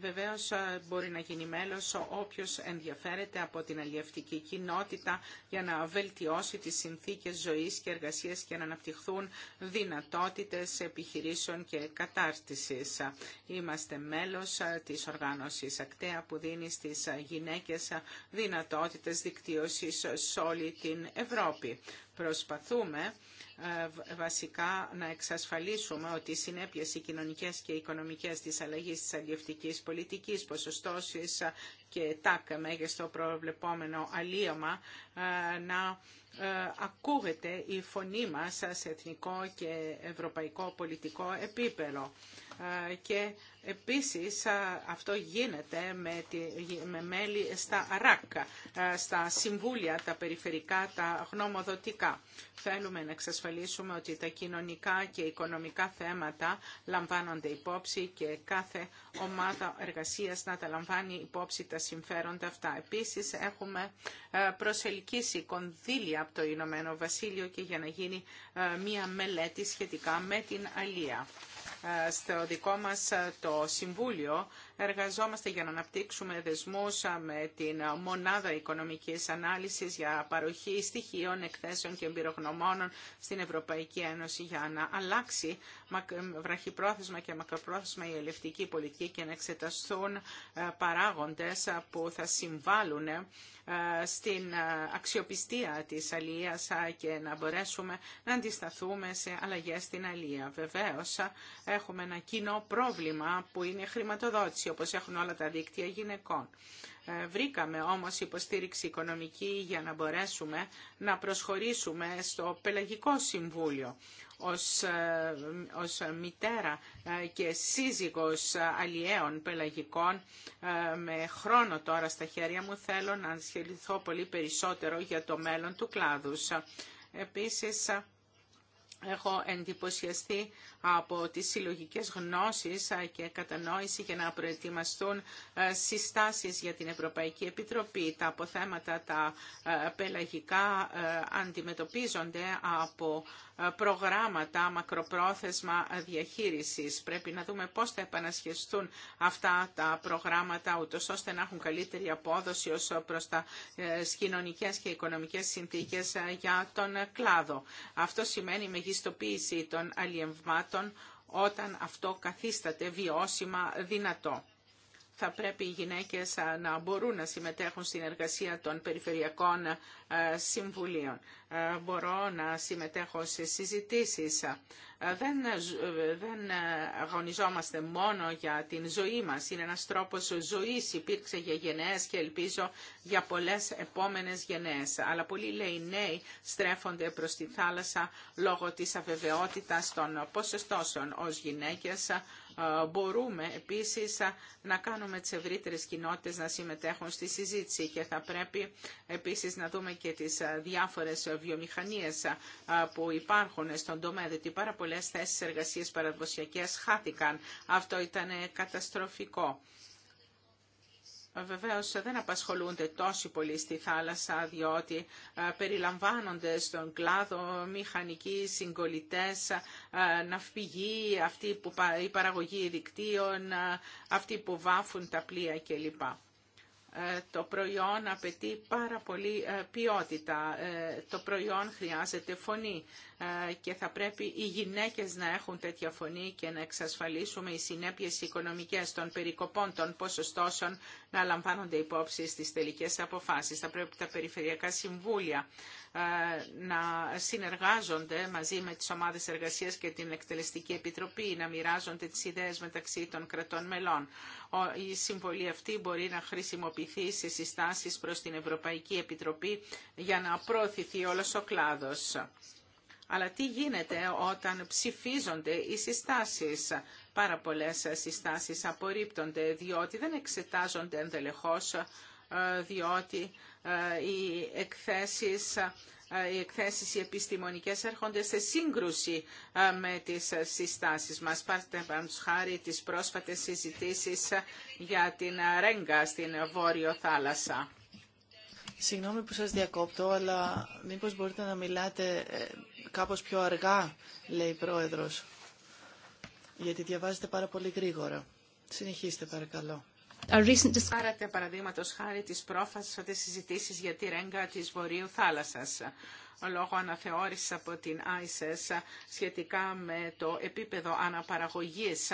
Βεβαίως μπορεί να γίνει μέλος όποιος ενδιαφέρεται από την αλλιευτική κοινότητα για να βελτιώσει τις συνθήκες ζωής και εργασίας και να αναπτυχθούν δυνατότητες επιχειρήσεων και κατάρτισης. Είμαστε μέλος ε, της οργάνωσης ΑΚΤΕΑ που δίνει στις ε, γυναίκες ε, δυνατότητες δικτύωσης σε όλη την Ευρώπη. Προσπαθούμε ε, βασικά να εξασφαλίσουμε ότι οι συνέπειες οι κοινωνικές και οι οικονομικές της αλλαγής της αντιευτικής πολιτικής, ποσοστώσεις ε, και τάκ μέγιστο προβλεπόμενο αλλίωμα ε, να ακούγεται η φωνή μας σε εθνικό και ευρωπαϊκό πολιτικό επίπεδο και Επίσης αυτό γίνεται με, μέλη στα ΡΑΚ, στα συμβούλια, τα περιφερικά, τα γνωμοδοτικά. Θέλουμε να εξασφαλίσουμε ότι τα κοινωνικά και οικονομικά θέματα λαμβάνονται υπόψη και κάθε ομάδα εργασίας να τα λαμβάνει υπόψη τα συμφέροντα αυτά. Επίσης έχουμε προσελκύσει κονδύλια από το Ηνωμένο Βασίλειο και για να γίνει μια μελέτη σχετικά με την αλία. Ε, στο δικό μας ε, το Συμβούλιο Εργαζόμαστε για να αναπτύξουμε δεσμούς με την Μονάδα Οικονομικής Ανάλυσης για παροχή στοιχείων, εκθέσεων και εμπειρογνωμόνων στην Ευρωπαϊκή Ένωση για να αλλάξει βραχυπρόθεσμα και μακροπρόθεσμα η ελευτική πολιτική και να εξεταστούν παράγοντες που θα συμβάλλουν στην αξιοπιστία της αλίας και να μπορέσουμε να αντισταθούμε σε αλλαγές στην αλία. Βεβαίως, έχουμε ένα κοινό πρόβλημα που είναι η χρηματοδότηση υποστήριξη όπως έχουν όλα τα δίκτυα γυναικών. Ε, βρήκαμε όμως υποστήριξη οικονομική για να μπορέσουμε να προσχωρήσουμε στο Πελαγικό Συμβούλιο. Ως, ε, ως μητέρα ε, και σύζυγος αλλιέων πελαγικών με χρόνο τώρα στα χέρια μου θέλω να ασχεληθώ πολύ περισσότερο για το μέλλον του κλάδους. Επίσης, έχω εντυπωσιαστεί από τις συλλογικέ γνώσεις και κατανόηση για να προετοιμαστούν συστάσεις για την Ευρωπαϊκή Επιτροπή. Τα αποθέματα τα πελαγικά αντιμετωπίζονται από προγράμματα μακροπρόθεσμα διαχείρισης. Πρέπει να δούμε πώς θα επανασχεστούν αυτά τα προγράμματα ούτως ώστε να έχουν καλύτερη απόδοση ως προς τα ε, κοινωνικές και οικονομικές συνθήκες για τον κλάδο. Αυτό σημαίνει μεγιστοποίηση των αλλιευμάτων όταν αυτό καθίσταται βιώσιμα δυνατό. Θα πρέπει οι γυναίκες να μπορούν να συμμετέχουν στην εργασία των περιφερειακών συμβουλίων. Μπορώ να συμμετέχω σε συζητήσεις δεν, δεν αγωνιζόμαστε μόνο για την ζωή μας. Είναι ένας τρόπος ζωής, υπήρξε για γενναίες και ελπίζω για πολλές επόμενες γενναίες. Αλλά πολλοί λέει νέοι στρέφονται προς τη θάλασσα λόγω της αβεβαιότητας των ποσοστώσεων ως γυναίκες ε, μπορούμε επίσης ε, να κάνουμε τις ευρύτερε κοινότητες να συμμετέχουν στη συζήτηση και θα πρέπει επίσης να δούμε και τις ε, διάφορες βιομηχανίες που υπάρχουν στον τομέα, διότι πάρα πολλές θέσεις εργασίας παραδοσιακές χάθηκαν. Αυτό ήταν καταστροφικό. Ε, βεβαίως δεν απασχολούνται τόσο πολύ στη θάλασσα διότι ε, περιλαμβάνονται στον κλάδο μηχανικοί συγκολητές, ε, ναυπηγοί, αυτοί που η παραγωγή δικτύων, αυτοί που βάφουν τα πλοία κλπ. Το προϊόν απαιτεί πάρα πολύ ποιότητα. Το προϊόν χρειάζεται φωνή και θα πρέπει οι γυναίκες να έχουν τέτοια φωνή και να εξασφαλίσουμε οι συνέπειες οικονομικές των περικοπών των ποσοστώσεων να λαμβάνονται υπόψη στις τελικές αποφάσεις. Θα πρέπει τα περιφερειακά συμβούλια ε, να συνεργάζονται μαζί με τις ομάδες εργασίας και την Εκτελεστική Επιτροπή, να μοιράζονται τις ιδέες μεταξύ των κρατών μελών. Η συμβολή αυτή μπορεί να χρησιμοποιηθεί σε συστάσεις προς την Ευρωπαϊκή Επιτροπή για να προωθηθεί όλος ο κλάδος. Αλλά τι γίνεται όταν ψηφίζονται οι συστάσεις. Πάρα πολλές συστάσεις απορρίπτονται διότι δεν εξετάζονται εντελεχώς, ε, διότι ε, ε, οι εκθέσεις οι εκθέσεις επιστημονικές έρχονται σε σύγκρουση με τις συστάσεις μας. Πάρτε πάντως χάρη τις πρόσφατες συζητήσεις για την Ρέγκα στην Βόρειο Θάλασσα. Συγγνώμη που σας διακόπτω, αλλά μήπως μπορείτε να μιλάτε ε, κάπως πιο αργά, λέει η Πρόεδρος, γιατί διαβάζετε πάρα πολύ γρήγορα. Συνεχίστε παρακαλώ. Άρατε παραδείγματο χάρη τις πρόφασες συζητήσεις για τη ρέγγα της Βορείου Θάλασσας λόγω αναθεώρησης από την ΆΙΣΕΣ σχετικά με το επίπεδο αναπαραγωγής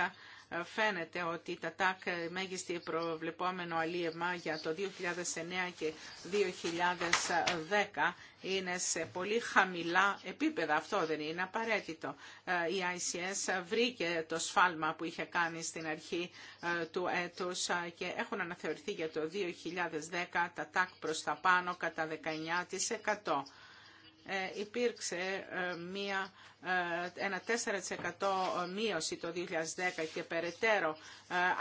φαίνεται ότι τα ΤΑΚ μέγιστη προβλεπόμενο αλίευμα για το 2009 και 2010 είναι σε πολύ χαμηλά επίπεδα. Αυτό δεν είναι απαραίτητο. Ε, η ICS βρήκε το σφάλμα που είχε κάνει στην αρχή ε, του έτους ε, και έχουν αναθεωρηθεί για το 2010 τα ΤΑΚ προς τα πάνω κατά 19%. Ε, υπήρξε ε, μια, ε, ένα 4% μείωση το 2010 και περαιτέρω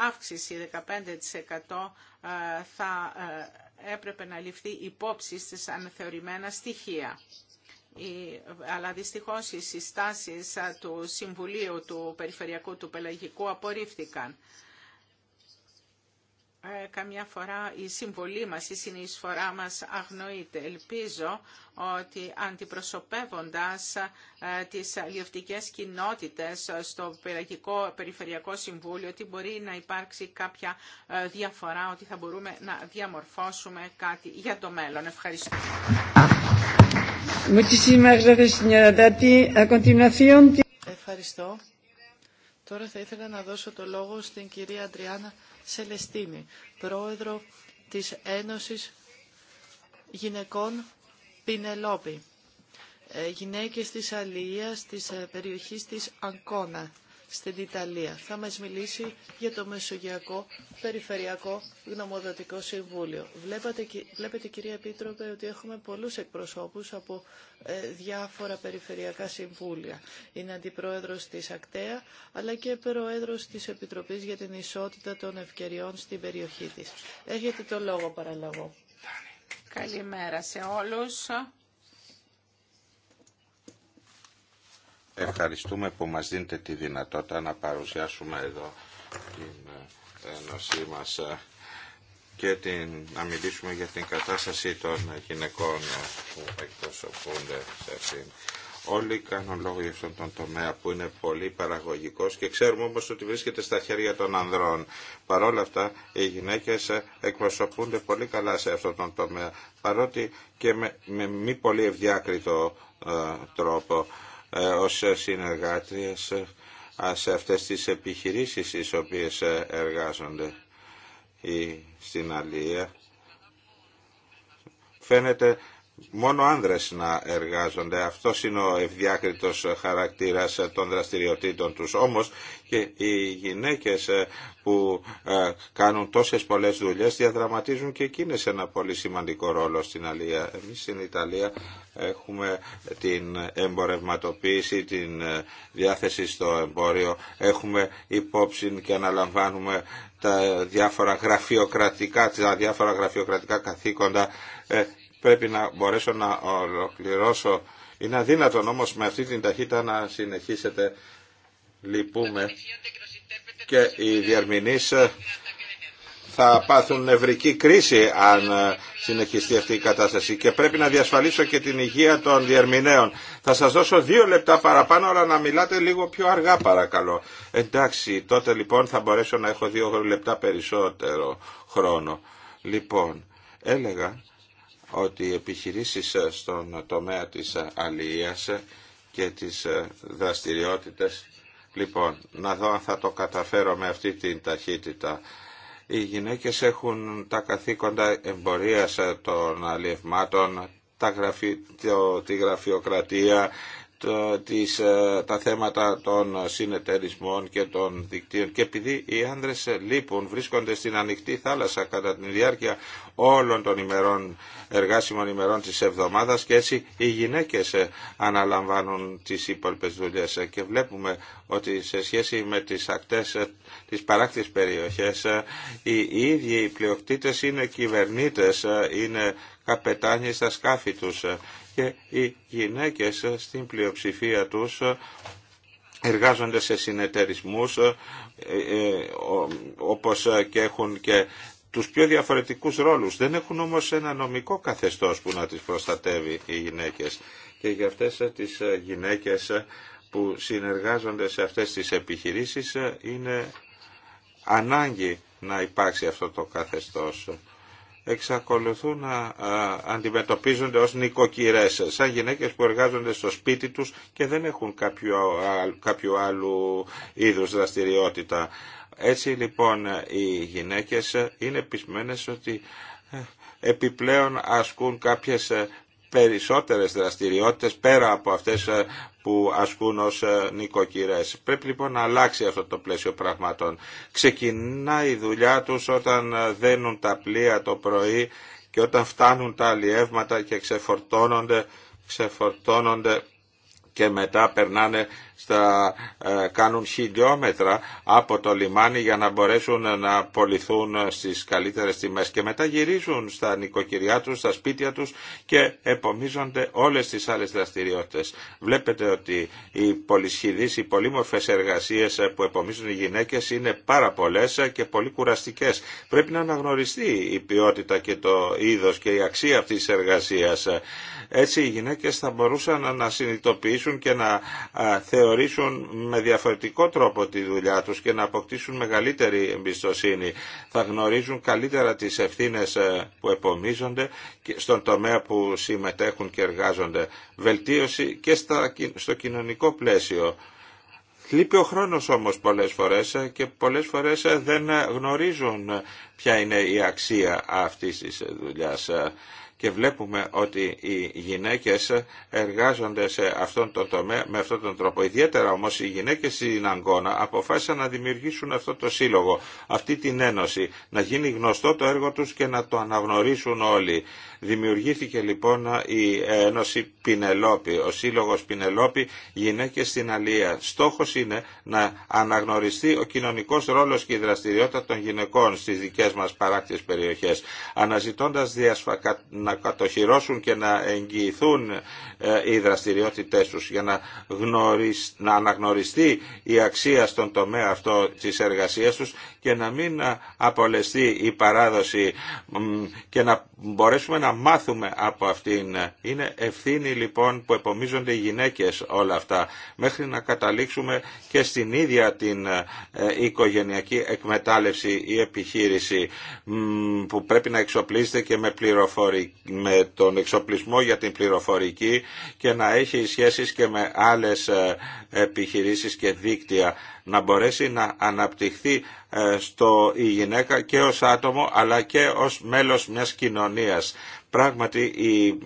αύξηση 15% θα έπρεπε να ληφθεί υπόψη στις αναθεωρημένα στοιχεία. Αλλά δυστυχώς οι συστάσεις του Συμβουλίου του Περιφερειακού του Πελαγικού απορρίφθηκαν. Ε, καμιά φορά η συμβολή μας, η συνεισφορά μας αγνοείται. Ελπίζω ότι αντιπροσωπεύοντας ε, τις αλλιευτικές κοινότητες στο Περιφερειακό, Περιφερειακό Συμβούλιο ότι μπορεί να υπάρξει κάποια ε, διαφορά, ότι θα μπορούμε να διαμορφώσουμε κάτι για το μέλλον. Ευχαριστώ. Ευχαριστώ. Τώρα θα ήθελα να δώσω το λόγο στην κυρία Αντριάννα Σελεστίνη, πρόεδρο της Ένωσης Γυναικών Πινελόπη, ε, γυναίκες της Αλίας της ε, περιοχής της Αγκώνα στην Ιταλία. Θα μας μιλήσει για το Μεσογειακό Περιφερειακό Γνωμοδοτικό Συμβούλιο. Βλέπετε, βλέπετε κυρία Επίτροπε ότι έχουμε πολλούς εκπροσώπους από ε, διάφορα περιφερειακά συμβούλια. Είναι αντιπρόεδρος της ΑΚΤΕΑ αλλά και πρόεδρος της Επιτροπής για την Ισότητα των Ευκαιριών στην περιοχή της. Έχετε το λόγο παραλαβώ. Καλημέρα σε όλους. Ευχαριστούμε που μας δίνετε τη δυνατότητα να παρουσιάσουμε εδώ την ε, ένωσή μας ε, και την, να μιλήσουμε για την κατάσταση των γυναικών ε, που εκπροσωπούνται σε αυτήν. Όλοι κάνουν λόγο για αυτόν τον τομέα που είναι πολύ παραγωγικός και ξέρουμε όμως ότι βρίσκεται στα χέρια των ανδρών. Παρ' όλα αυτά οι γυναίκες εκπροσωπούνται πολύ καλά σε αυτόν τον τομέα, παρότι και με, με μη πολύ ευδιάκριτο τρόπο. Ε, ως συνεργάτριες ε, σε αυτές τις επιχειρήσεις τις οποίες ε, εργάζονται ή στην Αλία. Φαίνεται μόνο άνδρες να εργάζονται. Αυτό είναι ο ευδιάκριτος χαρακτήρας των δραστηριοτήτων τους. Όμως και οι γυναίκες ε, που ε, κάνουν τόσες πολλές δουλειές διαδραματίζουν και εκείνες ένα πολύ σημαντικό ρόλο στην Αλία. Εμείς στην Ιταλία έχουμε την εμπορευματοποίηση, την ε, διάθεση στο εμπόριο, έχουμε υπόψη και αναλαμβάνουμε τα διάφορα γραφειοκρατικά, τα διάφορα γραφειοκρατικά καθήκοντα πρέπει να μπορέσω να ολοκληρώσω. Είναι αδύνατον όμως με αυτή την ταχύτητα να συνεχίσετε. Λυπούμε. Και οι διερμηνείς ε, θα πάθουν νευρική κρίση αν ε, συνεχιστεί αυτή η κατάσταση και πρέπει να διασφαλίσω και την υγεία των διερμηνέων. Θα σας δώσω δύο λεπτά παραπάνω αλλά να μιλάτε λίγο πιο αργά παρακαλώ. Εντάξει, τότε λοιπόν θα μπορέσω να έχω δύο λεπτά περισσότερο χρόνο. Λοιπόν, έλεγα ότι οι επιχειρήσεις ε, στον τομέα της ε, αλληλείας ε, και της δραστηριότητας Λοιπόν, να δω αν θα το καταφέρω με αυτή την ταχύτητα. Οι γυναίκες έχουν τα καθήκοντα εμπορίας των αλλιευμάτων, τα τη γραφειοκρατία, ε, τα θέματα των συνεταιρισμών και των δικτύων και επειδή οι άνδρες λείπουν, βρίσκονται στην ανοιχτή θάλασσα κατά τη διάρκεια όλων των ημερών, εργάσιμων ημερών της εβδομάδας και έτσι οι γυναίκες ε, αναλαμβάνουν τις υπόλοιπες δουλειές ε, και βλέπουμε ότι σε σχέση με τις ακτές τις παράκτης περιοχές οι ίδιοι οι πλειοκτήτες είναι κυβερνήτες, είναι καπετάνιοι στα σκάφη τους και οι γυναίκες στην πλειοψηφία τους εργάζονται σε συνεταιρισμούς ε, ε, όπως και έχουν και τους πιο διαφορετικούς ρόλους. Δεν έχουν όμως ένα νομικό καθεστώς που να τις προστατεύει οι γυναίκες. Και για αυτές τις γυναίκες που συνεργάζονται σε αυτές τις επιχειρήσεις ε, είναι ανάγκη να υπάρξει αυτό το καθεστώς εξακολουθούν να αντιμετωπίζονται ως νοικοκυρές, σαν γυναίκες που εργάζονται στο σπίτι τους και δεν έχουν κάποιο άλλου είδους δραστηριότητα. Έτσι λοιπόν οι γυναίκες είναι πεισμένες ότι ε, επιπλέον ασκούν κάποιες ε, περισσότερες δραστηριότητες πέρα από αυτές ε, που ασκούν ως ε, νοικοκυρές. Πρέπει λοιπόν να αλλάξει αυτό το πλαίσιο πραγμάτων. Ξεκινά η δουλειά τους όταν ε, δένουν τα πλοία το πρωί και όταν φτάνουν τα αλλιεύματα και ξεφορτώνονται, ξεφορτώνονται και μετά περνάνε ε, κάνουν χιλιόμετρα από το λιμάνι για να μπορέσουν να πολιθούν στις καλύτερες τιμές και μετά γυρίζουν στα νοικοκυριά τους, στα σπίτια τους και επομίζονται όλες τις άλλες δραστηριότητες. Βλέπετε ότι οι πολυσχηδείς, οι πολύμορφες εργασίες που επομίζουν οι γυναίκες είναι πάρα πολλές και πολύ κουραστικές. Πρέπει να αναγνωριστεί η ποιότητα και το είδος και η αξία αυτής της εργασίας. Έτσι οι γυναίκες θα μπορούσαν να συνειδητοποιήσουν και να θεωρήσουν γνωρίζουν με διαφορετικό τρόπο τη δουλειά τους και να αποκτήσουν μεγαλύτερη εμπιστοσύνη. Θα γνωρίζουν καλύτερα τις ευθύνες ε, που επομίζονται και στον τομέα που συμμετέχουν και εργάζονται. Βελτίωση και στο κοινωνικό πλαίσιο. Λείπει ο χρόνος όμως πολλές φορές ε, και πολλές φορές ε, δεν γνωρίζουν ποια είναι η αξία αυτής της δουλειάς και βλέπουμε ότι οι γυναίκες εργάζονται σε αυτόν τον τομέα με αυτόν τον τρόπο. Ιδιαίτερα όμως οι γυναίκες στην Αγκώνα αποφάσισαν να δημιουργήσουν αυτό το σύλλογο, αυτή την ένωση, να γίνει γνωστό το έργο τους και να το αναγνωρίσουν όλοι. Δημιουργήθηκε λοιπόν η Ένωση Πινελόπη, ο Σύλλογος Πινελόπη Γυναίκες στην Αλία. Στόχος είναι να αναγνωριστεί ο κοινωνικός ρόλος και η δραστηριότητα των γυναικών στις δικές μας παράκτιες περιοχές, αναζητώντας διασφακα... να κατοχυρώσουν και να εγγυηθούν ε, οι δραστηριότητές τους για να, γνωρισ... να αναγνωριστεί η αξία στον τομέα αυτό της εργασίας τους και να μην ε, απολεστεί η παράδοση και να μπορέσουμε να να μάθουμε από αυτήν. Είναι ευθύνη λοιπόν που επομίζονται οι γυναίκες όλα αυτά μέχρι να καταλήξουμε και στην ίδια την ε, οικογενειακή εκμετάλλευση ή επιχείρηση που πρέπει να εξοπλίζεται και με, πληροφορική, με τον εξοπλισμό για την πληροφορική και να έχει σχέσεις και με άλλες ε, επιχειρήσεις και δίκτυα να μπορέσει να αναπτυχθεί ε, στο η γυναίκα και ως άτομο αλλά και ως μέλος μιας κοινωνίας. Πράγματι η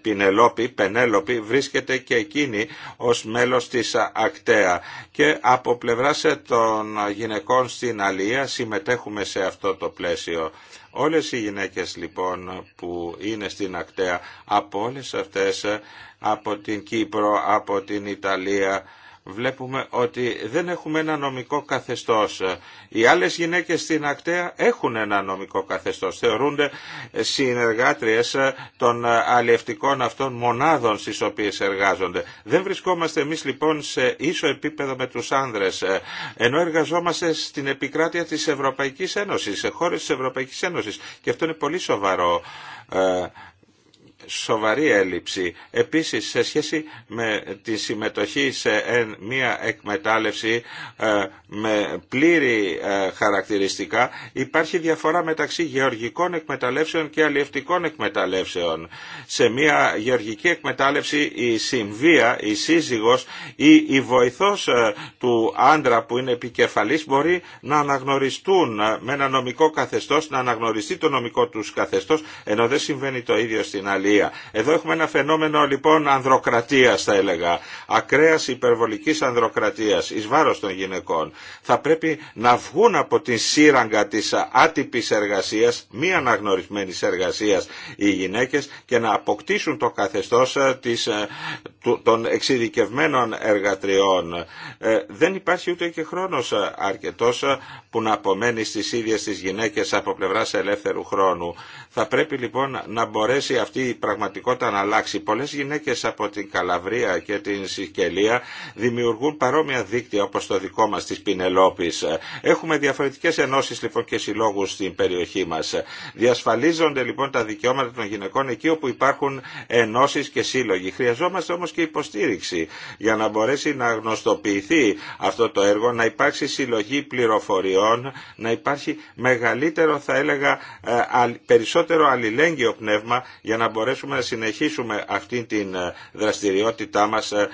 Πινελόπη, Πενέλοπη βρίσκεται και εκείνη ως μέλος της ακτέα και από πλευράς των γυναικών στην Αλία συμμετέχουμε σε αυτό το πλαίσιο. Όλες οι γυναίκες λοιπόν που είναι στην ακτέα από όλες αυτές από την Κύπρο, από την Ιταλία, βλέπουμε ότι δεν έχουμε ένα νομικό καθεστώς. Οι άλλες γυναίκες στην ακτέα έχουν ένα νομικό καθεστώς. Θεωρούνται συνεργάτριες των αλλιευτικών αυτών μονάδων στις οποίες εργάζονται. Δεν βρισκόμαστε εμείς λοιπόν σε ίσο επίπεδο με τους άνδρες, ενώ εργαζόμαστε στην επικράτεια της Ευρωπαϊκής Ένωσης, σε χώρες της Ευρωπαϊκής Ένωσης. Και αυτό είναι πολύ σοβαρό ε, σοβαρή έλλειψη. Επίσης, σε σχέση με τη συμμετοχή σε μία εκμετάλλευση ε, με πλήρη ε, χαρακτηριστικά, υπάρχει διαφορά μεταξύ γεωργικών εκμεταλλεύσεων και αλλιευτικών εκμεταλλεύσεων. Σε μία γεωργική εκμετάλλευση η συμβία, η σύζυγος ή η βοηθός ε, του άντρα που είναι επικεφαλής μπορεί να αναγνωριστούν με ένα νομικό καθεστώς, να αναγνωριστεί το νομικό τους καθεστώς, ενώ δεν συμβαίνει το ίδιο στην αλλή. Εδώ έχουμε ένα φαινόμενο λοιπόν ανδροκρατίας θα έλεγα, ακραία υπερβολικής ανδροκρατίας εις βάρος των γυναικών. Θα πρέπει να βγουν από την σύραγγα της άτυπης εργασίας, μη αναγνωρισμένης εργασίας οι γυναίκες και να αποκτήσουν το καθεστώς ε, της, ε, των εξειδικευμένων εργατριών. Ε, δεν υπάρχει ούτε και χρόνος αρκετός που να απομένει στις ίδιες τις γυναίκες από πλευράς ελεύθερου χρόνου. Θα πρέπει λοιπόν να μπορέσει αυτή η πραγματικότητα να αλλάξει. Πολλές γυναίκες από την Καλαβρία και την Σικελία δημιουργούν παρόμοια δίκτυα όπως το δικό μας της Πινελόπης. Έχουμε διαφορετικές ενώσεις λοιπόν και συλλόγους στην περιοχή μας. Διασφαλίζονται λοιπόν τα δικαιώματα των γυναικών εκεί όπου υπάρχουν ενώσεις και σύλλογοι. Χρειαζόμαστε όμως και υποστήριξη για να μπορέσει να γνωστοποιηθεί αυτό το έργο, να υπάρξει συλλογή πληροφοριών, να υπάρχει μεγαλύτερο θα έλεγα ε, περισσότερο περισσότερο αλληλέγγυο πνεύμα για να μπορέσουμε να συνεχίσουμε αυτή την ε, δραστηριότητά μας ε,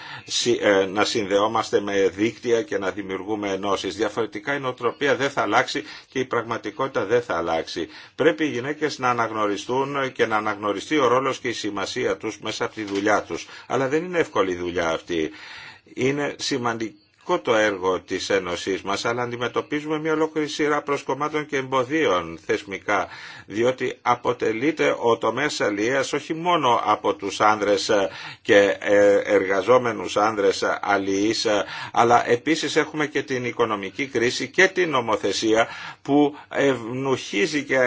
ε, να συνδεόμαστε με δίκτυα και να δημιουργούμε ενώσεις. Διαφορετικά η νοοτροπία δεν θα αλλάξει και η πραγματικότητα δεν θα αλλάξει. Πρέπει οι γυναίκες να αναγνωριστούν και να αναγνωριστεί ο ρόλος και η σημασία τους μέσα από τη δουλειά τους. Αλλά δεν είναι εύκολη η δουλειά αυτή. Είναι σημαντική σημαντικό το έργο της ενωσή μας, αλλά αντιμετωπίζουμε μια ολόκληρη σειρά προσκομμάτων και εμποδίων θεσμικά, διότι αποτελείται ο τομέας αλληλεία όχι μόνο από τους άνδρες και ε, εργαζόμενους άνδρες αλληλεί, αλλά επίσης έχουμε και την οικονομική κρίση και την νομοθεσία που ευνουχίζει και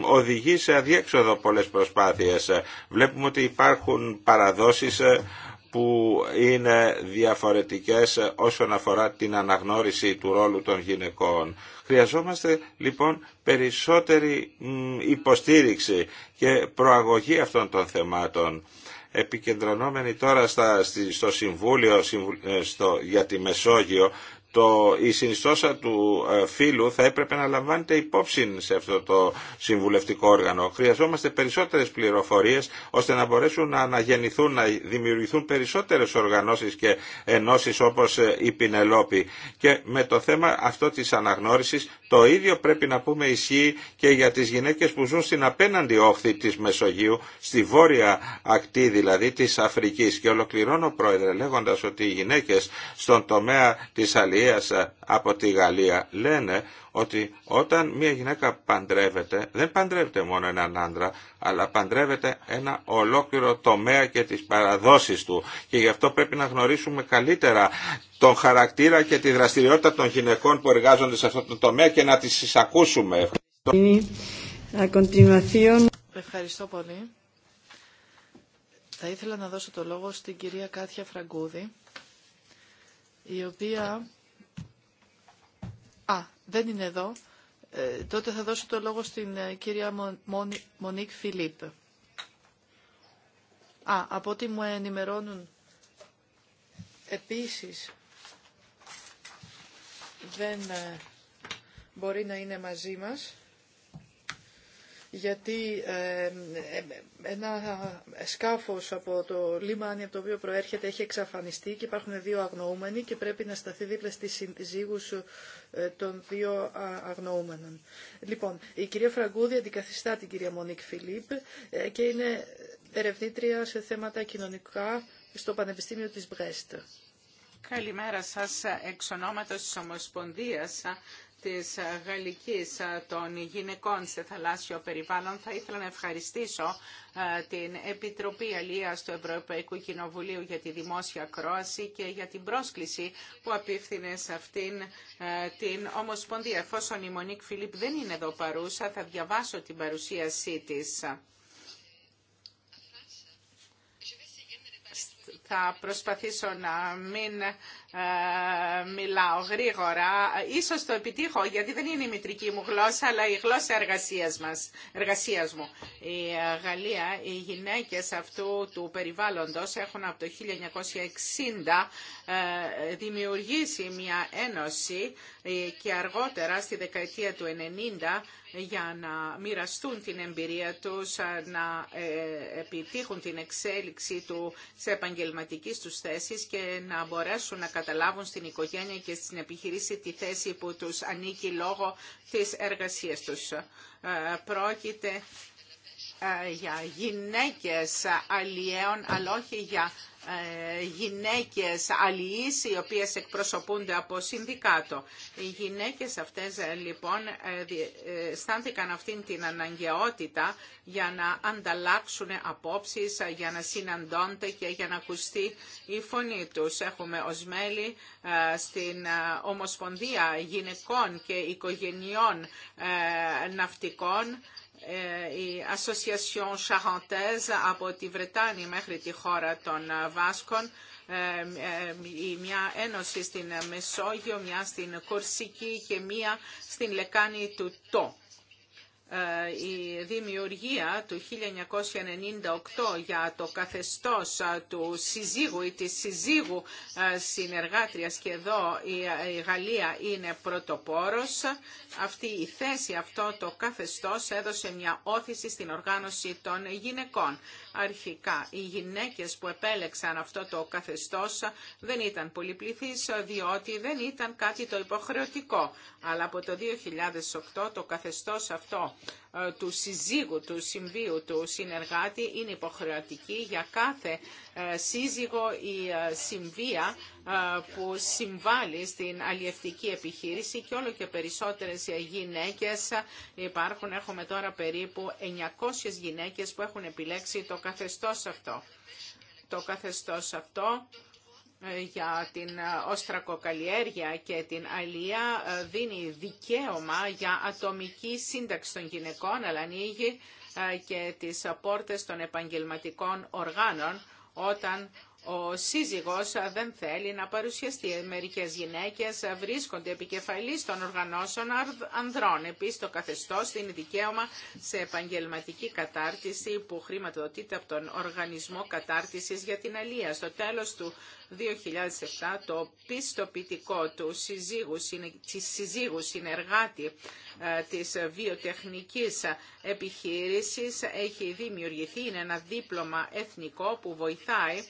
οδηγεί σε αδιέξοδο πολλές προσπάθειες. Βλέπουμε ότι υπάρχουν παραδόσεις ε, που είναι διαφορετικές όσον αφορά την αναγνώριση του ρόλου των γυναικών. Χρειαζόμαστε λοιπόν περισσότερη υποστήριξη και προαγωγή αυτών των θεμάτων. Επικεντρωνόμενοι τώρα στα, στο Συμβούλιο ε, στο, για τη Μεσόγειο, το, η συνιστόσα του ε, φίλου θα έπρεπε να λαμβάνεται υπόψη σε αυτό το συμβουλευτικό όργανο. Χρειαζόμαστε περισσότερες πληροφορίες ώστε να μπορέσουν να αναγεννηθούν, να δημιουργηθούν περισσότερες οργανώσεις και ενώσεις όπως ε, η Πινελόπη. Και με το θέμα αυτό της αναγνώρισης το ίδιο πρέπει να πούμε ισχύει και για τις γυναίκες που ζουν στην απέναντι όχθη της Μεσογείου, στη βόρεια ακτή δηλαδή της Αφρικής. Και ολοκληρώνω πρόεδρε λέγοντας ότι οι γυναίκες στον τομέα της Αλίας από τη Γαλλία λένε ότι όταν μια γυναίκα παντρεύεται, δεν παντρεύεται μόνο έναν άντρα, αλλά παντρεύεται ένα ολόκληρο τομέα και τις παραδόσεις του. Και γι' αυτό πρέπει να γνωρίσουμε καλύτερα τον χαρακτήρα και τη δραστηριότητα των γυναικών που εργάζονται σε αυτό το τομέα και να τις εισακούσουμε. Ευχαριστώ πολύ. Θα ήθελα να δώσω το λόγο στην κυρία Κάτια Φραγκούδη, η οποία δεν είναι εδώ, ε, τότε θα δώσω το λόγο στην ε, κυρία Μονίκ Φιλίπ. Α, από ό,τι μου ενημερώνουν επίσης δεν ε, μπορεί να είναι μαζί μας γιατί ε, ε, ένα σκάφος από το λιμάνι από το οποίο προέρχεται έχει εξαφανιστεί και υπάρχουν δύο αγνοούμενοι και πρέπει να σταθεί δίπλα στις ε, των δύο αγνοούμενων. Λοιπόν, η κυρία Φραγκούδη αντικαθιστά την κυρία Μονίκ Φιλίπ ε, και είναι ερευνήτρια σε θέματα κοινωνικά στο Πανεπιστήμιο της Μπρέστ. Καλημέρα σας εξ ονόματος της Ομοσπονδίας της γαλλικής ε, των γυναικών σε θαλάσσιο περιβάλλον. Θα ήθελα να ευχαριστήσω ε, την Επιτροπή Αλίας του Ευρωπαϊκού Κοινοβουλίου για τη δημόσια κρόαση και για την πρόσκληση που απίφθινε σε αυτήν ε, την Ομοσπονδία. Εφόσον η Μονίκ Φιλίπ δεν είναι εδώ παρούσα, θα διαβάσω την παρουσίασή της. Θα προσπαθήσω να μην ε, μιλάω γρήγορα. Ίσως το επιτύχω, γιατί δεν είναι η μητρική μου γλώσσα, αλλά η γλώσσα εργασίας, μας, εργασίας μου. Η ε, Γαλλία, οι γυναίκες αυτού του περιβάλλοντος έχουν από το 1960 ε, δημιουργήσει μια ένωση ε, και αργότερα στη δεκαετία του 90 για να μοιραστούν την εμπειρία τους, να ε, επιτύχουν την εξέλιξη του σε επαγγελματική τους θέσης και να μπορέσουν να καταλάβουν στην οικογένεια και στην επιχειρήση τη θέση που τους ανήκει λόγω της εργασίας τους. Ε, πρόκειται για γυναίκες αλλιέων, αλλά όχι για ε, γυναίκες αλληλείς οι οποίες εκπροσωπούνται από συνδικάτο. Οι γυναίκες αυτές ε, λοιπόν ε, στάνθηκαν αυτήν την αναγκαιότητα για να ανταλλάξουν απόψεις, για να συναντώνται και για να ακουστεί η φωνή τους. Έχουμε ως μέλη στην Ομοσπονδία Γυναικών και Οικογενειών Ναυτικών ε, η Association Charentaise από τη Βρετάνη μέχρι τη χώρα των Βάσκων, ε, ε, μια ένωση στην Μεσόγειο, μια στην Κορσική και μια στην Λεκάνη του Τό. Ε, η δημιουργία του 1998 για το καθεστώς ε, του συζύγου ή της συζύγου ε, συνεργάτριας και εδώ η Γαλλία είναι πρωτοπόρος. Αυτή η θέση, αυτό το καθεστώς έδωσε μια όθηση στην οργάνωση των γυναικών. Αρχικά, οι γυναίκες που επέλεξαν αυτό το καθεστώς δεν ήταν πολυπληθείς διότι δεν ήταν κάτι το υποχρεωτικό. Αλλά από το 2008 το καθεστώς αυτό ε, του συζύγου, του συμβίου, του συνεργάτη είναι υποχρεωτική για κάθε ε, σύζυγο ή ε, συμβία που συμβάλλει στην αλλιευτική επιχείρηση και όλο και περισσότερες γυναίκες υπάρχουν. Έχουμε τώρα περίπου 900 γυναίκες που έχουν επιλέξει το καθεστώς αυτό. Το καθεστώς αυτό για την οστρακοκαλλιέργεια ε, και την αλία ε, δίνει δικαίωμα για ατομική σύνταξη των γυναικών, αλλά ανοίγει ε, και τις πόρτες των επαγγελματικών οργάνων όταν ο σύζυγος δεν θέλει να παρουσιαστεί. Μερικές γυναίκες βρίσκονται επικεφαλής των οργανώσεων ανδρών. Επίσης το καθεστώς είναι δικαίωμα σε επαγγελματική κατάρτιση που χρηματοδοτείται από τον Οργανισμό Κατάρτισης για την Αλία. Στο τέλος του 2007 το πιστοποιητικό του συζύγου, της συζύγου συνεργάτη ε, της βιοτεχνικής επιχείρησης έχει δημιουργηθεί. Είναι ένα δίπλωμα εθνικό που βοηθάει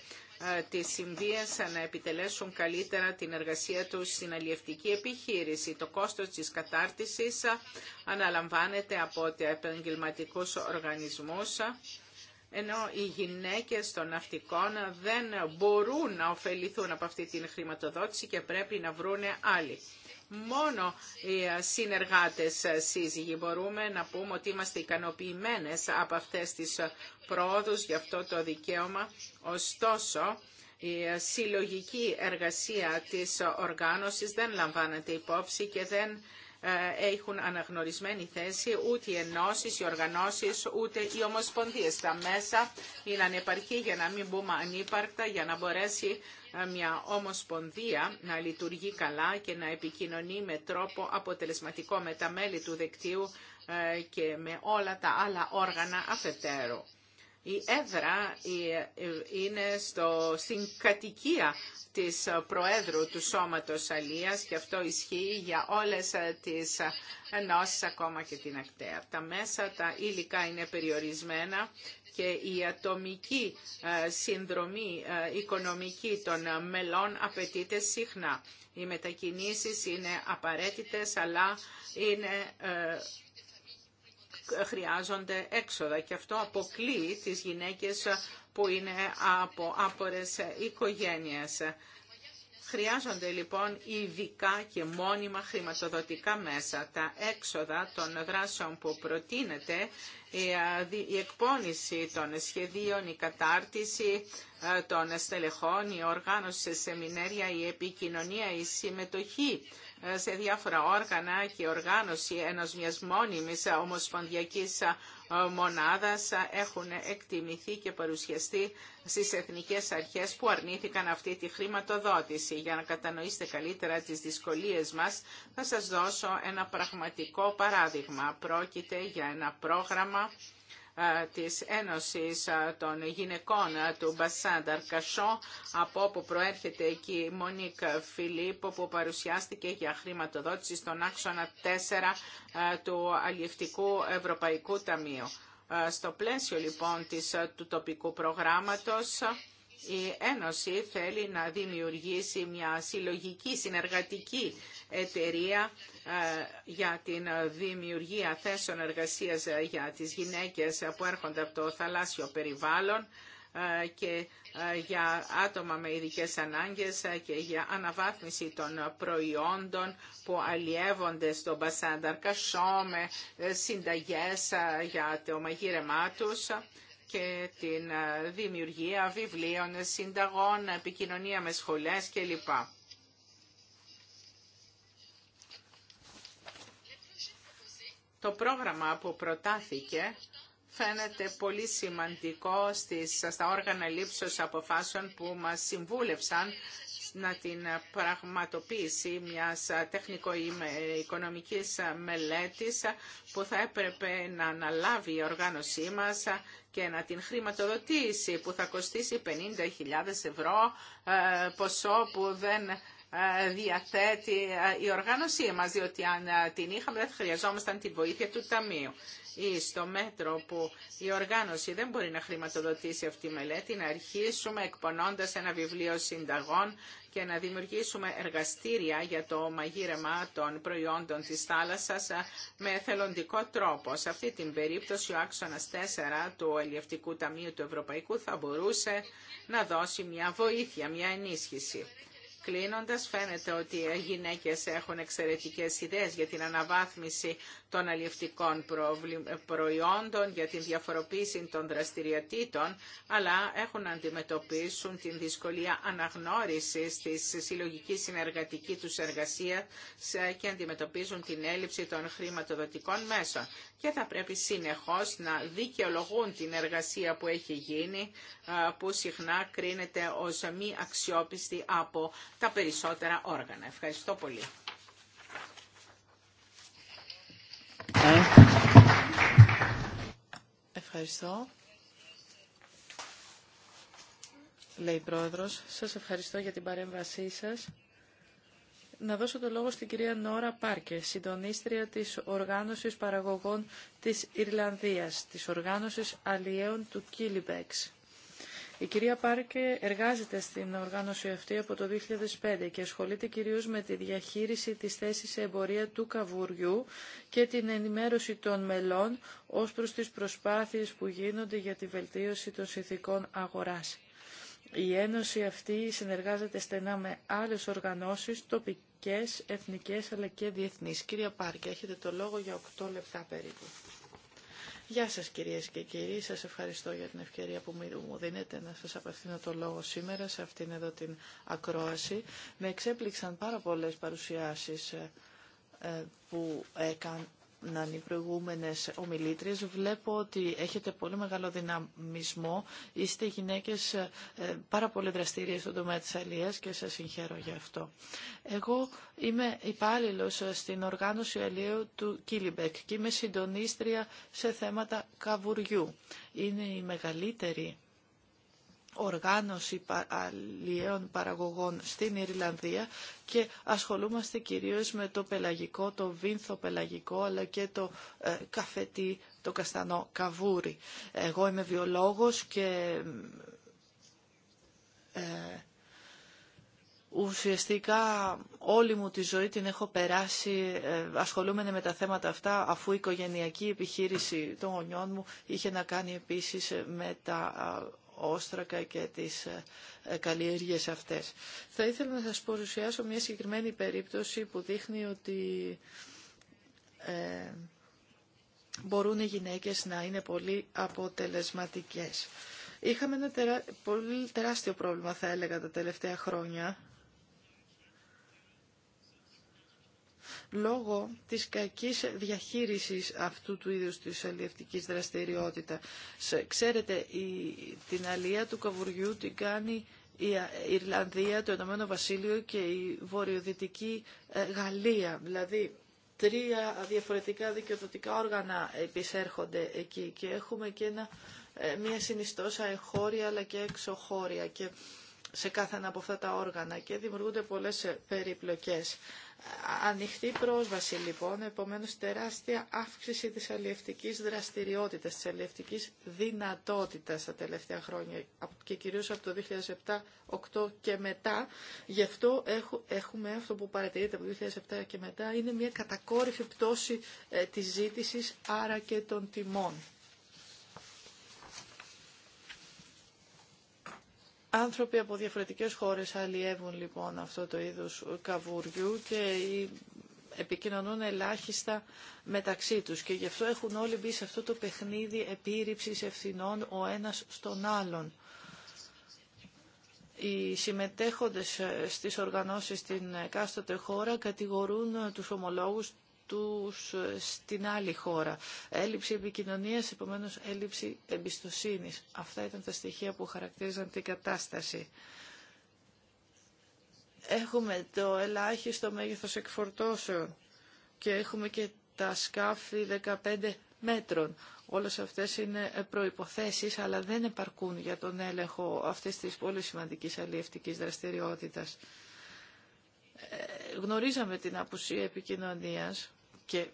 ε, της Συνδίας να επιτελέσουν καλύτερα την εργασία τους στην αλλιευτική επιχείρηση. Το κόστος της κατάρτισης αναλαμβάνεται από επαγγελματικού οργανισμούς ενώ οι γυναίκες των ναυτικών δεν μπορούν να ωφεληθούν από αυτή την χρηματοδότηση και πρέπει να βρούνε άλλοι μόνο οι ε, συνεργάτες ε, σύζυγοι. Μπορούμε να πούμε ότι είμαστε ικανοποιημένες από αυτές τις ε, πρόοδους για αυτό το δικαίωμα. Ωστόσο, η συλλογική εργασία της οργάνωσης δεν λαμβάνεται υπόψη και δεν ε, έχουν αναγνωρισμένη θέση ούτε οι ενώσει, οι οργανώσει, ούτε οι ομοσπονδίε. Τα μέσα είναι ανεπαρκή για να μην μπούμε ανύπαρκτα, για να μπορέσει ε, μια ομοσπονδία να λειτουργεί καλά και να επικοινωνεί με τρόπο αποτελεσματικό με τα μέλη του δεκτύου ε, και με όλα τα άλλα όργανα αφετέρου. Η έδρα ε, είναι στο, στην κατοικία της Προέδρου του Σώματος Αλίας και αυτό ισχύει για όλες ε, τις ε, ενώσεις ακόμα και την ακτέα. Τα μέσα, τα υλικά είναι περιορισμένα και η ατομική συνδρομή οικονομική των μελών απαιτείται συχνά. Οι μετακινήσεις είναι απαραίτητες αλλά είναι χρειάζονται έξοδα και αυτό αποκλείει τις γυναίκες που είναι από άπορες οικογένειες. Χρειάζονται λοιπόν ειδικά και μόνιμα χρηματοδοτικά μέσα. Τα έξοδα των δράσεων που προτείνεται, η εκπόνηση των σχεδίων, η κατάρτιση των στελεχών, η οργάνωση σε σεμινέρια, η επικοινωνία, η συμμετοχή σε διάφορα όργανα και οργάνωση ενός μιας μόνιμης ομοσπονδιακής ε, μονάδας ε, έχουν εκτιμηθεί και παρουσιαστεί στις εθνικές αρχές που αρνήθηκαν αυτή τη χρηματοδότηση. Για να κατανοήσετε καλύτερα τις δυσκολίες μας, θα σας δώσω ένα πραγματικό παράδειγμα. Πρόκειται για ένα πρόγραμμα ε, της Ένωσης ε, των Γυναικών ε, του Μπασάνταρ Κασό, από όπου προέρχεται εκεί η Μονίκ Φιλίπ, που παρουσιάστηκε για χρηματοδότηση στον άξονα 4 του Αλληλευτικού Ευρωπαϊκού Ταμείου. Στο πλαίσιο λοιπόν της, του τοπικού προγράμματος, η Ένωση θέλει να δημιουργήσει μια συλλογική συνεργατική εταιρεία ε, για την δημιουργία θέσεων εργασίας για τις γυναίκες που έρχονται από το θαλάσσιο περιβάλλον ε, και ε, για άτομα με ειδικέ ανάγκες και για αναβάθμιση των προϊόντων που αλλιεύονται στον Μπασάνταρ Κασό με συνταγές για το μαγείρεμά τους και την ε, δημιουργία βιβλίων, συνταγών, επικοινωνία με σχολές κλπ. Το πρόγραμμα που προτάθηκε φαίνεται πολύ σημαντικό στις, στα όργανα λήψεως αποφάσεων που μας συμβούλευσαν να την πραγματοποίηση μιας τεχνικο-οικονομικής μελέτης που θα έπρεπε να αναλάβει η οργάνωσή μας και να την χρηματοδοτήσει που θα κοστίσει 50.000 ευρώ ε, ποσό που δεν ε, διαθέτει ε, η οργάνωσή μας, διότι αν την είχαμε δεν θα χρειαζόμασταν τη βοήθεια του Ταμείου. Ή στο μέτρο που η οργάνωση δεν μπορεί να χρηματοδοτήσει αυτή τη μελέτη, να αρχίσουμε εκπονώντας ένα βιβλίο συνταγών και να δημιουργήσουμε εργαστήρια για το μαγείρεμα των προϊόντων της θάλασσας ε, με θελοντικό τρόπο. Σε αυτή την περίπτωση ο άξονας 4 του Ελιευτικού Ταμείου του Ευρωπαϊκού θα μπορούσε να δώσει μια βοήθεια, μια ενίσχυση. Κλείνοντας, φαίνεται ότι οι γυναίκες έχουν εξαιρετικές ιδέες για την αναβάθμιση των αλληλευτικών προϊόντων, για την διαφοροποίηση των δραστηριοτήτων, αλλά έχουν να αντιμετωπίσουν την δυσκολία αναγνώρισης της συλλογική συνεργατική τους εργασία ε, και αντιμετωπίζουν την έλλειψη των χρηματοδοτικών μέσων. Και θα πρέπει συνεχώς να δικαιολογούν την εργασία που έχει γίνει, ε, που συχνά κρίνεται ως μη αξιόπιστη από τα περισσότερα όργανα. Ευχαριστώ πολύ. Ευχαριστώ. Λέει Πρόεδρος, σας ευχαριστώ για την παρέμβασή σας. Να δώσω το λόγο στην κυρία Νόρα Πάρκε, συντονίστρια της Οργάνωσης Παραγωγών της Ιρλανδίας, της Οργάνωσης Αλλιέων του Κίλιμπεξ. Η κυρία Πάρκε εργάζεται στην οργάνωση αυτή από το 2005 και ασχολείται κυρίως με τη διαχείριση της θέσης σε εμπορία του καβουριού και την ενημέρωση των μελών ως προς τις προσπάθειες που γίνονται για τη βελτίωση των συνθηκών αγοράς. Η Ένωση αυτή συνεργάζεται στενά με άλλες οργανώσεις, τοπικές, εθνικές αλλά και διεθνείς. Κυρία Πάρκε, έχετε το λόγο για 8 λεπτά περίπου. Γεια σας κυρίες και κύριοι, σας ευχαριστώ για την ευκαιρία που μου δίνετε να σας απευθύνω το λόγο σήμερα σε αυτήν εδώ την ακρόαση. Με εξέπληξαν πάρα πολλές παρουσιάσεις ε, ε, που, έκαν, οι προηγούμενες ομιλήτριε. βλέπω ότι έχετε πολύ μεγάλο δυναμισμό. Είστε γυναίκες ε, πάρα πολύ δραστήριες στον τομέα τη αλίας και σα συγχαίρω γι' αυτό. Εγώ είμαι υπάλληλο στην οργάνωση αλίου του Κίλιμπεκ και είμαι συντονίστρια σε θέματα καβουριού. Είναι η μεγαλύτερη οργάνωση αλλιέων παραγωγών στην Ιρλανδία και ασχολούμαστε κυρίως με το πελαγικό, το βίνθο πελαγικό αλλά και το ε, καφετί, το καστανό καβούρι. Εγώ είμαι βιολόγος και ε, ουσιαστικά όλη μου τη ζωή την έχω περάσει ε, ασχολούμενη με τα θέματα αυτά αφού η οικογενειακή επιχείρηση των γονιών μου είχε να κάνει επίσης ε, με τα όστρακα και τις ε, ε, καλλιέργειες αυτές. Θα ήθελα να σας παρουσιάσω μια συγκεκριμένη περίπτωση που δείχνει ότι ε, μπορούν οι γυναίκες να είναι πολύ αποτελεσματικές. Είχαμε ένα πολύ τεράστιο πρόβλημα, θα έλεγα, τα τελευταία χρόνια λόγω της κακής διαχείρισης αυτού του είδους της αλλιευτικής δραστηριότητας. Ξέρετε, την αλία του καβουριού την κάνει η Ιρλανδία, το Ηνωμένο Βασίλειο και η Βορειοδυτική ε, Γαλλία. Δηλαδή, τρία διαφορετικά δικαιοδοτικά όργανα επισέρχονται εκεί και έχουμε και ε, μια συνιστόσα εγχώρια αλλά και εξωχώρια. Και σε κάθε ένα από αυτά τα όργανα και δημιουργούνται πολλές περιπλοκές. Ανοιχτή πρόσβαση λοιπόν, επομένως τεράστια αύξηση της αλλιευτικής δραστηριότητας, της αλλιευτικής δυνατότητας τα τελευταία χρόνια και κυρίως από το 2007, 2008 και μετά. Γι' αυτό έχουμε αυτό που παρατηρείται από το 2007 και μετά είναι μια κατακόρυφη πτώση ε, της ζήτησης άρα και των τιμών. Άνθρωποι από διαφορετικές χώρες αλλιεύουν λοιπόν αυτό το είδος καβουριού και επικοινωνούν ελάχιστα μεταξύ τους και γι' αυτό έχουν όλοι μπει σε αυτό το παιχνίδι επίρρηψης ευθυνών ο ένας στον άλλον. Οι συμμετέχοντες ε, στις οργανώσεις στην ε, κάστοτε χώρα κατηγορούν ε, τους ομολόγους τους ε, στην άλλη χώρα. Έλλειψη επικοινωνίας, επομένως έλλειψη εμπιστοσύνης. Αυτά ήταν τα στοιχεία που χαρακτήριζαν την κατάσταση. Έχουμε το ελάχιστο μέγεθος εκφορτώσεων και έχουμε και τα σκάφη 15 μέτρων. Όλες αυτές είναι προϋποθέσεις, αλλά δεν επαρκούν για τον έλεγχο αυτής της πολύ σημαντικής αλλιευτικής δραστηριότητας ε, γνωρίζαμε την απουσία επικοινωνίας και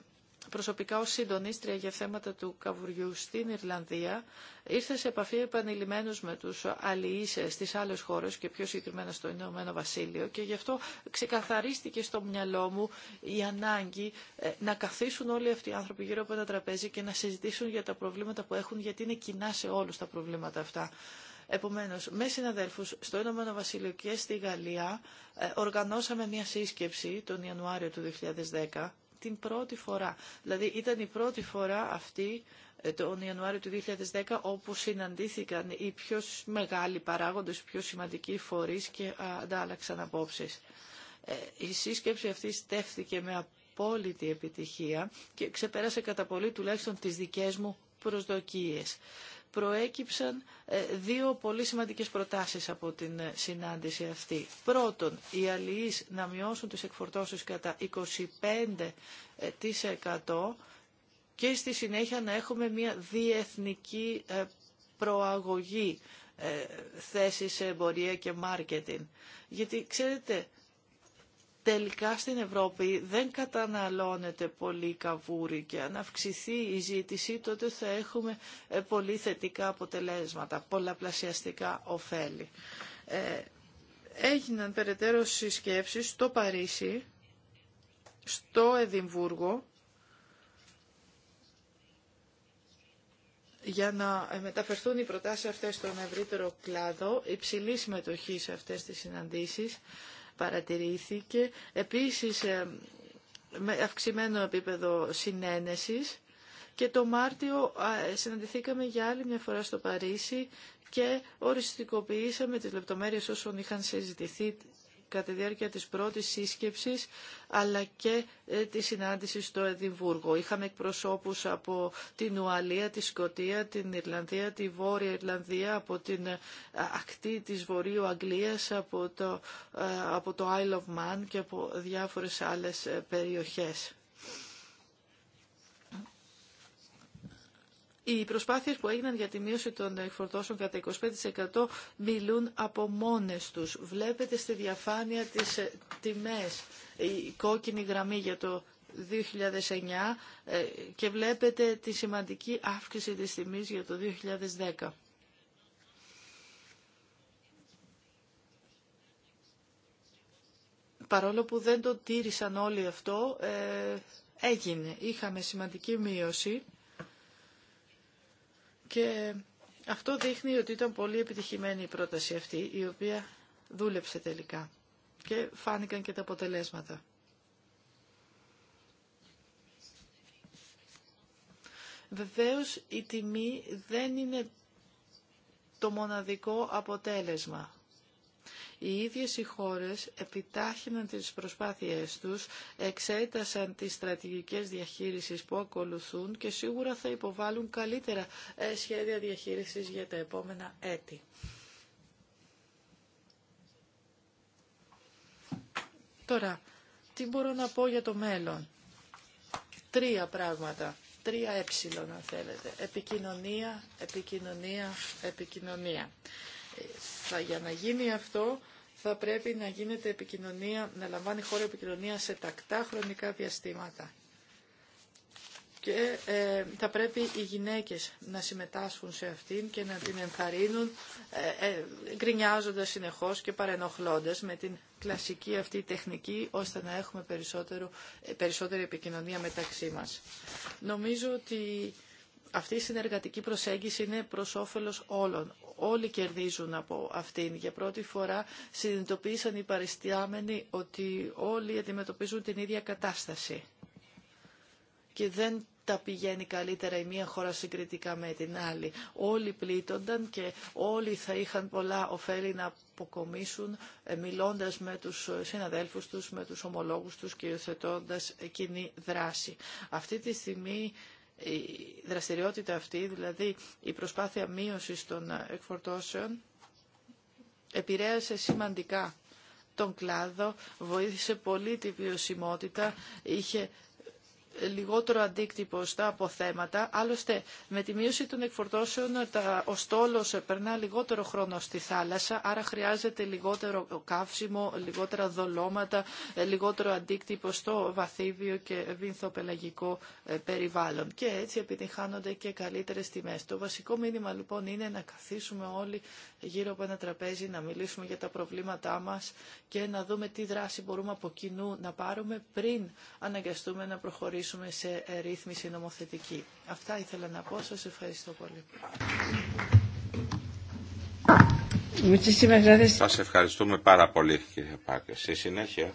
προσωπικά ως συντονίστρια για θέματα του καβουριού στην Ιρλανδία, ήρθε σε επαφή επανειλημμένως με τους αλληλείς στις άλλες χώρες και πιο συγκεκριμένα στο Ηνωμένο Βασίλειο και γι' αυτό ξεκαθαρίστηκε στο μυαλό μου η ανάγκη ε, να καθίσουν όλοι αυτοί οι άνθρωποι γύρω από ένα τραπέζι και να συζητήσουν για τα προβλήματα που έχουν γιατί είναι κοινά σε όλους τα προβλήματα αυτά. Επομένως, με συναδέλφους στο Ηνωμένο Βασίλειο και στη Γαλλία ε, οργανώσαμε μια σύσκεψη τον Ιανουάριο του 2010 την πρώτη φορά. Δηλαδή ήταν η πρώτη φορά αυτή ε, τον Ιανουάριο του 2010 όπου συναντήθηκαν οι πιο μεγάλοι παράγοντες, οι πιο σημαντικοί φορείς και αντάλλαξαν απόψεις. Ε, η σύσκεψη αυτή στέφθηκε με απόλυτη επιτυχία και ξεπέρασε κατά πολύ τουλάχιστον τις δικές μου προσδοκίες προέκυψαν ε, δύο πολύ σημαντικές προτάσεις από την ε, συνάντηση αυτή. Πρώτον, οι αλληλείς να μειώσουν τις εκφορτώσεις κατά 25% ε, και στη συνέχεια να έχουμε μια διεθνική προαγωγή θέση σε εμπορία και μάρκετινγκ. Γιατί ξέρετε, τελικά στην Ευρώπη δεν καταναλώνεται πολύ καβούρι και αν αυξηθεί η ζήτηση τότε θα έχουμε ε, πολύ θετικά αποτελέσματα, πολλαπλασιαστικά ωφέλη. Ε, έγιναν περαιτέρω συσκέψεις στο Παρίσι, στο Εδιμβούργο, για να ε, μεταφερθούν οι προτάσεις αυτές στον ευρύτερο κλάδο, υψηλή συμμετοχή σε αυτές τις συναντήσεις παρατηρήθηκε. Επίσης, ε, με αυξημένο επίπεδο συνένεσης. Και το Μάρτιο συναντηθήκαμε για άλλη μια φορά στο Παρίσι και οριστικοποιήσαμε τις λεπτομέρειες όσων είχαν συζητηθεί κατά τη διάρκεια της πρώτης σύσκεψης αλλά και ε, τη συνάντηση στο Εδιμβούργο. Είχαμε εκπροσώπους από την Ουαλία, τη Σκοτία, την Ιρλανδία, τη Βόρεια Ιρλανδία, από την ε, ακτή της Βορείου Αγγλίας, από το, ε, από το Isle of Man και από διάφορες άλλες περιοχές. Οι προσπάθειες που έγιναν για τη μείωση των εκφορτώσεων κατά 25% μιλούν από μόνες τους. Βλέπετε στη διαφάνεια τις ε, τιμές, η κόκκινη γραμμή για το 2009 ε, και βλέπετε τη σημαντική αύξηση της τιμής για το 2010. Παρόλο που δεν το τήρησαν όλοι αυτό, ε, έγινε. Είχαμε σημαντική μείωση και αυτό δείχνει ότι ήταν πολύ επιτυχημένη η πρόταση αυτή, η οποία δούλεψε τελικά. Και φάνηκαν και τα αποτελέσματα. Βεβαίως η τιμή δεν είναι το μοναδικό αποτέλεσμα. Οι ίδιες οι χώρες επιτάχυναν τις προσπάθειές τους, εξέτασαν τις στρατηγικές διαχείρισης που ακολουθούν και σίγουρα θα υποβάλουν καλύτερα ε, σχέδια διαχείρισης για τα επόμενα έτη. Τώρα, τι μπορώ να πω για το μέλλον. Τρία πράγματα. Τρία έψιλον ε, αν θέλετε. Επικοινωνία, επικοινωνία, επικοινωνία. Αλλά για να γίνει αυτό θα πρέπει να γίνεται επικοινωνία, να λαμβάνει χώρο επικοινωνία σε τακτά χρονικά διαστήματα. Και ε, θα πρέπει οι γυναίκες να συμμετάσχουν σε αυτήν και να την ενθαρρύνουν ε, ε, γκρινιάζοντας συνεχώς και παρενοχλώντας με την κλασική αυτή τεχνική ώστε να έχουμε περισσότερο, ε, περισσότερη επικοινωνία μεταξύ μας. Νομίζω ότι αυτή η συνεργατική προσέγγιση είναι προς όφελος όλων. Όλοι κερδίζουν από αυτήν. Για πρώτη φορά συνειδητοποίησαν οι παριστιάμενοι ότι όλοι αντιμετωπίζουν την ίδια κατάσταση και δεν τα πηγαίνει καλύτερα η μία χώρα συγκριτικά με την άλλη. Όλοι πλήττονταν και όλοι θα είχαν πολλά ωφέλη να αποκομίσουν ε, μιλώντας με τους συναδέλφους τους, με τους ομολόγους τους και υιοθετώντα κοινή δράση. Αυτή τη στιγμή η δραστηριότητα αυτή, δηλαδή η προσπάθεια μείωσης των εκφορτώσεων, επηρέασε σημαντικά τον κλάδο, βοήθησε πολύ τη βιωσιμότητα, είχε λιγότερο αντίκτυπο στα αποθέματα. Άλλωστε, με τη μείωση των εκφορτώσεων, τα, ο στόλο περνά λιγότερο χρόνο στη θάλασσα, άρα χρειάζεται λιγότερο καύσιμο, λιγότερα δολώματα, ε, λιγότερο αντίκτυπο στο βαθύβιο και βυνθοπελαγικό ε, περιβάλλον. Και έτσι επιτυχάνονται και καλύτερε τιμέ. Το βασικό μήνυμα λοιπόν είναι να καθίσουμε όλοι γύρω από ένα τραπέζι, να μιλήσουμε για τα προβλήματά μα και να δούμε τι δράση μπορούμε από κοινού να πάρουμε πριν αναγκαστούμε να προχωρήσουμε προχωρήσουμε σε ρύθμιση νομοθετική. Αυτά ήθελα να πω. Σας ευχαριστώ πολύ. Σας ευχαριστούμε πάρα πολύ κύριε Πάκε. Στη συνέχεια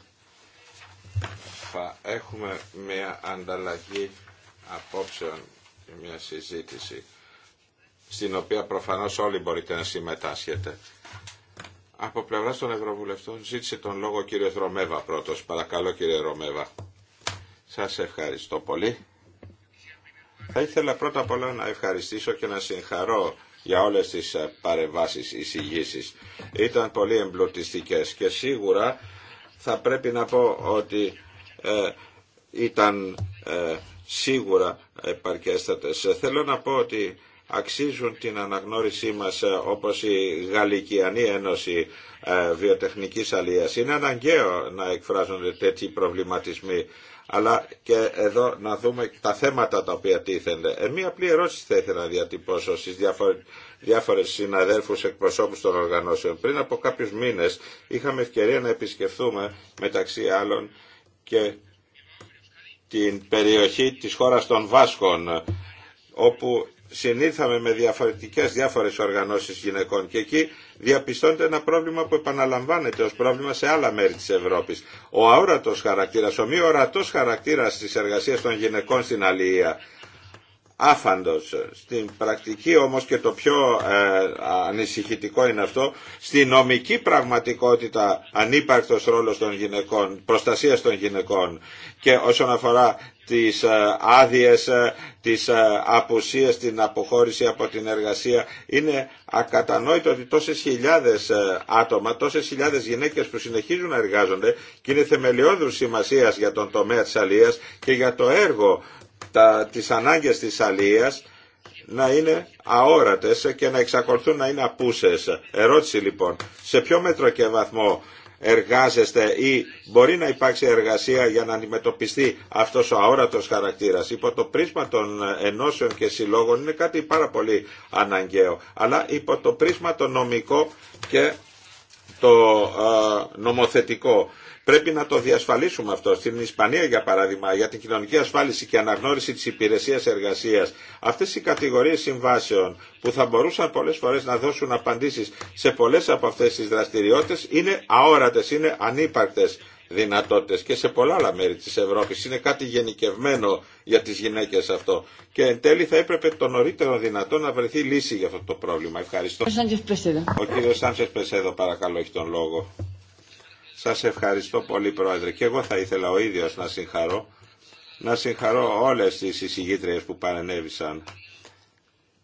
θα έχουμε μια ανταλλαγή απόψεων και μια συζήτηση στην οποία προφανώς όλοι μπορείτε να συμμετάσχετε. Από πλευρά των Ευρωβουλευτών ζήτησε τον λόγο ο Ρωμέβα πρώτος. Παρακαλώ κύριε Ρωμέβα. Σας ευχαριστώ πολύ. Θα ήθελα πρώτα απ' όλα να ευχαριστήσω και να συγχαρώ για όλες τις ε, παρεμβάσεις, εισηγήσει. Ήταν πολύ εμπλουτιστικές και σίγουρα θα πρέπει να πω ότι ε, ήταν ε, σίγουρα επαρκέστατες. Θέλω να πω ότι αξίζουν την αναγνώρισή μας όπως η Γαλλικιανή Ένωση Βιοτεχνικής Αλίας. Είναι αναγκαίο να εκφράζονται τέτοιοι προβληματισμοί αλλά και εδώ να δούμε τα θέματα τα οποία τίθενται. Ε, μία απλή ερώτηση θα ήθελα να διατυπώσω στις διάφορες συναδέλφους εκπροσώπους των οργανώσεων. Πριν από κάποιους μήνες είχαμε ευκαιρία να επισκεφθούμε μεταξύ άλλων και την περιοχή της χώρας των Βάσκων, όπου συνήθαμε με διαφορετικές διάφορες οργανώσεις γυναικών και εκεί διαπιστώνεται ένα πρόβλημα που επαναλαμβάνεται ως πρόβλημα σε άλλα μέρη της Ευρώπης. Ο αόρατος χαρακτήρας, ο μη ορατός χαρακτήρας της εργασίας των γυναικών στην αλληλεία άφαντος. Στην πρακτική όμως και το πιο ε, ανησυχητικό είναι αυτό, στη νομική πραγματικότητα ανύπαρκτος ρόλος των γυναικών, προστασία των γυναικών και όσον αφορά τις ε, άδειες, ε, τις απουσίες, την αποχώρηση από την εργασία. Είναι ακατανόητο ότι τόσες χιλιάδες άτομα, τόσες χιλιάδες γυναίκες που συνεχίζουν να εργάζονται και είναι θεμελιώδους σημασίας για τον τομέα της αλίας και για το έργο τα, τις ανάγκες της αλίας να είναι αόρατες και να εξακολουθούν να είναι απούσες. Ερώτηση λοιπόν, σε ποιο μέτρο και βαθμό εργάζεστε ή μπορεί να υπάρξει εργασία για να αντιμετωπιστεί αυτός ο αόρατος χαρακτήρας. Υπό το πρίσμα των ενώσεων και συλλόγων είναι κάτι πάρα πολύ αναγκαίο. Αλλά υπό το πρίσμα το νομικό και το νομοθετικό Πρέπει να το διασφαλίσουμε αυτό. Στην Ισπανία, για παράδειγμα, για την κοινωνική ασφάλιση και αναγνώριση τη υπηρεσία εργασία, αυτέ οι κατηγορίε συμβάσεων που θα μπορούσαν πολλέ φορέ να δώσουν απαντήσει σε πολλέ από αυτέ τι δραστηριότητε είναι αόρατε, είναι ανύπαρκτε δυνατότητε. και σε πολλά άλλα μέρη τη Ευρώπη. Είναι κάτι γενικευμένο για τι γυναίκε αυτό. Και εν τέλει θα έπρεπε το νωρίτερο δυνατό να βρεθεί λύση για αυτό το πρόβλημα. Ευχαριστώ. Ο κύριο Σάντσες Πεσέδο παρακαλώ έχει τον λόγο. Σας ευχαριστώ πολύ Πρόεδρε και εγώ θα ήθελα ο ίδιος να συγχαρώ να συγχαρώ όλες τις εισηγήτριες που παρενέβησαν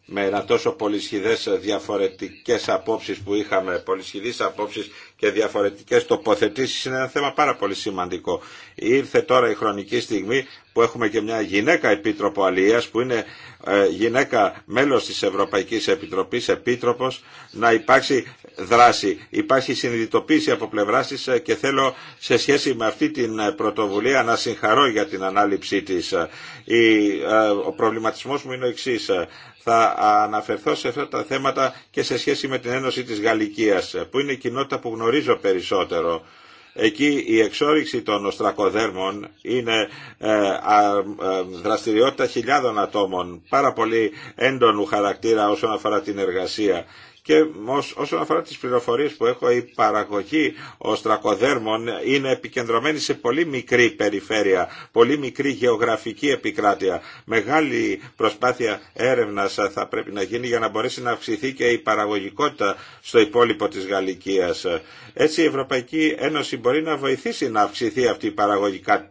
με ένα τόσο πολυσχηδές διαφορετικές απόψεις που είχαμε, πολυσχηδείς απόψεις και διαφορετικές τοποθετήσεις είναι ένα θέμα πάρα πολύ σημαντικό. Ήρθε τώρα η χρονική στιγμή που έχουμε και μια γυναίκα επίτροπο που είναι ε, γυναίκα μέλος της Ευρωπαϊκής Επιτροπής, επίτροπος, να υπάρξει δράση. Υπάρχει συνειδητοποίηση από πλευρά τη ε, και θέλω σε σχέση με αυτή την ε, πρωτοβουλία να συγχαρώ για την ανάληψή της. ο προβληματισμός μου είναι ο εξής θα αναφερθώ σε αυτά τα θέματα και σε σχέση με την Ένωση της Γαλλικίας, που είναι η κοινότητα που γνωρίζω περισσότερο. Εκεί η εξόριξη των οστρακοδέρμων είναι ε, ε, δραστηριότητα χιλιάδων ατόμων, πάρα πολύ έντονου χαρακτήρα όσον αφορά την εργασία και όσον αφορά τις πληροφορίες που έχω, η παραγωγή οστρακοδέρμων είναι επικεντρωμένη σε πολύ μικρή περιφέρεια, πολύ μικρή γεωγραφική επικράτεια. Μεγάλη προσπάθεια έρευνας θα πρέπει να γίνει για να μπορέσει να αυξηθεί και η παραγωγικότητα στο υπόλοιπο της Γαλλικίας. Έτσι η Ευρωπαϊκή Ένωση μπορεί να βοηθήσει να αυξηθεί αυτή η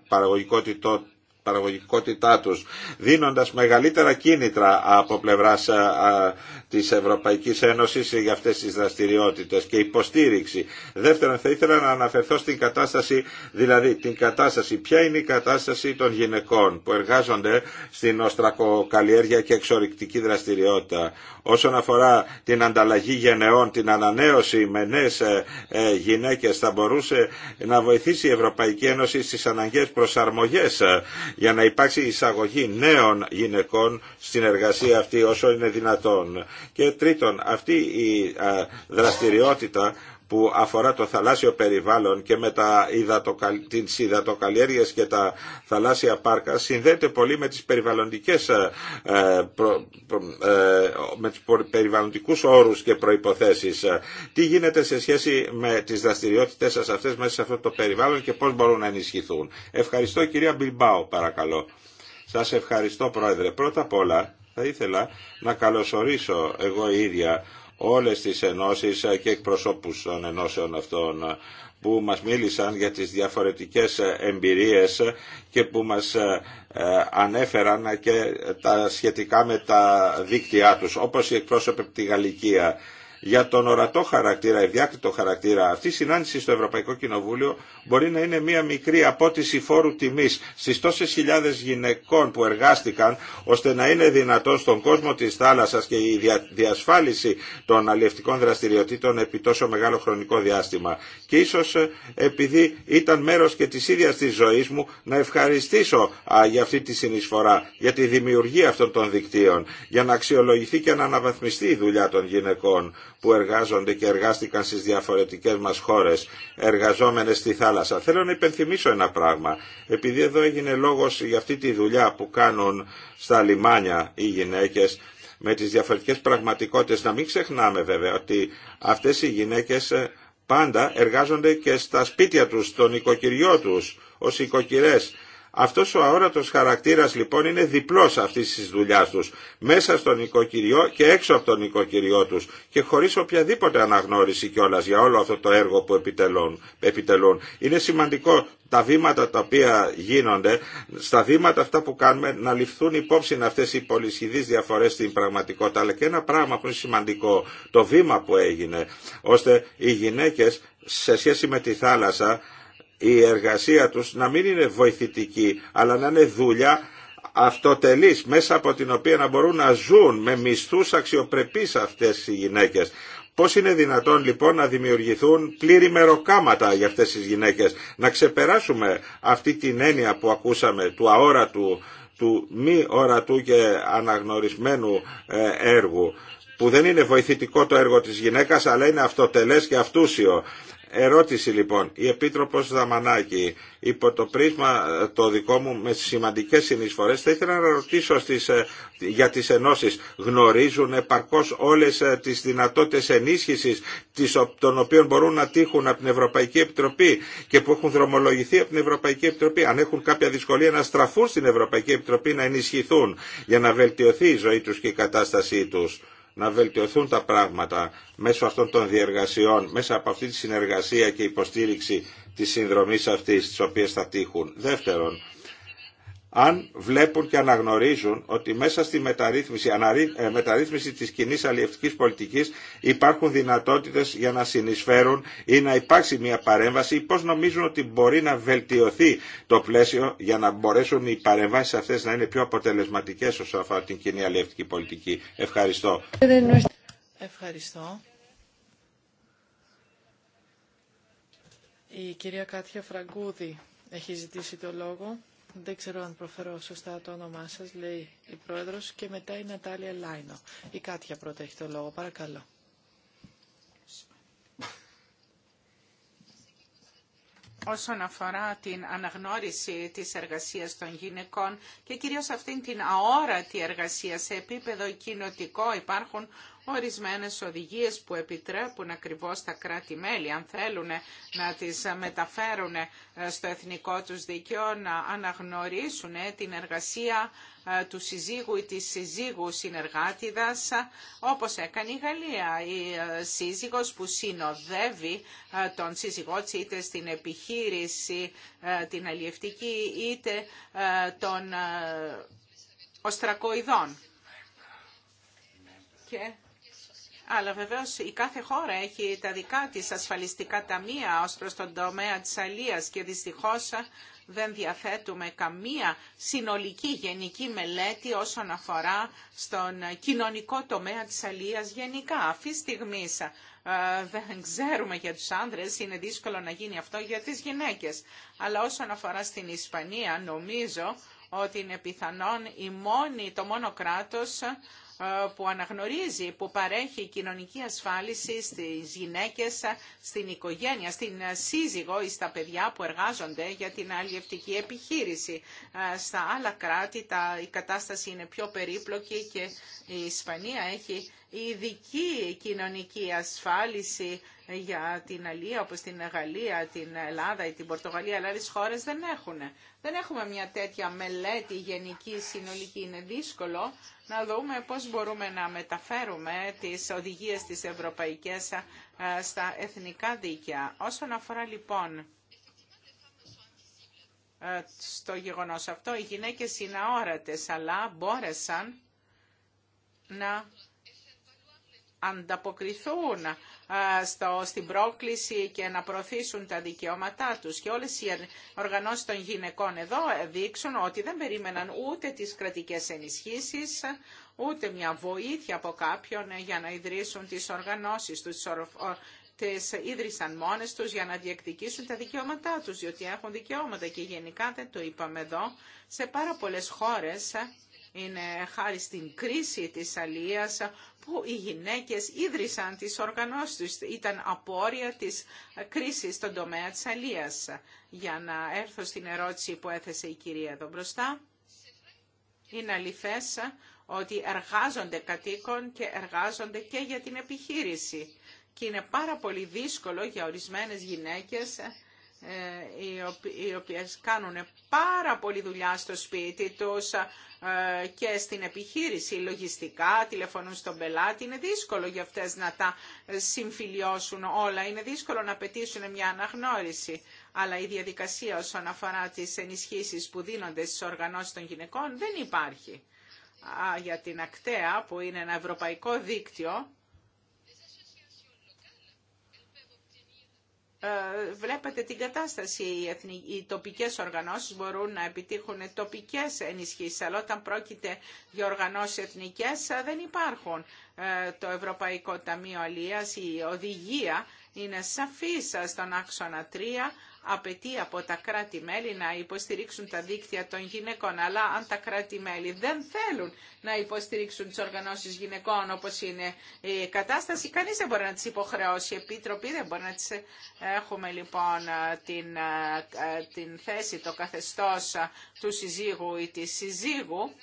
παραγωγικότητά παραγωγικότητά τους, δίνοντας μεγαλύτερα κίνητρα από πλευράς της Ευρωπαϊκής Ένωσης για αυτές τις δραστηριότητες και υποστήριξη. Δεύτερον, θα ήθελα να αναφερθώ στην κατάσταση, δηλαδή την κατάσταση, ποια είναι η κατάσταση των γυναικών που εργάζονται στην οστρακοκαλλιέργεια και εξορρυκτική δραστηριότητα. Όσον αφορά την ανταλλαγή γενεών, την ανανέωση με νέες ε, ε, γυναίκες θα μπορούσε να βοηθήσει η Ευρωπαϊκή Ένωση στις αναγκαίες προσαρμογές ε, για να υπάρξει εισαγωγή νέων γυναικών στην εργασία αυτή όσο είναι δυνατόν. Και τρίτον, αυτή η δραστηριότητα που αφορά το θαλάσσιο περιβάλλον και με τα υδατοκαλ... τις υδατοκαλλιέργειες και τα θαλάσσια πάρκα συνδέεται πολύ με τις περιβαλλοντικές ε, ε, ε, με περιβαλλοντικούς όρους και προϋποθέσεις. Τι γίνεται σε σχέση με τις δραστηριότητες σας αυτές μέσα σε αυτό το περιβάλλον και πώς μπορούν να ενισχυθούν. Ευχαριστώ κυρία Μπιλμπάου παρακαλώ. Σας ευχαριστώ πρόεδρε. Πρώτα απ' όλα θα ήθελα να καλωσορίσω εγώ ίδια όλες τις ενώσεις και εκπροσώπους των ενώσεων αυτών που μας μίλησαν για τις διαφορετικές εμπειρίες και που μας ε, ανέφεραν και τα σχετικά με τα δίκτυά τους, όπως οι εκπρόσωποι από τη Γαλλικία για τον ορατό χαρακτήρα, ευδιάκριτο χαρακτήρα. Αυτή η συνάντηση στο Ευρωπαϊκό Κοινοβούλιο μπορεί να είναι μία μικρή απότηση φόρου τιμή στι τόσε χιλιάδε γυναικών που εργάστηκαν ώστε να είναι δυνατόν στον κόσμο τη θάλασσα και η διασφάλιση των αλλιευτικών δραστηριοτήτων επί τόσο μεγάλο χρονικό διάστημα. Και ίσω ε, επειδή ήταν μέρο και τη ίδια τη ζωή μου να ευχαριστήσω για αυτή τη συνεισφορά, για τη δημιουργία αυτών των δικτύων, για να αξιολογηθεί και να αναβαθμιστεί η δουλειά των γυναικών που εργάζονται και εργάστηκαν στις διαφορετικές μας χώρες, εργαζόμενες στη θάλασσα. Θέλω να υπενθυμίσω ένα πράγμα, επειδή εδώ έγινε λόγος για αυτή τη δουλειά που κάνουν στα λιμάνια οι γυναίκες, με τις διαφορετικές πραγματικότητες. Να μην ξεχνάμε βέβαια ότι αυτές οι γυναίκες ε, πάντα εργάζονται και στα σπίτια τους, στον οικοκυριό τους, ως οικοκυρές αυτός ο αόρατος χαρακτήρας λοιπόν είναι διπλός αυτής της δουλειάς τους, μέσα στον οικοκυριό και έξω από τον οικοκυριό τους και χωρίς οποιαδήποτε αναγνώριση κιόλας για όλο αυτό το έργο που επιτελούν. Είναι σημαντικό τα βήματα τα οποία γίνονται, στα βήματα αυτά που κάνουμε να ληφθούν υπόψη αυτές οι πολυσχηδείς διαφορές στην πραγματικότητα, αλλά και ένα πράγμα που είναι σημαντικό, το βήμα που έγινε, ώστε οι γυναίκες σε σχέση με τη θάλασσα η εργασία τους να μην είναι βοηθητική, αλλά να είναι δουλειά αυτοτελής, μέσα από την οποία να μπορούν να ζουν με μισθούς αξιοπρεπείς αυτές οι γυναίκες. Πώς είναι δυνατόν λοιπόν να δημιουργηθούν πλήρη μεροκάματα για αυτές τις γυναίκες, να ξεπεράσουμε αυτή την έννοια που ακούσαμε του αόρατου, του μη ορατού και αναγνωρισμένου ε, έργου που δεν είναι βοηθητικό το έργο της γυναίκας αλλά είναι αυτοτελές και αυτούσιο. Ερώτηση λοιπόν, η Επίτροπος Δαμανάκη, υπό το πρίσμα ε, το δικό μου με σημαντικές συνεισφορές, θα ήθελα να ρωτήσω ε, για τις ενώσεις. Γνωρίζουν επαρκώς όλες ε, τις δυνατότητες ενίσχυσης τις, των οποίων μπορούν να τύχουν από την Ευρωπαϊκή Επιτροπή και που έχουν δρομολογηθεί από την Ευρωπαϊκή Επιτροπή. Αν έχουν κάποια δυσκολία να στραφούν στην Ευρωπαϊκή Επιτροπή να ενισχυθούν για να βελτιωθεί η ζωή τους και η κατάστασή τους να βελτιωθούν τα πράγματα μέσω αυτών των διεργασιών, μέσα από αυτή τη συνεργασία και υποστήριξη της συνδρομής αυτής, της οποίες θα τύχουν. Δεύτερον, αν βλέπουν και αναγνωρίζουν ότι μέσα στη μεταρρύθμιση, αναρρύ, ε, μεταρρύθμιση της κοινή αλλιευτικής πολιτικής υπάρχουν δυνατότητες για να συνεισφέρουν ή να υπάρξει μια παρέμβαση ή πώς νομίζουν ότι μπορεί να βελτιωθεί το πλαίσιο για να μπορέσουν οι παρεμβάσεις αυτές να είναι πιο αποτελεσματικές όσο αφορά την κοινή αλλιευτική πολιτική. Ευχαριστώ. Ευχαριστώ. Η κυρία Κάτια Φραγκούδη έχει ζητήσει το λόγο δεν ξέρω αν προφέρω σωστά το όνομά σας, λέει η Πρόεδρος, και μετά η Νατάλια Λάινο. Η Κάτια πρώτα έχει το λόγο, παρακαλώ. όσον αφορά την αναγνώριση της εργασίας των γυναικών και κυρίως αυτήν την αόρατη εργασία σε επίπεδο κοινοτικό υπάρχουν ορισμένες οδηγίες που επιτρέπουν ακριβώς τα κράτη-μέλη αν θέλουν να τις μεταφέρουν στο εθνικό τους δίκαιο να αναγνωρίσουν την εργασία ε, του συζύγου ή της συζύγου συνεργάτιδας, ε, όπως έκανε η Γαλλία. Η ε, σύζυγος που συνοδεύει τον σύζυγό της είτε στην επιχείρηση την αλλιευτική είτε των οστρακοειδών. Και... Αλλά βεβαίω η κάθε χώρα αλλα βεβαιως η καθε χωρα εχει τα δικά της ασφαλιστικά ταμεία ως προς τον τομέα της Αλλία και δυστυχώς δεν διαθέτουμε καμία συνολική γενική μελέτη όσον αφορά στον κοινωνικό τομέα της αλίας γενικά. Αυτή τη στιγμή ε, δεν ξέρουμε για τους άνδρες, είναι δύσκολο να γίνει αυτό για τις γυναίκες. Αλλά όσον αφορά στην Ισπανία νομίζω ότι είναι πιθανόν η μόνη, το μόνο κράτος ε, που αναγνωρίζει, που παρέχει κοινωνική ασφάλιση στις γυναίκες, στην οικογένεια, στην ε, σύζυγο ή στα παιδιά που εργάζονται για την αλλιευτική επιχείρηση. Ε, στα άλλα κράτη η κατάσταση είναι πιο περίπλοκη και η Ισπανία έχει η ειδική κοινωνική ασφάλιση για την Αλία, όπως την Γαλλία, την Ελλάδα ή την Πορτογαλία, αλλά άλλες χώρες δεν έχουν. Δεν έχουμε μια τέτοια μελέτη γενική συνολική. Είναι δύσκολο να δούμε πώς μπορούμε να μεταφέρουμε τις οδηγίες της ευρωπαϊκές ε, στα εθνικά δίκαια. Όσον αφορά λοιπόν ε, στο γεγονός αυτό, οι γυναίκες είναι αόρατες, αλλά μπόρεσαν να ανταποκριθούν στο, στην πρόκληση και να προωθήσουν τα δικαιώματά τους. Και όλες οι οργανώσεις των γυναικών εδώ δείξουν ότι δεν περίμεναν ούτε τις κρατικές ενισχύσεις, ούτε μια βοήθεια από κάποιον για να ιδρύσουν τις οργανώσεις τους, τις ίδρυσαν μόνες τους για να διεκδικήσουν τα δικαιώματά τους, διότι έχουν δικαιώματα και γενικά δεν το είπαμε εδώ, σε πάρα πολλές χώρες είναι χάρη στην κρίση της αλίας που οι γυναίκες ίδρυσαν τις οργανώσεις τους. Ήταν απόρρια της κρίσης στον τομέα της αλίας. Για να έρθω στην ερώτηση που έθεσε η κυρία εδώ μπροστά. Είναι αληθές ότι εργάζονται κατοίκον και εργάζονται και για την επιχείρηση. Και είναι πάρα πολύ δύσκολο για ορισμένες γυναίκες ε, οι οποίες κάνουν πάρα πολλή δουλειά στο σπίτι τους ε, και στην επιχείρηση λογιστικά, τηλεφωνούν στον πελάτη. Είναι δύσκολο για αυτές να τα συμφιλιώσουν όλα. Είναι δύσκολο να πετήσουν μια αναγνώριση. Αλλά η διαδικασία όσον αφορά τις ενισχύσεις που δίνονται στις οργανώσεις των γυναικών δεν υπάρχει. Για την Ακτέα που είναι ένα ευρωπαϊκό δίκτυο Ε, βλέπετε την κατάσταση. Οι τοπικές οργανώσεις μπορούν να επιτύχουν τοπικές ενισχύσεις, αλλά όταν πρόκειται για οργανώσεις εθνικές ε, δεν υπάρχουν. Ε, το Ευρωπαϊκό Ταμείο Αλίας, η οδηγία είναι σαφής στον άξονα 3, απαιτεί από τα κράτη-μέλη να υποστηρίξουν τα δίκτυα των γυναικών. Αλλά αν τα κράτη-μέλη δεν θέλουν να υποστηρίξουν τις οργανώσεις γυναικών όπως είναι η κατάσταση, κανείς δεν μπορεί να τις υποχρεώσει. Η Επίτροπη δεν μπορεί να τις έχουμε λοιπόν την, ε, την θέση, το καθεστώς του συζύγου ή της συζύγου.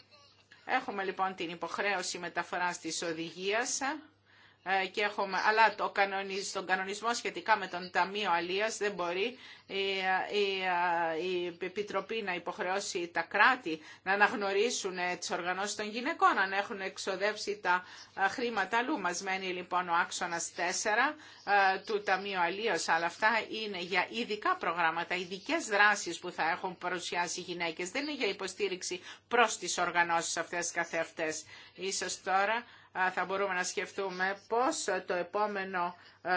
Έχουμε λοιπόν την υποχρέωση μεταφοράς της οδηγίας ε, και έχουμε, αλλά το κανονισ, τον κανονισμό σχετικά με τον Ταμείο Αλίας δεν μπορεί η, η, η Επιτροπή να υποχρεώσει τα κράτη να αναγνωρίσουν ε, τις οργανώσεις των γυναικών αν έχουν εξοδεύσει τα ε, χρήματα αλλού. Μας μένει λοιπόν ο άξονας 4 του Ταμείου Αλίας, αλλά αυτά είναι για ειδικά προγράμματα, ειδικέ δράσεις που θα έχουν παρουσιάσει οι γυναίκες. Δεν είναι για υποστήριξη προς τις οργανώσεις αυτές καθεαυτές. Ίσως τώρα θα μπορούμε να σκεφτούμε πώς το επόμενο, ε,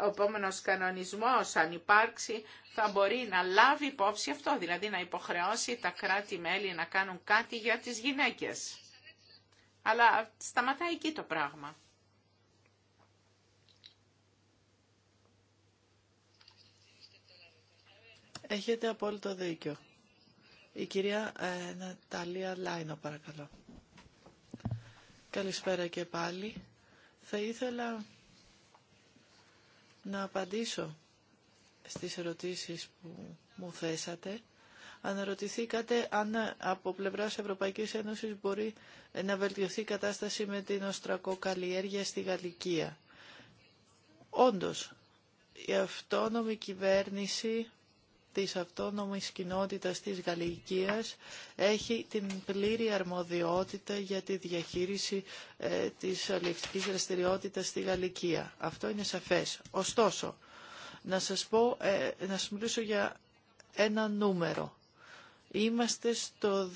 ο επόμενος κανονισμός, αν υπάρξει, θα μπορεί να λάβει υπόψη αυτό, δηλαδή να υποχρεώσει τα κράτη-μέλη να κάνουν κάτι για τις γυναίκες. Αλλά σταματάει εκεί το πράγμα. Έχετε απόλυτο δίκιο. Η κυρία ε, Ναταλία Λάινο, παρακαλώ. Καλησπέρα και πάλι. Θα ήθελα να απαντήσω στις ερωτήσεις που μου θέσατε. Αναρωτηθήκατε αν από πλευράς Ευρωπαϊκής Ένωσης μπορεί να βελτιωθεί η κατάσταση με την οστρακοκαλλιέργεια στη Γαλλικία. Όντως, η αυτόνομη κυβέρνηση της αυτόνομης κοινότητας της Γαλλικίας έχει την πλήρη αρμοδιότητα για τη διαχείριση ε, της αλληλευτικής δραστηριότητας στη Γαλλικία. Αυτό είναι σαφές. Ωστόσο, να σας, πω, ε, να σας μιλήσω για ένα νούμερο. Είμαστε στο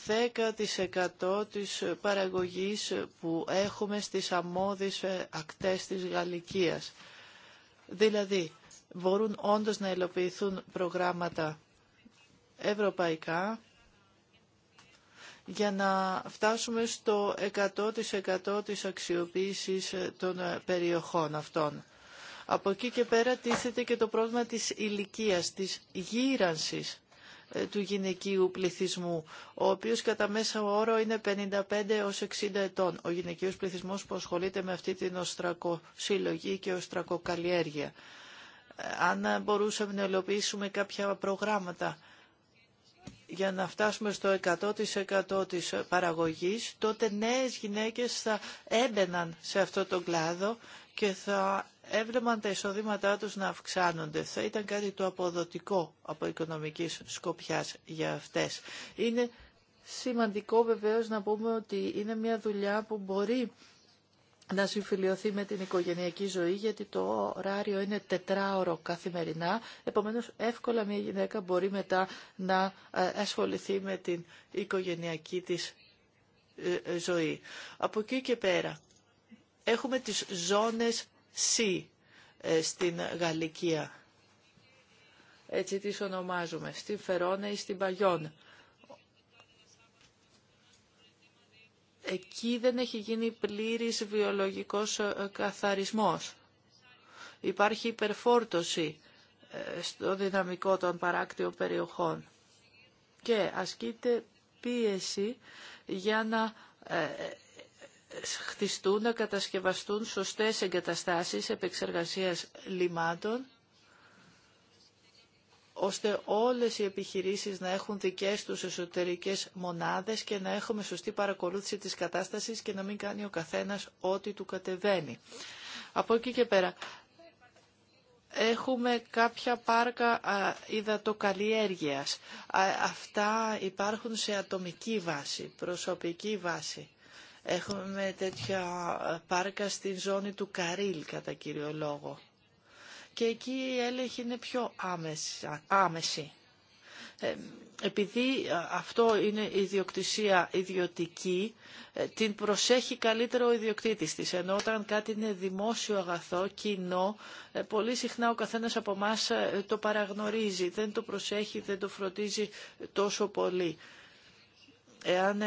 10% της παραγωγής που έχουμε στις αμμώδεις ε, ακτές της Γαλλικίας. Δηλαδή, μπορούν όντως να υλοποιηθούν προγράμματα ευρωπαϊκά για να φτάσουμε στο 100% της αξιοποίησης των περιοχών αυτών. Από εκεί και πέρα τίθεται και το πρόβλημα της ηλικίας, της γύρανσης ε, του γυναικείου πληθυσμού, ο οποίος κατά μέσα όρο είναι 55 έως 60 ετών. Ο γυναικείος πληθυσμός που ασχολείται με αυτή την οστρακοσύλλογη και οστρακοκαλλιέργεια αν μπορούσαμε να υλοποιήσουμε κάποια προγράμματα για να φτάσουμε στο 100% της παραγωγής, τότε νέες γυναίκες θα έμπαιναν σε αυτό το κλάδο και θα έβλεπαν τα εισοδήματά τους να αυξάνονται. Θα ήταν κάτι το αποδοτικό από οικονομικής σκοπιάς για αυτές. Είναι σημαντικό βεβαίως να πούμε ότι είναι μια δουλειά που μπορεί να συμφιλειωθεί με την οικογενειακή ζωή, γιατί το ωράριο είναι τετράωρο καθημερινά. Επομένως, εύκολα μια γυναίκα μπορεί μετά να ε, ασχοληθεί με την οικογενειακή της ε, ε, ζωή. Από εκεί και πέρα, έχουμε τις ζώνες C στην Γαλλικία. Έτσι τις ονομάζουμε, στην Φερόνα ή στην Παγιόν. εκεί δεν έχει γίνει πλήρης βιολογικός ε, καθαρισμός. Υπάρχει υπερφόρτωση ε, στο δυναμικό των παράκτιων περιοχών και ασκείται πίεση για να ε, χτιστούν, να κατασκευαστούν σωστές εγκαταστάσεις επεξεργασίας λιμάτων ώστε όλες οι επιχειρήσεις να έχουν δικές τους εσωτερικές μονάδες και να έχουμε σωστή παρακολούθηση της κατάστασης και να μην κάνει ο καθένας ό,τι του κατεβαίνει. Από εκεί και πέρα, έχουμε κάποια πάρκα υδατοκαλλιέργειας. Αυτά υπάρχουν σε ατομική βάση, προσωπική βάση. Έχουμε τέτοια πάρκα στην ζώνη του Καρίλ, κατά κύριο λόγο και εκεί η έλεγχη είναι πιο άμεση. Ε, επειδή αυτό είναι ιδιοκτησία ιδιωτική, ε, την προσέχει καλύτερο ο ιδιοκτήτης της. Ενώ όταν κάτι είναι δημόσιο αγαθό, κοινό, ε, πολύ συχνά ο καθένας από εμά το παραγνωρίζει, δεν το προσέχει, δεν το φροντίζει τόσο πολύ. Εάν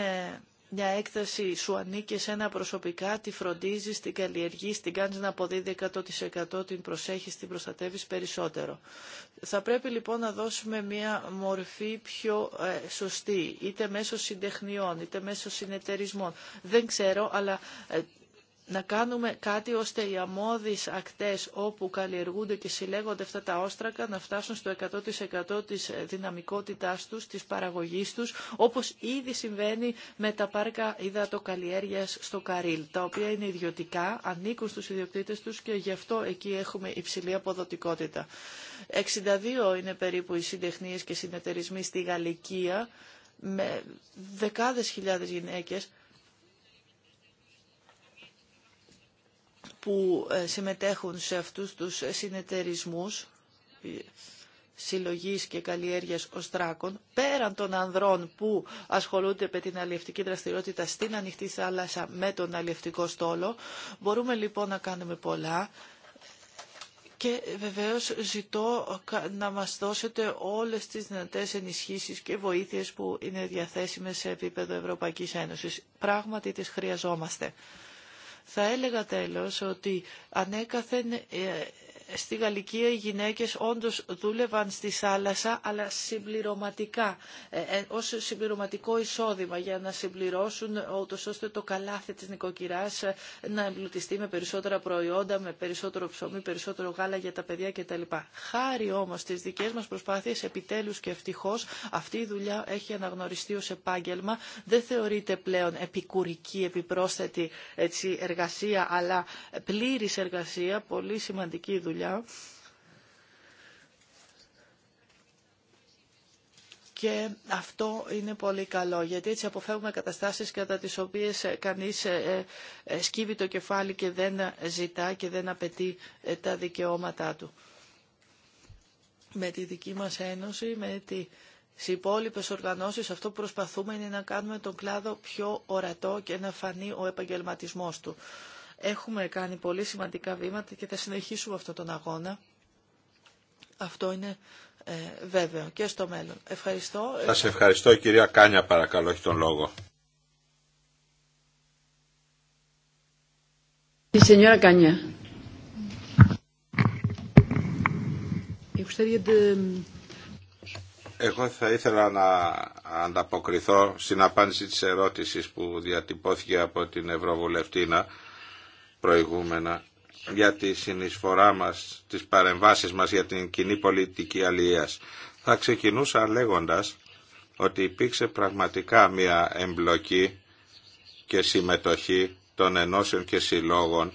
μια έκταση σου ανήκει σε ένα προσωπικά, τη φροντίζει την καλλιεργεί την κάνεις να αποδίδει 100% την προσέχει, την προστατεύει περισσότερο. Θα πρέπει λοιπόν να δώσουμε μια μορφή πιο ε, σωστή, είτε μέσω συντεχνιών, είτε μέσω συνεταιρισμών. Δεν ξέρω, αλλά ε, να κάνουμε κάτι ώστε οι αμμώδεις ακτές όπου καλλιεργούνται και συλλέγονται αυτά τα όστρακα να φτάσουν στο 100% της δυναμικότητάς τους, της παραγωγής τους, όπως ήδη συμβαίνει με τα πάρκα υδατοκαλλιέργειας στο Καρίλ, τα οποία είναι ιδιωτικά, ανήκουν στους ιδιοκτήτες τους και γι' αυτό εκεί έχουμε υψηλή αποδοτικότητα. 62 είναι περίπου οι συντεχνίες και συνεταιρισμοί στη Γαλλικία, με δεκάδες χιλιάδες γυναίκες, που ε, συμμετέχουν σε αυτούς τους συνεταιρισμούς συλλογής και καλλιέργειας οστράκων, πέραν των ανδρών που ασχολούνται με την αλλιευτική δραστηριότητα στην ανοιχτή θάλασσα με τον αλλιευτικό στόλο. Μπορούμε λοιπόν να κάνουμε πολλά και βεβαίως ζητώ να μας δώσετε όλες τις δυνατές ενισχύσεις και βοήθειες που είναι διαθέσιμες σε επίπεδο Ευρωπαϊκής Ένωσης. Πράγματι τις χρειαζόμαστε. Θα έλεγα τέλος ότι ανέκαθεν ε, στη Γαλλική οι γυναίκες όντως δούλευαν στη θάλασσα, αλλά συμπληρωματικά, ε, ε, ως συμπληρωματικό εισόδημα για να συμπληρώσουν ούτως ώστε το καλάθι της νοικοκυράς ε, να εμπλουτιστεί με περισσότερα προϊόντα, με περισσότερο ψωμί, περισσότερο γάλα για τα παιδιά κτλ. Χάρη όμως στις δικές μας προσπάθειες, επιτέλους και ευτυχώς, αυτή η δουλειά έχει αναγνωριστεί ως επάγγελμα, δεν θεωρείται πλέον επικουρική, επιπρόσθετη έτσι, εργασία, αλλά πλήρης εργασία, πολύ σημαντική δουλειά δουλειά. Και αυτό είναι πολύ καλό, γιατί έτσι αποφεύγουμε καταστάσεις κατά τις οποίες κανείς ε, ε, ε, σκύβει το κεφάλι και δεν ζητά και δεν απαιτεί τα δικαιώματά του. Με τη δική μας ένωση, με τη σε υπόλοιπε οργανώσεις αυτό που προσπαθούμε είναι να κάνουμε τον κλάδο πιο ορατό και να φανεί ο επαγγελματισμός του. Έχουμε κάνει πολύ σημαντικά βήματα και θα συνεχίσουμε αυτόν τον αγώνα. Αυτό είναι ε, βέβαιο και στο μέλλον. Ευχαριστώ. Σας ευχαριστώ κυρία Κάνια παρακαλώ, έχει τον λόγο. Η σενιόρα Κάνια. Εγώ θα ήθελα να ανταποκριθώ στην απάντηση της ερώτησης που διατυπώθηκε από την Ευρωβουλευτήνα προηγούμενα για τη συνεισφορά μας, τις παρεμβάσεις μας για την κοινή πολιτική αλληλείας. Θα ξεκινούσα λέγοντας ότι υπήρξε πραγματικά μια εμπλοκή και συμμετοχή των ενώσεων και συλλόγων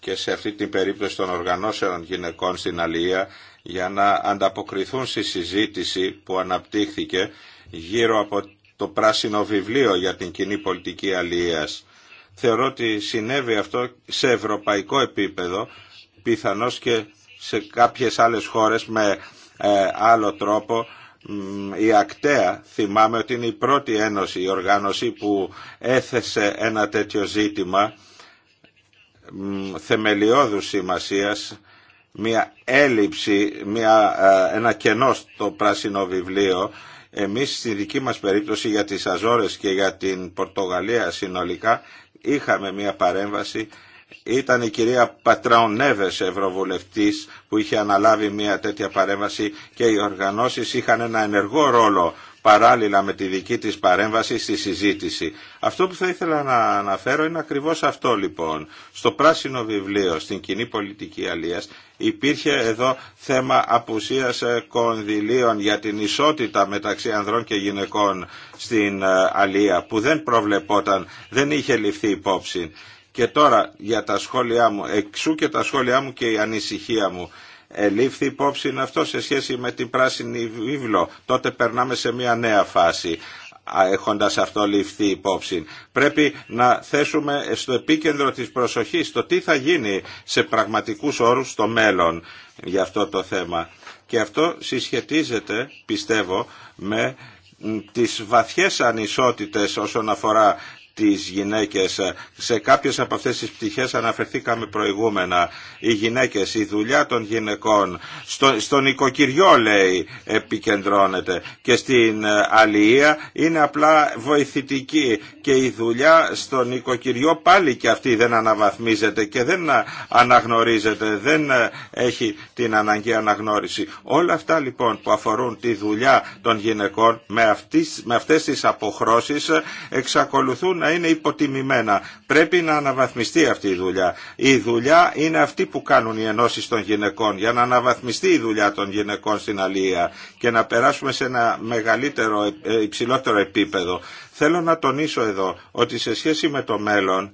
και σε αυτή την περίπτωση των οργανώσεων γυναικών στην Αλία για να ανταποκριθούν στη συζήτηση που αναπτύχθηκε γύρω από το πράσινο βιβλίο για την κοινή πολιτική αλίας Θεωρώ ότι συνέβη αυτό σε ευρωπαϊκό επίπεδο, πιθανώς και σε κάποιες άλλες χώρες με ε, άλλο τρόπο. Η Ακτέα θυμάμαι ότι είναι η πρώτη ένωση, η οργάνωση που έθεσε ένα τέτοιο ζήτημα θεμελιώδους σημασίας, μια έλλειψη, μια, ε, ένα κενό στο πράσινο βιβλίο. Εμείς στη δική μας περίπτωση για τις Αζόρες και για την Πορτογαλία συνολικά είχαμε μια παρέμβαση ήταν η κυρία Πατράων Νέβες Ευρωβουλευτής που είχε αναλάβει μια τέτοια παρέμβαση και οι οργανώσεις είχαν ένα ενεργό ρόλο παράλληλα με τη δική της παρέμβαση στη συζήτηση. Αυτό που θα ήθελα να αναφέρω είναι ακριβώς αυτό λοιπόν. Στο πράσινο βιβλίο, στην κοινή πολιτική αλίας, υπήρχε εδώ θέμα απουσίας ε, κονδυλίων για την ισότητα μεταξύ ανδρών και γυναικών στην ε, αλία που δεν προβλεπόταν, δεν είχε ληφθεί υπόψη. Και τώρα για τα σχόλιά μου, εξού και τα σχόλιά μου και η ανησυχία μου ελήφθη υπόψη αυτό σε σχέση με την πράσινη βίβλο, τότε περνάμε σε μια νέα φάση έχοντας αυτό ληφθεί υπόψη. Πρέπει να θέσουμε στο επίκεντρο της προσοχής το τι θα γίνει σε πραγματικούς όρους στο μέλλον για αυτό το θέμα. Και αυτό συσχετίζεται, πιστεύω, με τις βαθιές ανισότητες όσον αφορά τις γυναίκες. Σε κάποιες από αυτές τις πτυχές αναφερθήκαμε προηγούμενα. Οι γυναίκες, η δουλειά των γυναικών, στο, στον οικοκυριό λέει επικεντρώνεται και στην ε, αλληλεία είναι απλά βοηθητική και η δουλειά στον οικοκυριό πάλι και αυτή δεν αναβαθμίζεται και δεν ε, αναγνωρίζεται, δεν ε, έχει την αναγκαία αναγνώριση. Όλα αυτά λοιπόν που αφορούν τη δουλειά των γυναικών με, αυτές, με αυτές τις αποχρώσεις εξακολουθούν είναι υποτιμημένα. Πρέπει να αναβαθμιστεί αυτή η δουλειά. Η δουλειά είναι αυτή που κάνουν οι ενώσεις των γυναικών για να αναβαθμιστεί η δουλειά των γυναικών στην αλία και να περάσουμε σε ένα μεγαλύτερο, ε, ε, υψηλότερο επίπεδο. Θέλω να τονίσω εδώ ότι σε σχέση με το μέλλον,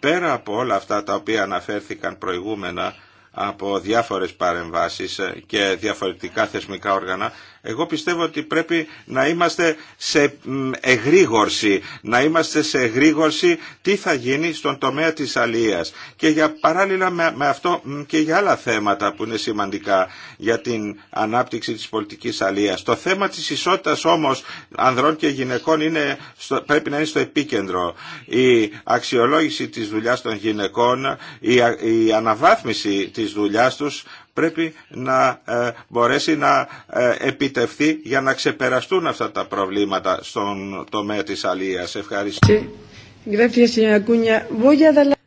πέρα από όλα αυτά τα οποία αναφέρθηκαν προηγούμενα, από διάφορες παρεμβάσεις ε, και διαφορετικά θεσμικά όργανα εγώ πιστεύω ότι πρέπει να είμαστε σε εγρήγορση, να είμαστε σε εγρήγορση τι θα γίνει στον τομέα της αλίας. Και για παράλληλα με αυτό και για άλλα θέματα που είναι σημαντικά για την ανάπτυξη της πολιτικής αλλίας. Το θέμα της ισότητας όμως ανδρών και γυναικών είναι πρέπει να είναι στο επίκεντρο. Η αξιολόγηση της δουλειάς των γυναικών, η, αναβάθμιση της δουλειάς τους πρέπει να ε, μπορέσει να ε, επιτευχθεί για να ξεπεραστούν αυτά τα προβλήματα στον τομέα της αλίας. Ευχαριστώ.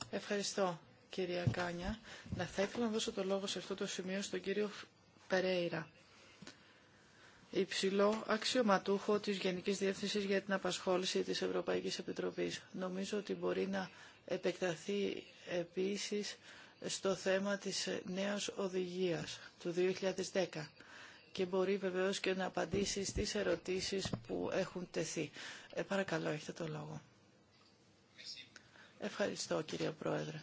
Ευχαριστώ κυρία Κάνια. Να θα ήθελα να δώσω το λόγο σε αυτό το σημείο στον κύριο Περέιρα υψηλό αξιωματούχο της Γενικής Διεύθυνσης για την Απασχόληση της Ευρωπαϊκής Επιτροπής. Νομίζω ότι μπορεί να επεκταθεί επίσης στο θέμα της νέας οδηγίας του 2010 και μπορεί βεβαίως και να απαντήσει στις ερωτήσεις που έχουν τεθεί. Ε, παρακαλώ, έχετε το λόγο. Ευχαριστώ, κυρία Πρόεδρε.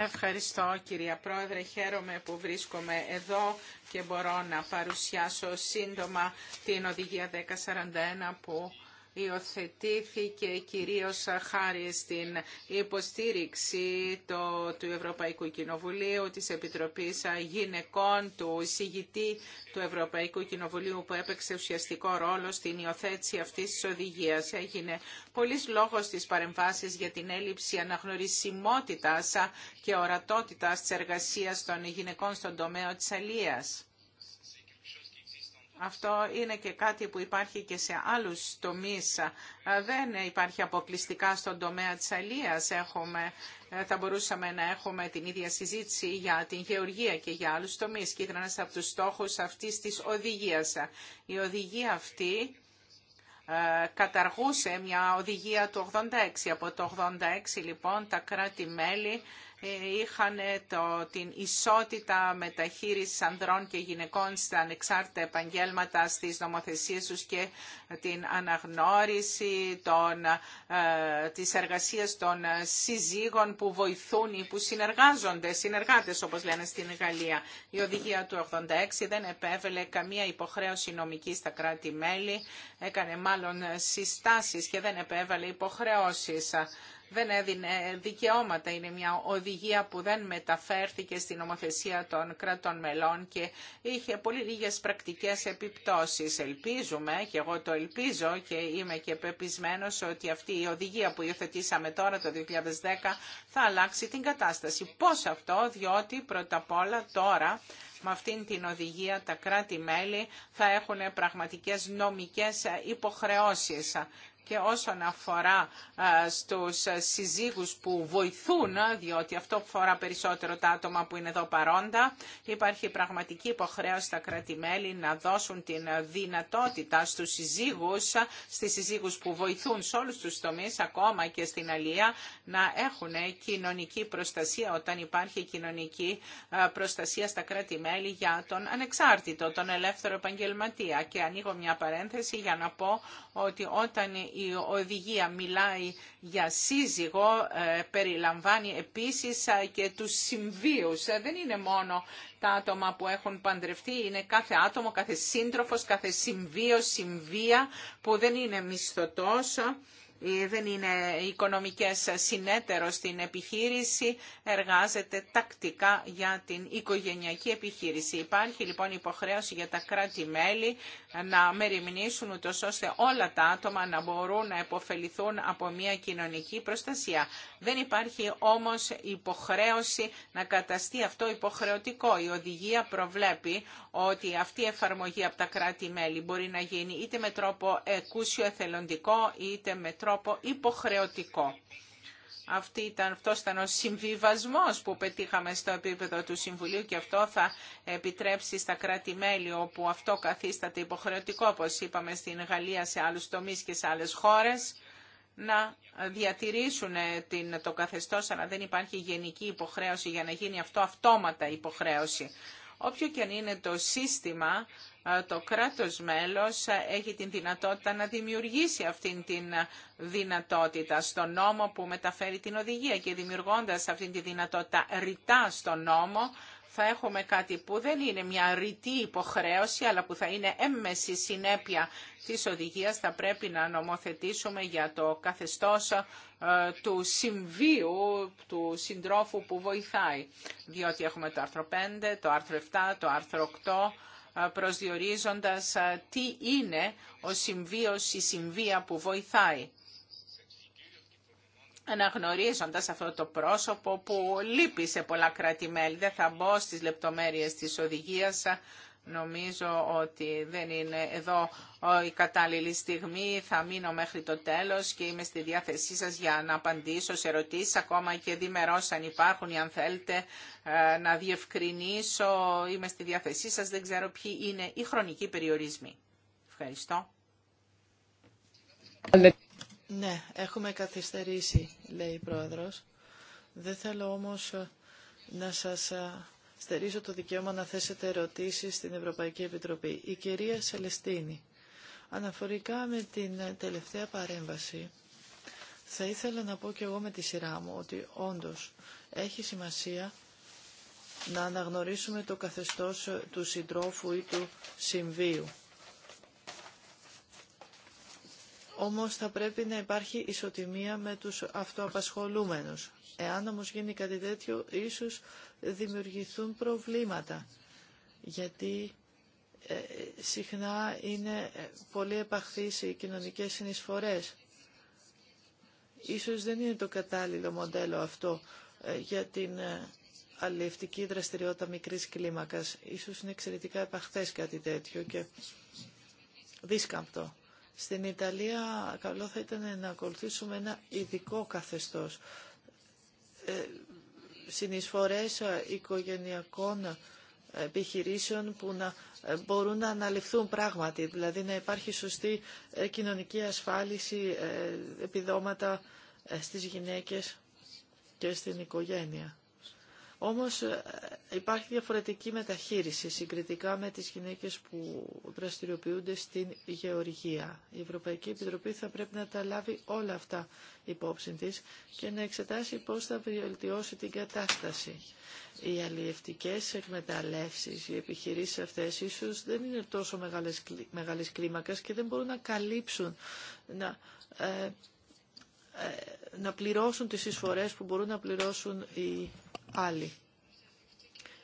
Ευχαριστώ κυρία Πρόεδρε, χαίρομαι που βρίσκομαι εδώ και μπορώ να παρουσιάσω σύντομα την οδηγία 1041 που υιοθετήθηκε κυρίως χάρη στην υποστήριξη το, του Ευρωπαϊκού Κοινοβουλίου, της Επιτροπής Γυναικών, του εισηγητή του Ευρωπαϊκού Κοινοβουλίου που έπαιξε ουσιαστικό ρόλο στην υιοθέτηση αυτής της οδηγίας. Έγινε πολλής λόγος στις παρεμβάσεις για την έλλειψη αναγνωρισιμότητας και ορατότητας της εργασίας των γυναικών στον τομέα της αλίας αυτό είναι και κάτι που υπάρχει και σε άλλους τομείς. Δεν υπάρχει αποκλειστικά στον τομέα της αλίας. Έχουμε, θα μπορούσαμε να έχουμε την ίδια συζήτηση για την γεωργία και για άλλους τομείς. Και ήταν από τους στόχους αυτής της οδηγίας. Η οδηγία αυτή ε, καταργούσε μια οδηγία του 86. Από το 86 λοιπόν τα κράτη-μέλη ε, είχαν ε, το, την ισότητα μεταχείρισης ανδρών και γυναικών στα ανεξάρτητα επαγγέλματα στις νομοθεσίες τους και την αναγνώριση των, ε, της εργασίας των συζύγων που βοηθούν ή που συνεργάζονται, συνεργάτες όπως λένε στην Γαλλία. Η οδηγία του 86 δεν επέβελε καμία υποχρέωση νομική στα κράτη-μέλη, έκανε μάλλον συστάσεις και δεν επέβαλε υποχρεώσεις δεν έδινε δικαιώματα. Είναι μια οδηγία που δεν μεταφέρθηκε στην νομοθεσία των κρατών μελών και είχε πολύ λίγες πρακτικές επιπτώσεις. Ελπίζουμε και εγώ το ελπίζω και είμαι και πεπισμένος ότι αυτή η οδηγία που υιοθετήσαμε τώρα το 2010 θα αλλάξει την κατάσταση. Πώς αυτό, διότι πρώτα απ' όλα τώρα με αυτήν την οδηγία τα κράτη-μέλη θα έχουν πραγματικές νομικές υποχρεώσεις και όσον αφορά στους συζύγους που βοηθούν, διότι αυτό φορά περισσότερο τα άτομα που είναι εδώ παρόντα, υπάρχει πραγματική υποχρέωση στα κρατημέλη να δώσουν την δυνατότητα στους συζύγους, στις συζύγους που βοηθούν σε όλους τους τομείς, ακόμα και στην Αλία, να έχουν κοινωνική προστασία όταν υπάρχει κοινωνική προστασία στα κράτη-μέλη για τον ανεξάρτητο, τον ελεύθερο επαγγελματία. Και ανοίγω μια παρένθεση για να πω ότι όταν η οδηγία μιλάει για σύζυγο, ε, περιλαμβάνει επίσης ε, και τους συμβίους. Ε, δεν είναι μόνο τα άτομα που έχουν παντρευτεί, είναι κάθε άτομο, κάθε σύντροφος, κάθε συμβίος, συμβία που δεν είναι μισθωτός ε, δεν είναι οικονομικές συνέτερο στην επιχείρηση, εργάζεται τακτικά για την οικογενειακή επιχείρηση. Υπάρχει λοιπόν υποχρέωση για τα κράτη-μέλη να μεριμνήσουν ούτως ώστε όλα τα άτομα να μπορούν να επωφεληθούν από μια κοινωνική προστασία. Δεν υπάρχει όμως υποχρέωση να καταστεί αυτό υποχρεωτικό. Η οδηγία προβλέπει ότι αυτή η εφαρμογή από τα κράτη-μέλη μπορεί να γίνει είτε με τρόπο εκούσιο εθελοντικό είτε με τρόπο υποχρεωτικό. Αυτή ήταν, αυτός ήταν ο συμβιβασμός που πετύχαμε στο επίπεδο του Συμβουλίου και αυτό θα επιτρέψει στα κράτη-μέλη όπου αυτό καθίσταται υποχρεωτικό, όπως είπαμε στην Γαλλία, σε άλλους τομείς και σε άλλες χώρες, να διατηρήσουν την, το καθεστώς, αλλά δεν υπάρχει γενική υποχρέωση για να γίνει αυτό αυτόματα υποχρέωση. Όποιο και αν είναι το σύστημα, ε, το κράτος μέλος ε, έχει την δυνατότητα να δημιουργήσει αυτήν την ε, δυνατότητα στο νόμο που μεταφέρει την οδηγία και δημιουργώντας αυτήν τη δυνατότητα ρητά στο νόμο θα έχουμε κάτι που δεν είναι μια ρητή υποχρέωση, αλλά που θα είναι έμμεση συνέπεια της οδηγίας. Θα πρέπει να νομοθετήσουμε για το καθεστώς του συμβίου, του συντρόφου που βοηθάει. Διότι έχουμε το άρθρο 5, το άρθρο 7, το άρθρο 8, προσδιορίζοντας τι είναι ο συμβίος, η συμβία που βοηθάει. Αναγνωρίζοντας αυτό το πρόσωπο που λείπει σε πολλά κράτη-μέλη, δεν θα μπω στις λεπτομέρειες της οδηγίας, Νομίζω ότι δεν είναι εδώ ε, η κατάλληλη στιγμή. Θα μείνω μέχρι το τέλος και είμαι στη διάθεσή σας για να απαντήσω σε ερωτήσεις, ακόμα και διμερώς αν υπάρχουν ή αν θέλετε ε, να διευκρινίσω. Είμαι στη διάθεσή σας, δεν ξέρω ποιοι είναι οι χρονικοί περιορισμοί. Ευχαριστώ. Ναι, έχουμε καθυστερήσει, λέει η Πρόεδρος. Δεν θέλω όμως ε, να σας στερίζω το δικαίωμα να θέσετε ερωτήσεις στην Ευρωπαϊκή Επιτροπή. Η κυρία Σελεστίνη, αναφορικά με την τελευταία παρέμβαση, θα ήθελα να πω και εγώ με τη σειρά μου ότι όντως έχει σημασία να αναγνωρίσουμε το καθεστώς του συντρόφου ή του συμβίου. όμως θα πρέπει να υπάρχει ισοτιμία με τους αυτοαπασχολούμενους. Εάν όμως γίνει κάτι τέτοιο, ίσως δημιουργηθούν προβλήματα, γιατί ε, συχνά είναι ε, πολύ επαχθείς οι κοινωνικές συνεισφορές. Ίσως δεν είναι το κατάλληλο μοντέλο αυτό ε, για την ε, αλληλευτική δραστηριότητα μικρής κλίμακας. Ίσως είναι εξαιρετικά επαχθές κάτι τέτοιο και δίσκαμπτο. Στην Ιταλία καλό θα ήταν να ακολουθήσουμε ένα ειδικό καθεστώς. Ε, συνεισφορές οικογενειακών επιχειρήσεων που να ε, μπορούν να αναλυφθούν πράγματι, δηλαδή να υπάρχει σωστή ε, κοινωνική ασφάλιση, ε, επιδόματα στις γυναίκες και στην οικογένεια. Όμως ε, υπάρχει διαφορετική μεταχείριση συγκριτικά με τις γυναίκες που δραστηριοποιούνται στην γεωργία. Η Ευρωπαϊκή Επιτροπή θα πρέπει να τα λάβει όλα αυτά υπόψη της και να εξετάσει πώς θα βελτιώσει την κατάσταση. Οι αλλιευτικές εκμεταλλεύσεις, οι επιχειρήσεις αυτές ίσως δεν είναι τόσο μεγάλες, μεγάλες και δεν μπορούν να καλύψουν, να, ε, ε, να πληρώσουν τις εισφορές που μπορούν να πληρώσουν οι άλλοι.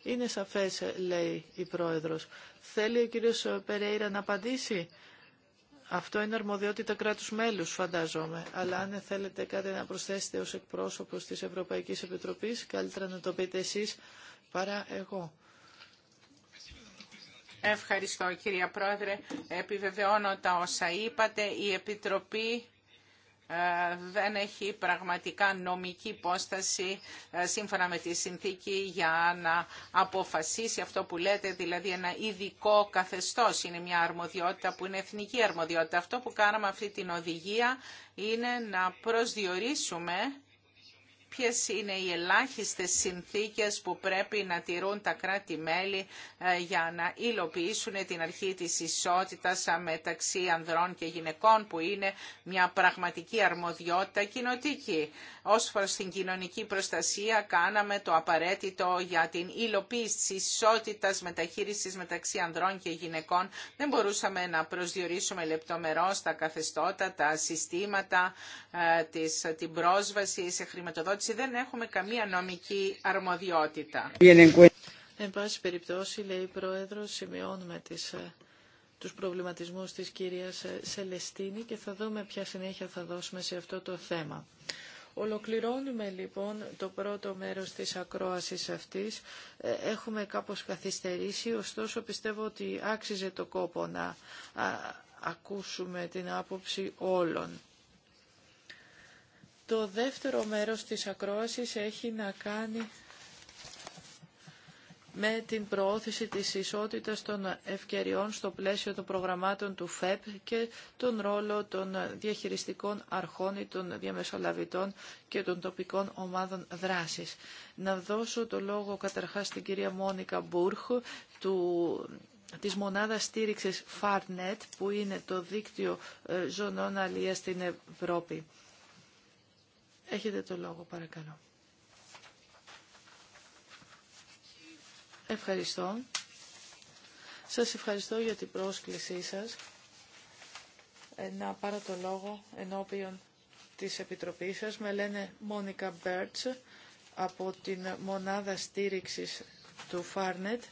Είναι σαφές, λέει η Πρόεδρος. Θέλει ο κύριος Περέιρα να απαντήσει. Αυτό είναι αρμοδιότητα κράτους μέλους, φαντάζομαι. Αλλά αν θέλετε κάτι να προσθέσετε ως εκπρόσωπος της Ευρωπαϊκής Επιτροπής, καλύτερα να το πείτε εσείς παρά εγώ. Ευχαριστώ, κυρία Πρόεδρε. Επιβεβαιώνω τα όσα είπατε. Η Επιτροπή ε, δεν έχει πραγματικά νομική υπόσταση ε, σύμφωνα με τη συνθήκη για να αποφασίσει αυτό που λέτε, δηλαδή ένα ειδικό καθεστώς. Είναι μια αρμοδιότητα που είναι εθνική αρμοδιότητα. Αυτό που κάναμε αυτή την οδηγία είναι να προσδιορίσουμε ποιες είναι οι ελάχιστες συνθήκες που πρέπει να τηρούν τα κράτη-μέλη ε, για να υλοποιήσουν την αρχή της ισότητας ε, μεταξύ ανδρών και γυναικών που είναι μια πραγματική αρμοδιότητα κοινοτική. Ως προς την κοινωνική προστασία κάναμε το απαραίτητο για την υλοποίηση της ισότητας μεταχείρισης μεταξύ ανδρών και γυναικών. Δεν μπορούσαμε να προσδιορίσουμε λεπτομερώς τα καθεστώτα, τα συστήματα, ε, την πρόσβαση σε χρηματοδότηση δεν έχουμε καμία νομική αρμοδιότητα. Εν πάση περιπτώσει, λέει η Πρόεδρο, σημειώνουμε τις, ε, τους προβληματισμούς της κυρίας ε, Σελεστίνη και θα δούμε ποια συνέχεια θα δώσουμε σε αυτό το θέμα. Ολοκληρώνουμε λοιπόν το πρώτο μέρος της ακρόασης αυτής. Ε, έχουμε κάπως καθυστερήσει, ωστόσο πιστεύω ότι άξιζε το κόπο να ακούσουμε την άποψη όλων. Το δεύτερο μέρος της ακρόασης έχει να κάνει με την προώθηση της ισότητας των ευκαιριών στο πλαίσιο των προγραμμάτων του ΦΕΠ και τον ρόλο των διαχειριστικών αρχών ή των διαμεσολαβητών και των τοπικών ομάδων δράσης. Να δώσω το λόγο καταρχάς στην κυρία Μόνικα Μπούρχ του της μονάδας στήριξης FARNET που είναι το δίκτυο ε, ζωνών αλλία στην Ευρώπη. Έχετε το λόγο, παρακαλώ. Ευχαριστώ. Σας ευχαριστώ για την πρόσκλησή σας ε, να πάρω το λόγο ενώπιον της Επιτροπής σας. Με λένε Μόνικα Μπέρτς από την Μονάδα Στήριξης του Φάρνετ.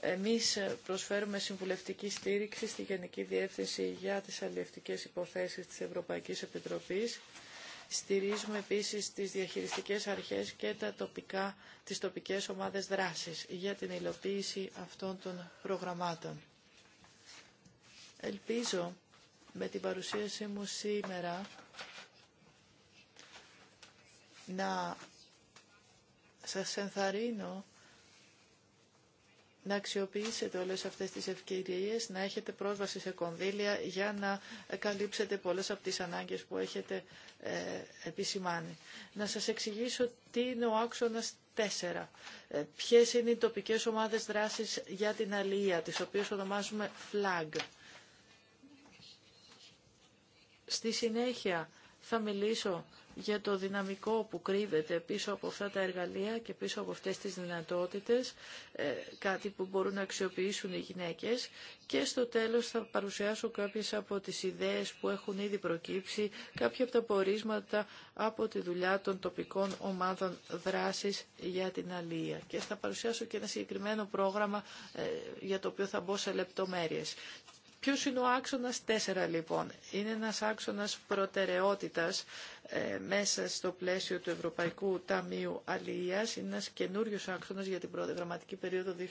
Εμείς προσφέρουμε συμβουλευτική στήριξη στη Γενική Διεύθυνση για τις Αλληλευτικές Υποθέσεις της Ευρωπαϊκής Επιτροπής Στηρίζουμε επίσης τις διαχειριστικές αρχές και τα τοπικά, τις τοπικές ομάδες δράσης για την υλοποίηση αυτών των προγραμμάτων. Ελπίζω με την παρουσίασή μου σήμερα να σας ενθαρρύνω να αξιοποιήσετε όλες αυτές τις ευκαιρίες, να έχετε πρόσβαση σε κονδύλια για να καλύψετε πολλές από τις ανάγκες που έχετε ε, επισημάνει. Να σας εξηγήσω τι είναι ο άξονας 4. Ε, ποιες είναι οι τοπικές ομάδες δράσης για την αλληλεία, τις οποίες ονομάζουμε FLAG. Στη συνέχεια θα μιλήσω για το δυναμικό που κρύβεται πίσω από αυτά τα εργαλεία και πίσω από αυτές τις δυνατότητες, ε, κάτι που μπορούν να αξιοποιήσουν οι γυναίκες. Και στο τέλος θα παρουσιάσω κάποιες από τις ιδέες που έχουν ήδη προκύψει, κάποια από τα πορίσματα από τη δουλειά των τοπικών ομάδων δράσης για την αλία. Και θα παρουσιάσω και ένα συγκεκριμένο πρόγραμμα ε, για το οποίο θα μπω σε λεπτομέρειες. Ποιος είναι ο άξονας 4 λοιπόν. Είναι ένας άξονας προτεραιότητας ε, μέσα στο πλαίσιο του Ευρωπαϊκού Ταμείου Αλληλείας. Είναι ένας καινούριος άξονας για την προγραμματική περίοδο 2007-2013.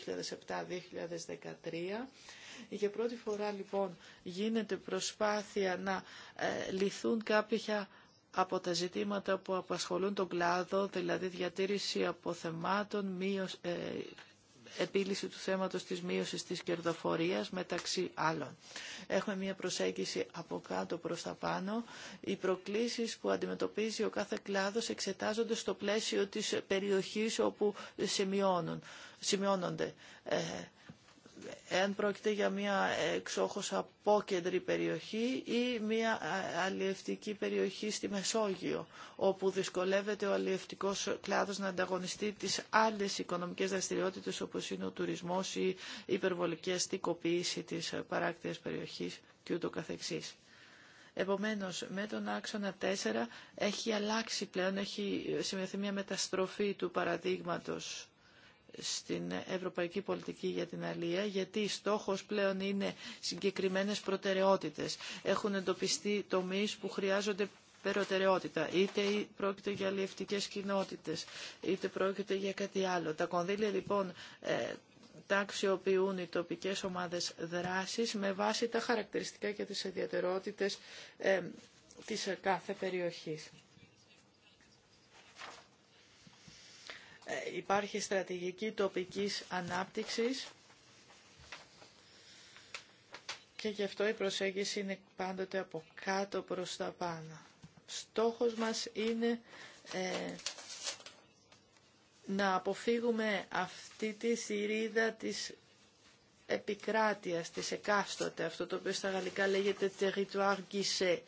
Για πρώτη φορά λοιπόν γίνεται προσπάθεια να ε, λυθούν κάποια από τα ζητήματα που απασχολούν τον κλάδο, δηλαδή διατήρηση αποθεμάτων, μείωση, ε, επίλυση του θέματος της μείωσης της κερδοφορίας μεταξύ άλλων. Έχουμε μια προσέγγιση από κάτω προς τα πάνω. Οι προκλήσεις που αντιμετωπίζει ο κάθε κλάδος εξετάζονται στο πλαίσιο της περιοχής όπου σημειώνονται. Ε, εάν πρόκειται για μια εξόχως απόκεντρη περιοχή ή μια αλλιευτική περιοχή στη Μεσόγειο, όπου δυσκολεύεται ο αλλιευτικός κλάδος να ανταγωνιστεί τις άλλες οικονομικές δραστηριότητες όπως είναι ο τουρισμός ή η υπερβολική αστικοποίηση της παράκτειας περιοχής και ούτω καθεξής. Επομένως, με τον άξονα 4 έχει αλλάξει πλέον, έχει σημειωθεί μια μεταστροφή του παραδείγματος στην ευρωπαϊκή πολιτική για την αλία, γιατί στόχος πλέον είναι συγκεκριμένες προτεραιότητες. Έχουν εντοπιστεί τομείς που χρειάζονται περιοτεραιότητα. Είτε πρόκειται για αλλιευτικές κοινότητες, είτε πρόκειται για κάτι άλλο. Τα κονδύλια λοιπόν ε, τα αξιοποιούν οι τοπικές ομάδες δράσης με βάση τα χαρακτηριστικά και τις ιδιαιτερότητες ε, της κάθε περιοχής. Ε, υπάρχει στρατηγική τοπικής ανάπτυξης και γι' αυτό η προσέγγιση είναι πάντοτε από κάτω προς τα πάνω. Στόχος μας είναι ε, να αποφύγουμε αυτή τη θηρίδα της επικράτειας, της εκάστοτε, αυτό το οποίο στα γαλλικά λέγεται territoire guichet,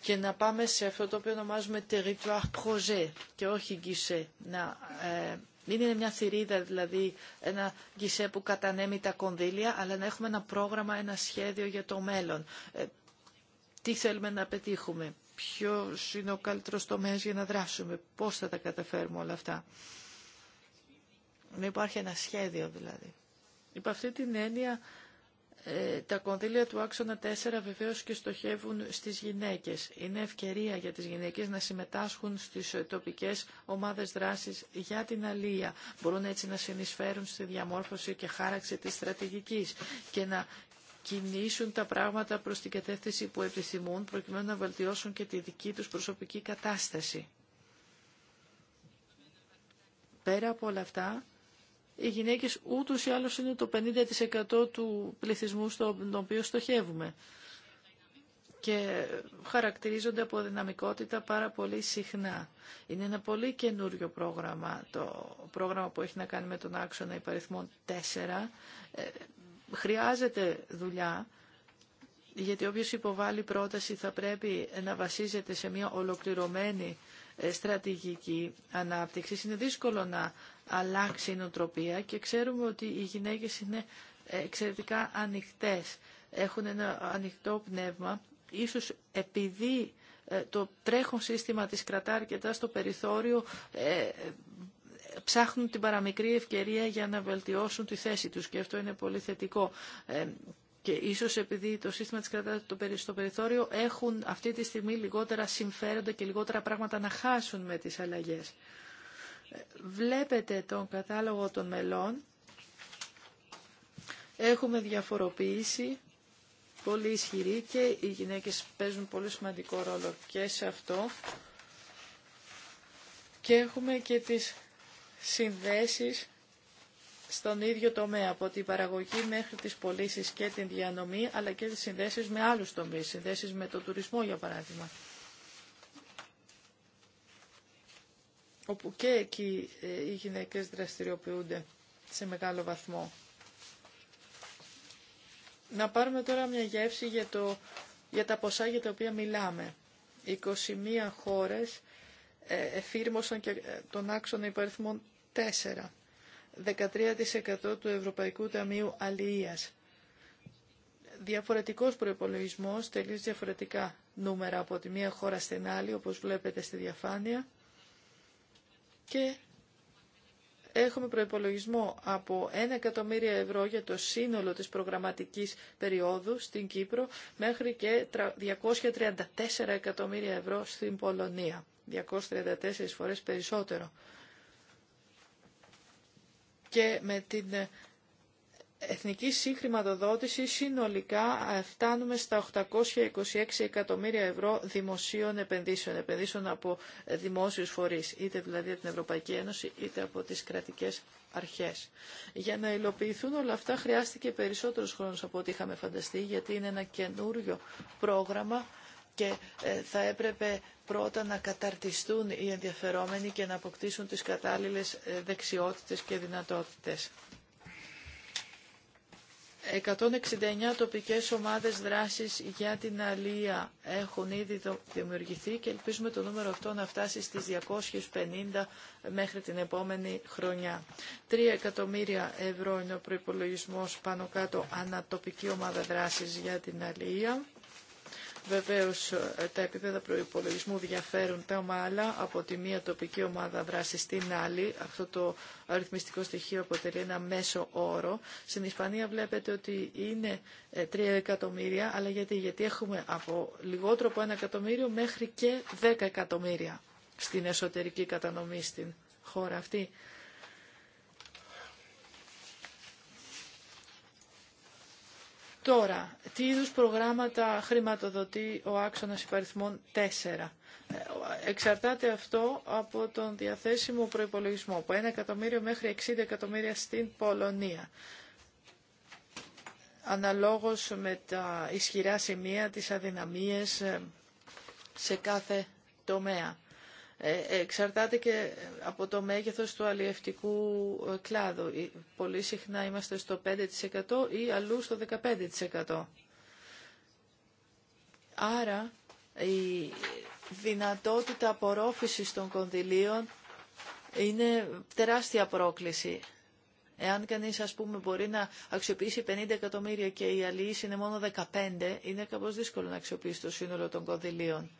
και να πάμε σε αυτό το οποίο ονομάζουμε territoire projet και όχι γκισέ. Να ε, μην είναι μια θηρίδα, δηλαδή ένα γκισέ που κατανέμει τα κονδύλια, αλλά να έχουμε ένα πρόγραμμα, ένα σχέδιο για το μέλλον. Ε, τι θέλουμε να πετύχουμε, ποιο είναι ο καλύτερο τομέα για να δράσουμε, πώ θα τα καταφέρουμε όλα αυτά. Να υπάρχει ένα σχέδιο δηλαδή. Υπ' αυτή την έννοια ε, τα κονδύλια του άξονα 4 βεβαίως και στοχεύουν στις γυναίκες. Είναι ευκαιρία για τις γυναίκες να συμμετάσχουν στις ε, τοπικές ομάδες δράσης για την αλία. Μπορούν έτσι να συνεισφέρουν στη διαμόρφωση και χάραξη της στρατηγικής και να κινήσουν τα πράγματα προς την κατεύθυνση που επιθυμούν προκειμένου να βελτιώσουν και τη δική τους προσωπική κατάσταση. Πέρα από όλα αυτά, οι γυναίκες ούτως ή άλλως είναι το 50% του πληθυσμού στον οποίο στοχεύουμε και χαρακτηρίζονται από δυναμικότητα πάρα πολύ συχνά. Είναι ένα πολύ καινούριο πρόγραμμα, το πρόγραμμα που έχει να κάνει με τον άξονα υπαριθμών 4. Ε, χρειάζεται δουλειά, γιατί όποιος υποβάλλει πρόταση θα πρέπει να βασίζεται σε μια ολοκληρωμένη ε, στρατηγική ανάπτυξη. Είναι δύσκολο να αλλάξει η νοοτροπία και ξέρουμε ότι οι γυναίκες είναι εξαιρετικά ανοιχτές, έχουν ένα ανοιχτό πνεύμα. Ίσως επειδή ε, το τρέχον σύστημα της κρατά αρκετά στο περιθώριο, ε, ψάχνουν την παραμικρή ευκαιρία για να βελτιώσουν τη θέση τους και αυτό είναι πολύ θετικό. Ε, και ίσως επειδή το σύστημα της κρατά στο περιθώριο έχουν αυτή τη στιγμή λιγότερα συμφέροντα και λιγότερα πράγματα να χάσουν με τις αλλαγές. Βλέπετε τον κατάλογο των μελών. Έχουμε διαφοροποίηση πολύ ισχυρή και οι γυναίκες παίζουν πολύ σημαντικό ρόλο και σε αυτό. Και έχουμε και τις συνδέσεις στον ίδιο τομέα, από την παραγωγή μέχρι τις πωλήσει και την διανομή, αλλά και τις συνδέσεις με άλλους τομείς, συνδέσεις με το τουρισμό για παράδειγμα. όπου και εκεί ε, οι γυναίκες δραστηριοποιούνται σε μεγάλο βαθμό. Να πάρουμε τώρα μια γεύση για, το, για τα ποσά για τα οποία μιλάμε. 21 χώρες ε, εφήρμοσαν και ε, τον άξονα υπαριθμών 4. 13% του Ευρωπαϊκού Ταμείου Αλληλείας. Διαφορετικός προϋπολογισμός, τελείως διαφορετικά νούμερα από τη μία χώρα στην άλλη, όπως βλέπετε στη διαφάνεια και έχουμε προϋπολογισμό από 1 εκατομμύρια ευρώ για το σύνολο της προγραμματικής περίοδου στην Κύπρο μέχρι και 234 εκατομμύρια ευρώ στην Πολωνία. 234 φορές περισσότερο. Και με την Εθνική συγχρηματοδότηση συνολικά ε, φτάνουμε στα 826 εκατομμύρια ευρώ δημοσίων επενδύσεων, επενδύσεων από δημόσιους φορείς, είτε δηλαδή από την Ευρωπαϊκή Ένωση είτε από τις κρατικές αρχές. Για να υλοποιηθούν όλα αυτά χρειάστηκε περισσότερος χρόνος από ό,τι είχαμε φανταστεί, γιατί είναι ένα καινούριο πρόγραμμα και ε, θα έπρεπε πρώτα να καταρτιστούν οι ενδιαφερόμενοι και να αποκτήσουν τις κατάλληλες ε, δεξιότητες και δυνατότητες. 169 τοπικές ομάδες δράσης για την αλία έχουν ήδη δημιουργηθεί και ελπίζουμε το νούμερο αυτό να φτάσει στις 250 μέχρι την επόμενη χρονιά. 3 εκατομμύρια ευρώ είναι ο προϋπολογισμός πάνω κάτω ανατοπική ομάδα δράσης για την αλία. Βεβαίω ε, τα επίπεδα προϋπολογισμού διαφέρουν τα ομάλα από τη μία τοπική ομάδα δράση στην άλλη. Αυτό το αριθμιστικό στοιχείο αποτελεί ένα μέσο όρο. Στην Ισπανία βλέπετε ότι είναι 3 ε, εκατομμύρια, αλλά γιατί, γιατί έχουμε από λιγότερο από 1 εκατομμύριο μέχρι και 10 εκατομμύρια στην εσωτερική κατανομή στην χώρα αυτή. Τώρα, τι είδους προγράμματα χρηματοδοτεί ο άξονας υπαριθμών 4. Ε, εξαρτάται αυτό από τον διαθέσιμο προϋπολογισμό, από 1 εκατομμύριο μέχρι 60 εκατομμύρια στην Πολωνία. Αναλόγως με τα ισχυρά σημεία, τις αδυναμίες ε, σε κάθε τομέα. Ε, εξαρτάται και από το μέγεθος του αλλιευτικού ε, κλάδου. Πολύ συχνά είμαστε στο 5% ή αλλού στο 15%. Άρα η δυνατότητα απορρόφησης των κονδυλίων είναι τεράστια πρόκληση. Εάν κανείς, ας πούμε, μπορεί να αξιοποιήσει 50 εκατομμύρια και η αλληλής είναι μόνο 15, είναι κάπως δύσκολο να αξιοποιήσει το σύνολο των κονδυλίων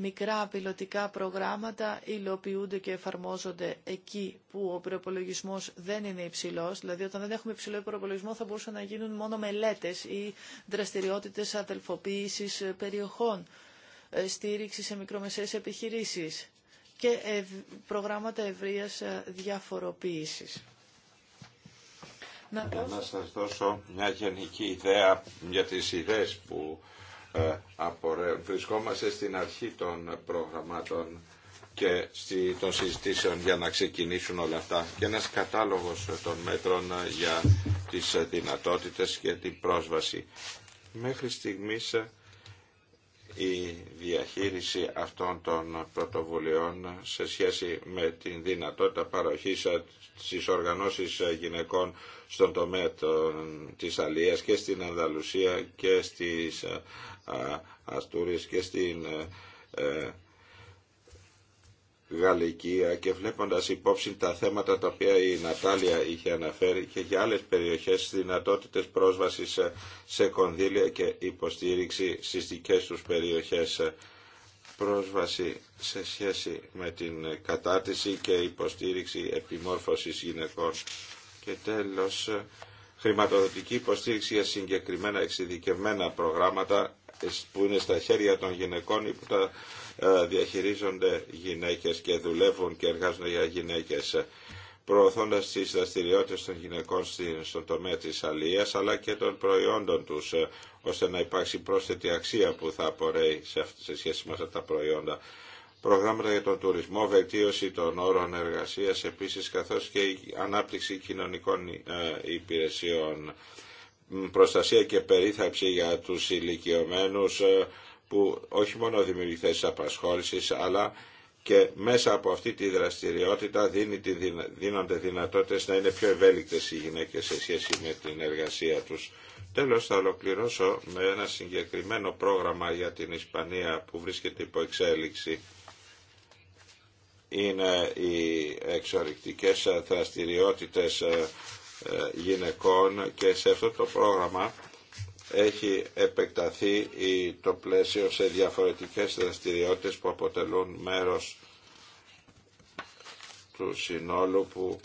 μικρά πιλωτικά προγράμματα υλοποιούνται και εφαρμόζονται εκεί που ο προπολογισμό δεν είναι υψηλό. Δηλαδή, όταν δεν έχουμε υψηλό προπολογισμό, θα μπορούσαν να γίνουν μόνο μελέτε ή δραστηριότητε αδελφοποίηση περιοχών, ε, στήριξη σε μικρομεσαίες επιχειρήσεις και προγράμματα ευρείας ε, διαφοροποίησης. Να, να σας δώσω μια γενική ιδέα για τις ιδέες που ε, βρισκόμαστε στην αρχή των προγραμμάτων και των συζητήσεων για να ξεκινήσουν όλα αυτά και ένας κατάλογος των μέτρων για τις δυνατότητες και την πρόσβαση. Μέχρι στιγμής η διαχείριση αυτών των πρωτοβουλειών σε σχέση με την δυνατότητα παροχής στις οργανώσεις γυναικών στον τομέα των, της Αλίας και στην Ανδαλουσία και στις Αστούρης και στην ε, ε, Γαλλικία και βλέποντας υπόψη τα θέματα τα οποία η Νατάλια είχε αναφέρει και για άλλες περιοχές δυνατότητες πρόσβασης σε κονδύλια και υποστήριξη στις δικές τους περιοχές πρόσβαση σε σχέση με την κατάρτιση και υποστήριξη επιμόρφωσης γυναικών. Και τέλος, χρηματοδοτική υποστήριξη για συγκεκριμένα εξειδικευμένα προγράμματα που είναι στα χέρια των γυναικών ή που τα ε, διαχειρίζονται γυναίκες και δουλεύουν και εργάζονται για γυναίκες ε, προωθώντας τις δραστηριότητες των γυναικών στον τομέα της αλληλείας αλλά και των προϊόντων τους ε, ώστε να υπάρξει πρόσθετη αξία που θα απορρέει σε σχέση με αυτά τα προϊόντα. Προγράμματα για τον τουρισμό, βελτίωση των όρων εργασίας επίσης καθώς και η ανάπτυξη κοινωνικών υπηρεσιών προστασία και περίθαψη για τους ηλικιωμένους ε, που όχι μόνο δημιουργεί θέσεις απασχόλησης αλλά και μέσα από αυτή τη δραστηριότητα δίνει τη, δίνονται δυνατότητες να είναι πιο ευέλικτες οι γυναίκες σε σχέση με την εργασία τους. Τέλος θα ολοκληρώσω με ένα συγκεκριμένο πρόγραμμα για την Ισπανία που βρίσκεται υπό εξέλιξη. Είναι οι εξορρυκτικές δραστηριότητες ε, ε, γυναικών και σε αυτό το πρόγραμμα έχει επεκταθεί το πλαίσιο σε διαφορετικές δραστηριότητες που αποτελούν μέρος του συνόλου που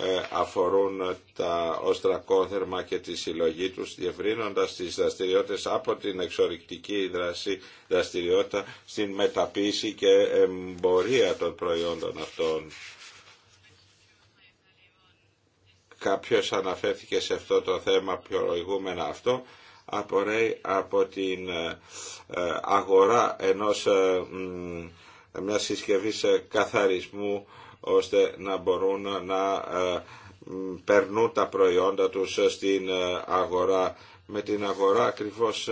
ε, αφορούν τα οστρακόθερμα και τη συλλογή τους, διευρύνοντας τις δραστηριότητες από την εξορρυκτική δράση, δραστηριότητα στην μεταποίηση και εμπορία των προϊόντων αυτών κάποιος αναφέρθηκε σε αυτό το θέμα προηγούμενα αυτό, απορρέει από την ε, ε, αγορά ενός ε, μιας συσκευής καθαρισμού ώστε να μπορούν να περνούν τα προϊόντα τους στην αγορά με την αγορά ακριβώς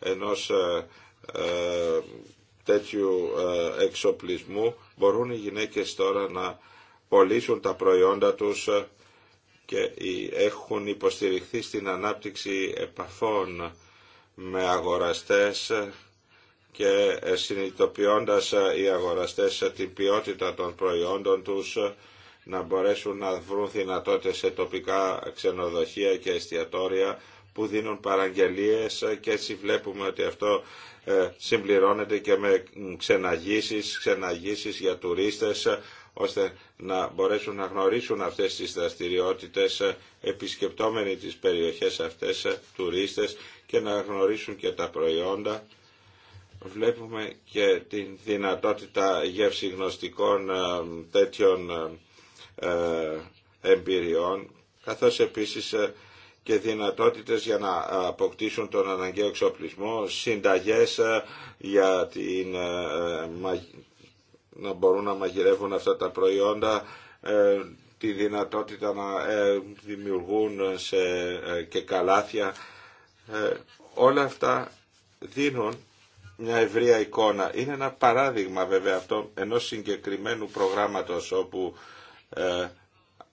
ενός τέτοιου εξοπλισμού μπορούν οι γυναίκες τώρα να πωλήσουν τα προϊόντα τους και έχουν υποστηριχθεί στην ανάπτυξη επαφών με αγοραστές και ε, συνειδητοποιώντας ε, οι αγοραστές ε, την ποιότητα των προϊόντων τους να μπορέσουν να βρουν δυνατότητες σε τοπικά ξενοδοχεία και εστιατόρια που δίνουν παραγγελίες και έτσι βλέπουμε ότι αυτό συμπληρώνεται και με ξεναγήσεις, ξεναγήσεις για τουρίστες ώστε να μπορέσουν να γνωρίσουν αυτές τις δραστηριότητες ε, επισκεπτόμενοι τις περιοχές αυτές, ε, τουρίστες και να γνωρίσουν και τα προϊόντα. Βλέπουμε και τη δυνατότητα γεύση γνωστικών ε, τέτοιων εμπειριών, καθώς επίσης και δυνατότητες για να αποκτήσουν τον αναγκαίο εξοπλισμό, συνταγές για την να μπορούν να μαγειρεύουν αυτά τα προϊόντα, ε, τη δυνατότητα να ε, δημιουργούν ε, και καλάθια. Όλα αυτά δίνουν μια ευρεία εικόνα. Είναι ένα παράδειγμα βέβαια αυτό ενός συγκεκριμένου προγράμματος όπου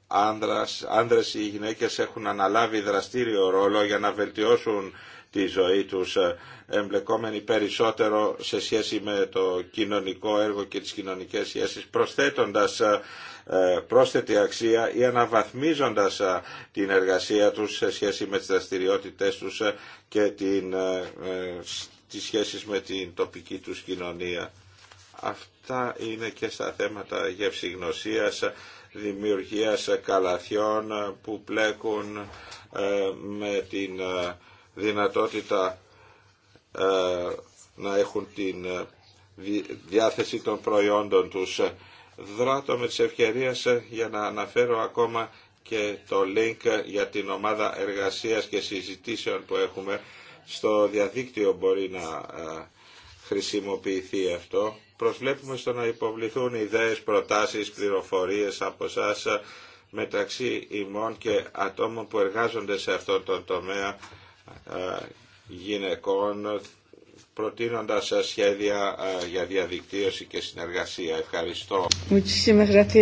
άνδρας, άνδρες ή γυναίκες έχουν αναλάβει δραστήριο ρόλο για να βελτιώσουν τη ζωή τους ε, εμπλεκόμενοι περισσότερο σε σχέση με το κοινωνικό έργο και τις κοινωνικές σχέσεις προσθέτοντας ε, ε, πρόσθετη αξία ή αναβαθμίζοντας την εργασία τους σε σχέση με τις δραστηριότητε τους και την, τις σχέσεις με την τοπική τους κοινωνία. Αυτά είναι και στα θέματα γευσηγνωσίας, δημιουργίας καλαθιών που πλέκουν με την δυνατότητα ε, να έχουν την ε, διάθεση των προϊόντων τους. Δράτω με τις ε, για να αναφέρω ακόμα και το link για την ομάδα εργασίας και συζητήσεων που έχουμε. Στο διαδίκτυο μπορεί να χρησιμοποιηθεί αυτό. Προσβλέπουμε στο να υποβληθούν ιδέες, προτάσεις, πληροφορίες από εσά μεταξύ ημών και ατόμων που εργάζονται σε αυτόν τον τομέα ε, γυναικών προτείνοντας ε, σχέδια ε, για διαδικτύωση και συνεργασία. Ευχαριστώ.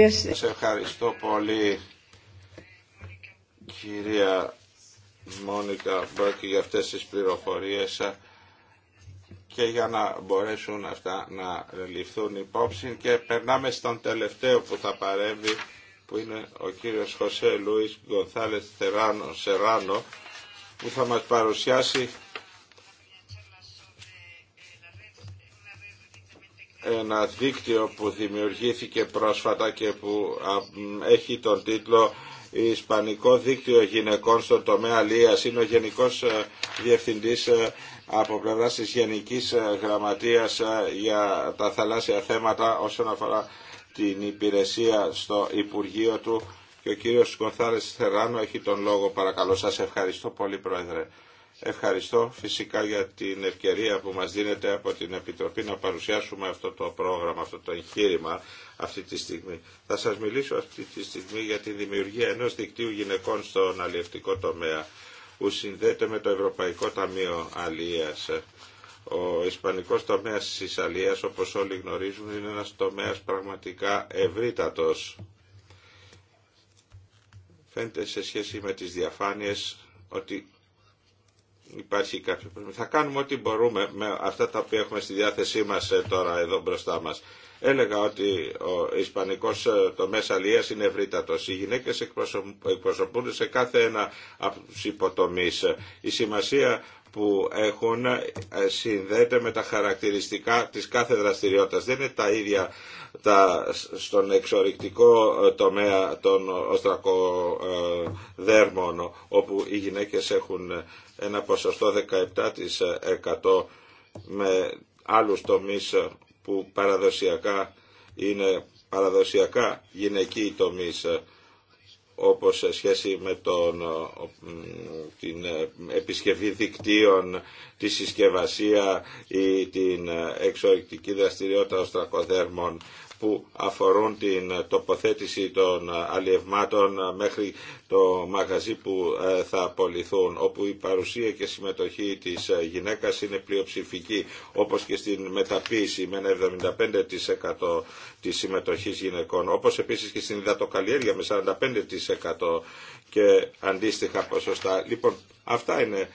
Σας ευχαριστώ πολύ κυρία Μόνικα Μπρόκη για αυτές τις πληροφορίες και για να μπορέσουν αυτά να ληφθούν υπόψη και περνάμε στον τελευταίο που θα παρέμβει που είναι ο κύριος Χωσέ Λουίς Γκονθάλες Σεράνο που θα μας παρουσιάσει ένα δίκτυο που δημιουργήθηκε πρόσφατα και που έχει τον τίτλο Ισπανικό Δίκτυο Γυναικών στον τομέα Λίας. Είναι ο Γενικός ε, Διευθυντής ε, από πλευρά της Γενικής ε, Γραμματείας για τα θαλάσσια θέματα όσον αφορά την υπηρεσία στο Υπουργείο του και ο κύριος Γκονθάρες Θεράνο έχει τον λόγο. Παρακαλώ σας ευχαριστώ πολύ Πρόεδρε. Ευχαριστώ φυσικά για την ευκαιρία που μας δίνεται από την Επιτροπή να παρουσιάσουμε αυτό το πρόγραμμα, αυτό το εγχείρημα αυτή τη στιγμή. Θα σας μιλήσω αυτή τη στιγμή για τη δημιουργία ενός δικτύου γυναικών στον αλλιευτικό τομέα που συνδέεται με το Ευρωπαϊκό Ταμείο Αλίας. Ο Ισπανικός τομέας της Αλίας, όπως όλοι γνωρίζουν, είναι ένας τομέας πραγματικά ευρύτατος φαίνεται σε σχέση με τις διαφάνειες ότι υπάρχει κάποιο πρόβλημα. Θα κάνουμε ό,τι μπορούμε με αυτά τα οποία έχουμε στη διάθεσή μας ε, τώρα εδώ μπροστά μας. Έλεγα ότι ο Ισπανικός ε, τομέας αλληλείας είναι ευρύτατος. Οι γυναίκες εκπροσωπούνται σε κάθε ένα από τους υποτομείς. Η σημασία που έχουν ε, συνδέεται με τα χαρακτηριστικά της κάθε δραστηριότητας. Δεν είναι τα ίδια τα, στον εξορρυκτικό ε, τομέα των οστρακοδέρμων, όπου οι γυναίκες έχουν ε, ένα ποσοστό 17% με άλλους τομείς που παραδοσιακά είναι παραδοσιακά γυναικοί τομείς όπως σε σχέση με τον, την ε, επισκευή δικτύων, τη συσκευασία ή την ε, εξορρυκτική δραστηριότητα των που αφορούν την τοποθέτηση των αλλιευμάτων μέχρι το μαγαζί που ε, θα απολυθούν, όπου η παρουσία και συμμετοχή της ε, γυναίκας είναι πλειοψηφική, όπως και στην μεταποίηση με ένα 75% της συμμετοχής γυναικών, όπως επίσης και στην υδατοκαλλιέργεια με 45% και αντίστοιχα ποσοστά. Λοιπόν, αυτά είναι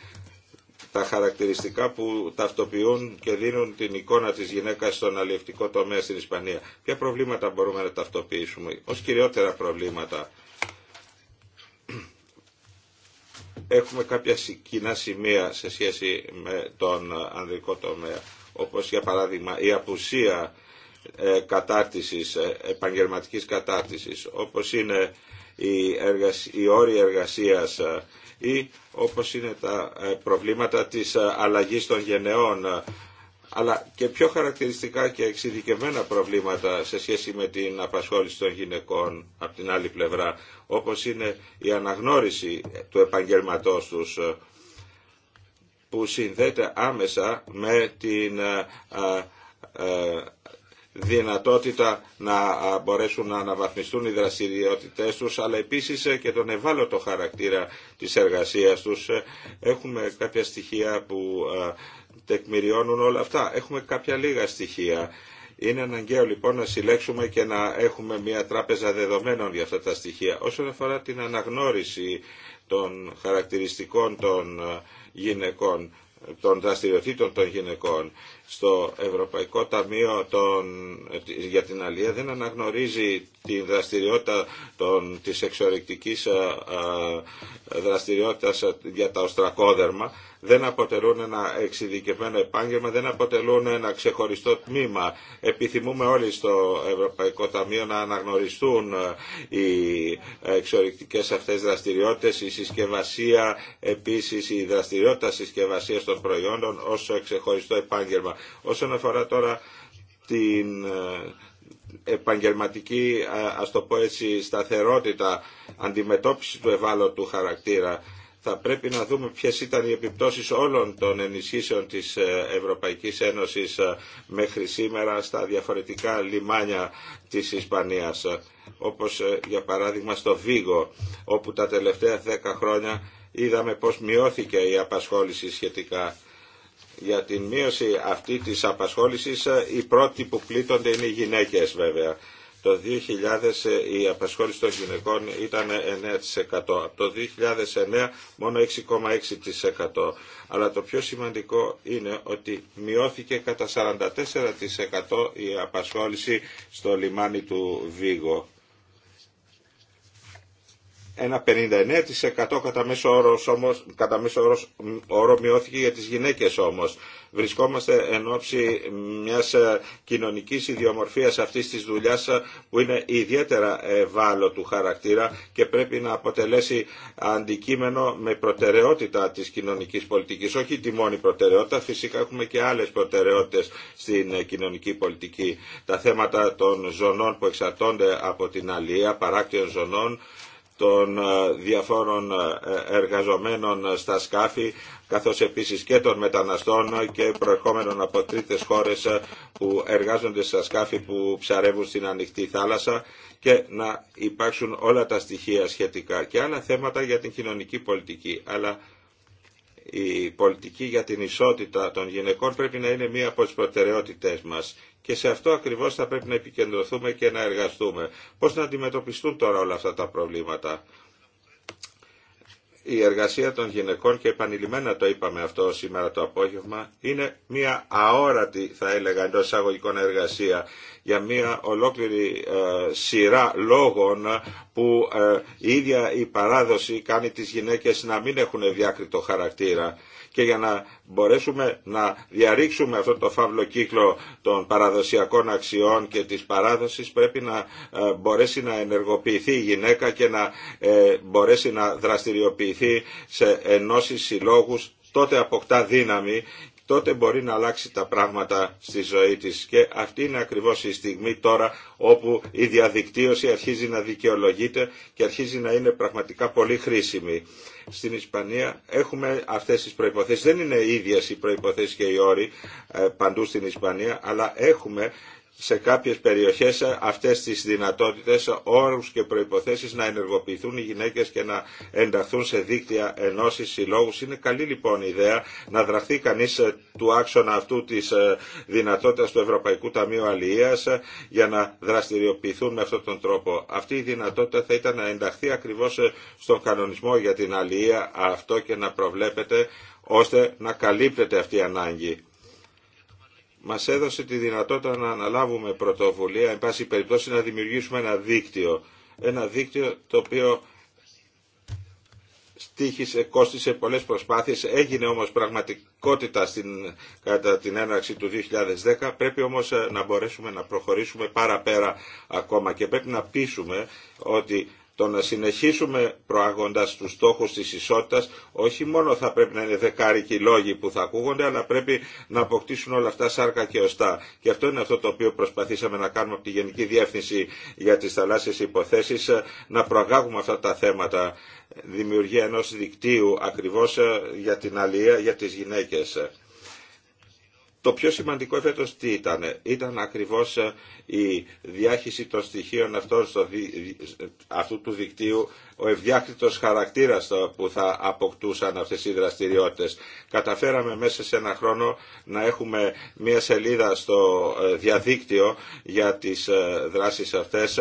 τα χαρακτηριστικά που ταυτοποιούν και δίνουν την εικόνα της γυναίκας στον αλληλευτικό τομέα στην Ισπανία. Ποια προβλήματα μπορούμε να ταυτοποιήσουμε ως κυριότερα προβλήματα. Έχουμε κάποια κοινά σημεία σε σχέση με τον ανδρικό τομέα, όπως για παράδειγμα η απουσία ε, κατάρτισης, ε, επαγγελματικής κατάρτισης, όπως είναι η, εργασ... η εργασίας ε, ή όπως είναι τα ε, προβλήματα της ε, αλλαγής των γενεών αλλά και πιο χαρακτηριστικά και εξειδικευμένα προβλήματα σε σχέση με την απασχόληση των γυναικών από την άλλη πλευρά, όπως είναι η αναγνώριση του επαγγελματός τους ε, που συνδέεται άμεσα με την δυνατότητα να μπορέσουν να αναβαθμιστούν οι δραστηριότητές τους, αλλά επίσης ε, και τον ευάλωτο χαρακτήρα της εργασίας τους. Ε, έχουμε κάποια στοιχεία που τεκμηριώνουν όλα αυτά. Έχουμε κάποια λίγα στοιχεία. Είναι αναγκαίο λοιπόν να συλλέξουμε και να έχουμε μια τράπεζα δεδομένων για αυτά τα στοιχεία. Όσον αφορά την αναγνώριση των χαρακτηριστικών των ε, γυναικών, των δραστηριοτήτων των γυναικών στο Ευρωπαϊκό Ταμείο των, για την Αλία δεν αναγνωρίζει τη δραστηριότητα των, της εξορρυκτικής ε, ε, δραστηριότητας για τα οστρακόδερμα δεν αποτελούν ένα εξειδικευμένο επάγγελμα, δεν αποτελούν ένα ξεχωριστό τμήμα. Επιθυμούμε όλοι στο Ευρωπαϊκό Ταμείο να αναγνωριστούν ε, οι εξορρυκτικές αυτές δραστηριότητες, η συσκευασία, επίσης η δραστηριότητα συσκευασίας των προϊόντων ως ξεχωριστό επάγγελμα. Όσον αφορά τώρα την ε, επαγγελματική, ε, ας το πω έτσι, σταθερότητα, αντιμετώπιση του ευάλωτου χαρακτήρα θα πρέπει να δούμε ποιες ήταν οι επιπτώσεις όλων των ενισχύσεων της ε, Ευρωπαϊκής Ένωσης ε, μέχρι σήμερα στα διαφορετικά λιμάνια της Ισπανίας. Όπως ε, για παράδειγμα στο Βίγο, όπου τα τελευταία δέκα χρόνια είδαμε πώς μειώθηκε η απασχόληση σχετικά. Για την μείωση αυτή της απασχόλησης οι πρώτοι που πλήττονται είναι οι γυναίκες βέβαια το 2000 η απασχόληση των γυναικών ήταν 9%. Από το 2009 μόνο 6,6%. Αλλά το πιο σημαντικό είναι ότι μειώθηκε κατά 44% η απασχόληση στο λιμάνι του Βίγο ένα 59% κατά μέσο όρο κατά μέσο όρο μειώθηκε για τις γυναίκες όμως. Βρισκόμαστε εν ώψη μιας ε, κοινωνικής ιδιομορφίας αυτής της δουλειάς ε, που είναι ιδιαίτερα ευάλωτου του χαρακτήρα και πρέπει να αποτελέσει αντικείμενο με προτεραιότητα της κοινωνικής πολιτικής. Όχι τη μόνη προτεραιότητα, φυσικά έχουμε και άλλες προτεραιότητες στην ε, κοινωνική πολιτική. Τα θέματα των ζωνών που εξαρτώνται από την αλληλεία, παράκτιων ζωνών, των ε, διαφόρων ε, ε, εργαζομένων στα σκάφη καθώς επίσης και των μεταναστών και προερχόμενων από τρίτες χώρες που εργάζονται στα σκάφη που ψαρεύουν στην ανοιχτή θάλασσα και να υπάρξουν όλα τα στοιχεία σχετικά και άλλα θέματα για την κοινωνική πολιτική. Αλλά η πολιτική για την ισότητα των γυναικών πρέπει να είναι μία από τις προτεραιότητές μας και σε αυτό ακριβώς θα πρέπει να επικεντρωθούμε και να εργαστούμε. Πώς να αντιμετωπιστούν τώρα όλα αυτά τα προβλήματα. Η εργασία των γυναικών και επανειλημμένα το είπαμε αυτό σήμερα το απόγευμα είναι μια αόρατη θα έλεγα εντό εισαγωγικών εργασία για μια ολόκληρη ε, σειρά λόγων που ε, η ίδια η παράδοση κάνει τις γυναίκες να μην έχουν διάκριτο χαρακτήρα και για να μπορέσουμε να διαρρήξουμε αυτό το φαύλο κύκλο των παραδοσιακών αξιών και της παράδοσης πρέπει να ε, μπορέσει να ενεργοποιηθεί η γυναίκα και να ε, μπορέσει να δραστηριοποιηθεί σε ενώσεις συλλόγους τότε αποκτά δύναμη τότε μπορεί να αλλάξει τα πράγματα στη ζωή της. Και αυτή είναι ακριβώς η στιγμή τώρα όπου η διαδικτύωση αρχίζει να δικαιολογείται και αρχίζει να είναι πραγματικά πολύ χρήσιμη. Στην Ισπανία έχουμε αυτές τις προϋποθέσεις. Δεν είναι ίδιες οι προϋποθέσεις και οι όροι ε, παντού στην Ισπανία, αλλά έχουμε σε κάποιες περιοχές αυτές τις δυνατότητες, όρους και προϋποθέσεις να ενεργοποιηθούν οι γυναίκες και να ενταχθούν σε δίκτυα ενώσεις συλλόγου. Είναι καλή λοιπόν ιδέα να δραχθεί κανείς ε, του άξονα αυτού της ε, δυνατότητας του Ευρωπαϊκού Ταμείου Αλληλείας ε, για να δραστηριοποιηθούν με αυτόν τον τρόπο. Αυτή η δυνατότητα θα ήταν να ενταχθεί ακριβώς στον κανονισμό για την αλληλεία αυτό και να προβλέπεται ώστε να καλύπτεται αυτή η ανάγκη Μα έδωσε τη δυνατότητα να αναλάβουμε πρωτοβουλία, εν πάση περιπτώσει να δημιουργήσουμε ένα δίκτυο. Ένα δίκτυο το οποίο στήχησε, κόστισε πολλές προσπάθειες, έγινε όμως πραγματικότητα στην, κατά την έναρξη του 2010. Πρέπει όμως ε, να μπορέσουμε να προχωρήσουμε παραπέρα ακόμα και πρέπει να πείσουμε ότι το να συνεχίσουμε προάγοντας τους στόχους της ισότητας όχι μόνο θα πρέπει να είναι δεκάρικοι λόγοι που θα ακούγονται αλλά πρέπει να αποκτήσουν όλα αυτά σάρκα και οστά. Και αυτό είναι αυτό το οποίο προσπαθήσαμε να κάνουμε από τη Γενική Διεύθυνση για τις θαλάσσιες υποθέσεις ε, να προαγάγουμε αυτά τα θέματα δημιουργία ενός δικτύου ακριβώς ε, για την αλληλεία για τις γυναίκες. Το πιο σημαντικό εφέτος τι ήταν. Ήταν ακριβώς ε, η διάχυση των στοιχείων αυτών στο, αυτού του δικτύου, ο ευδιάκριτος χαρακτήρας που θα αποκτούσαν αυτές οι δραστηριότητες. Καταφέραμε μέσα σε ένα χρόνο να έχουμε μία σελίδα στο ε, διαδίκτυο για τις ε, δράσεις αυτές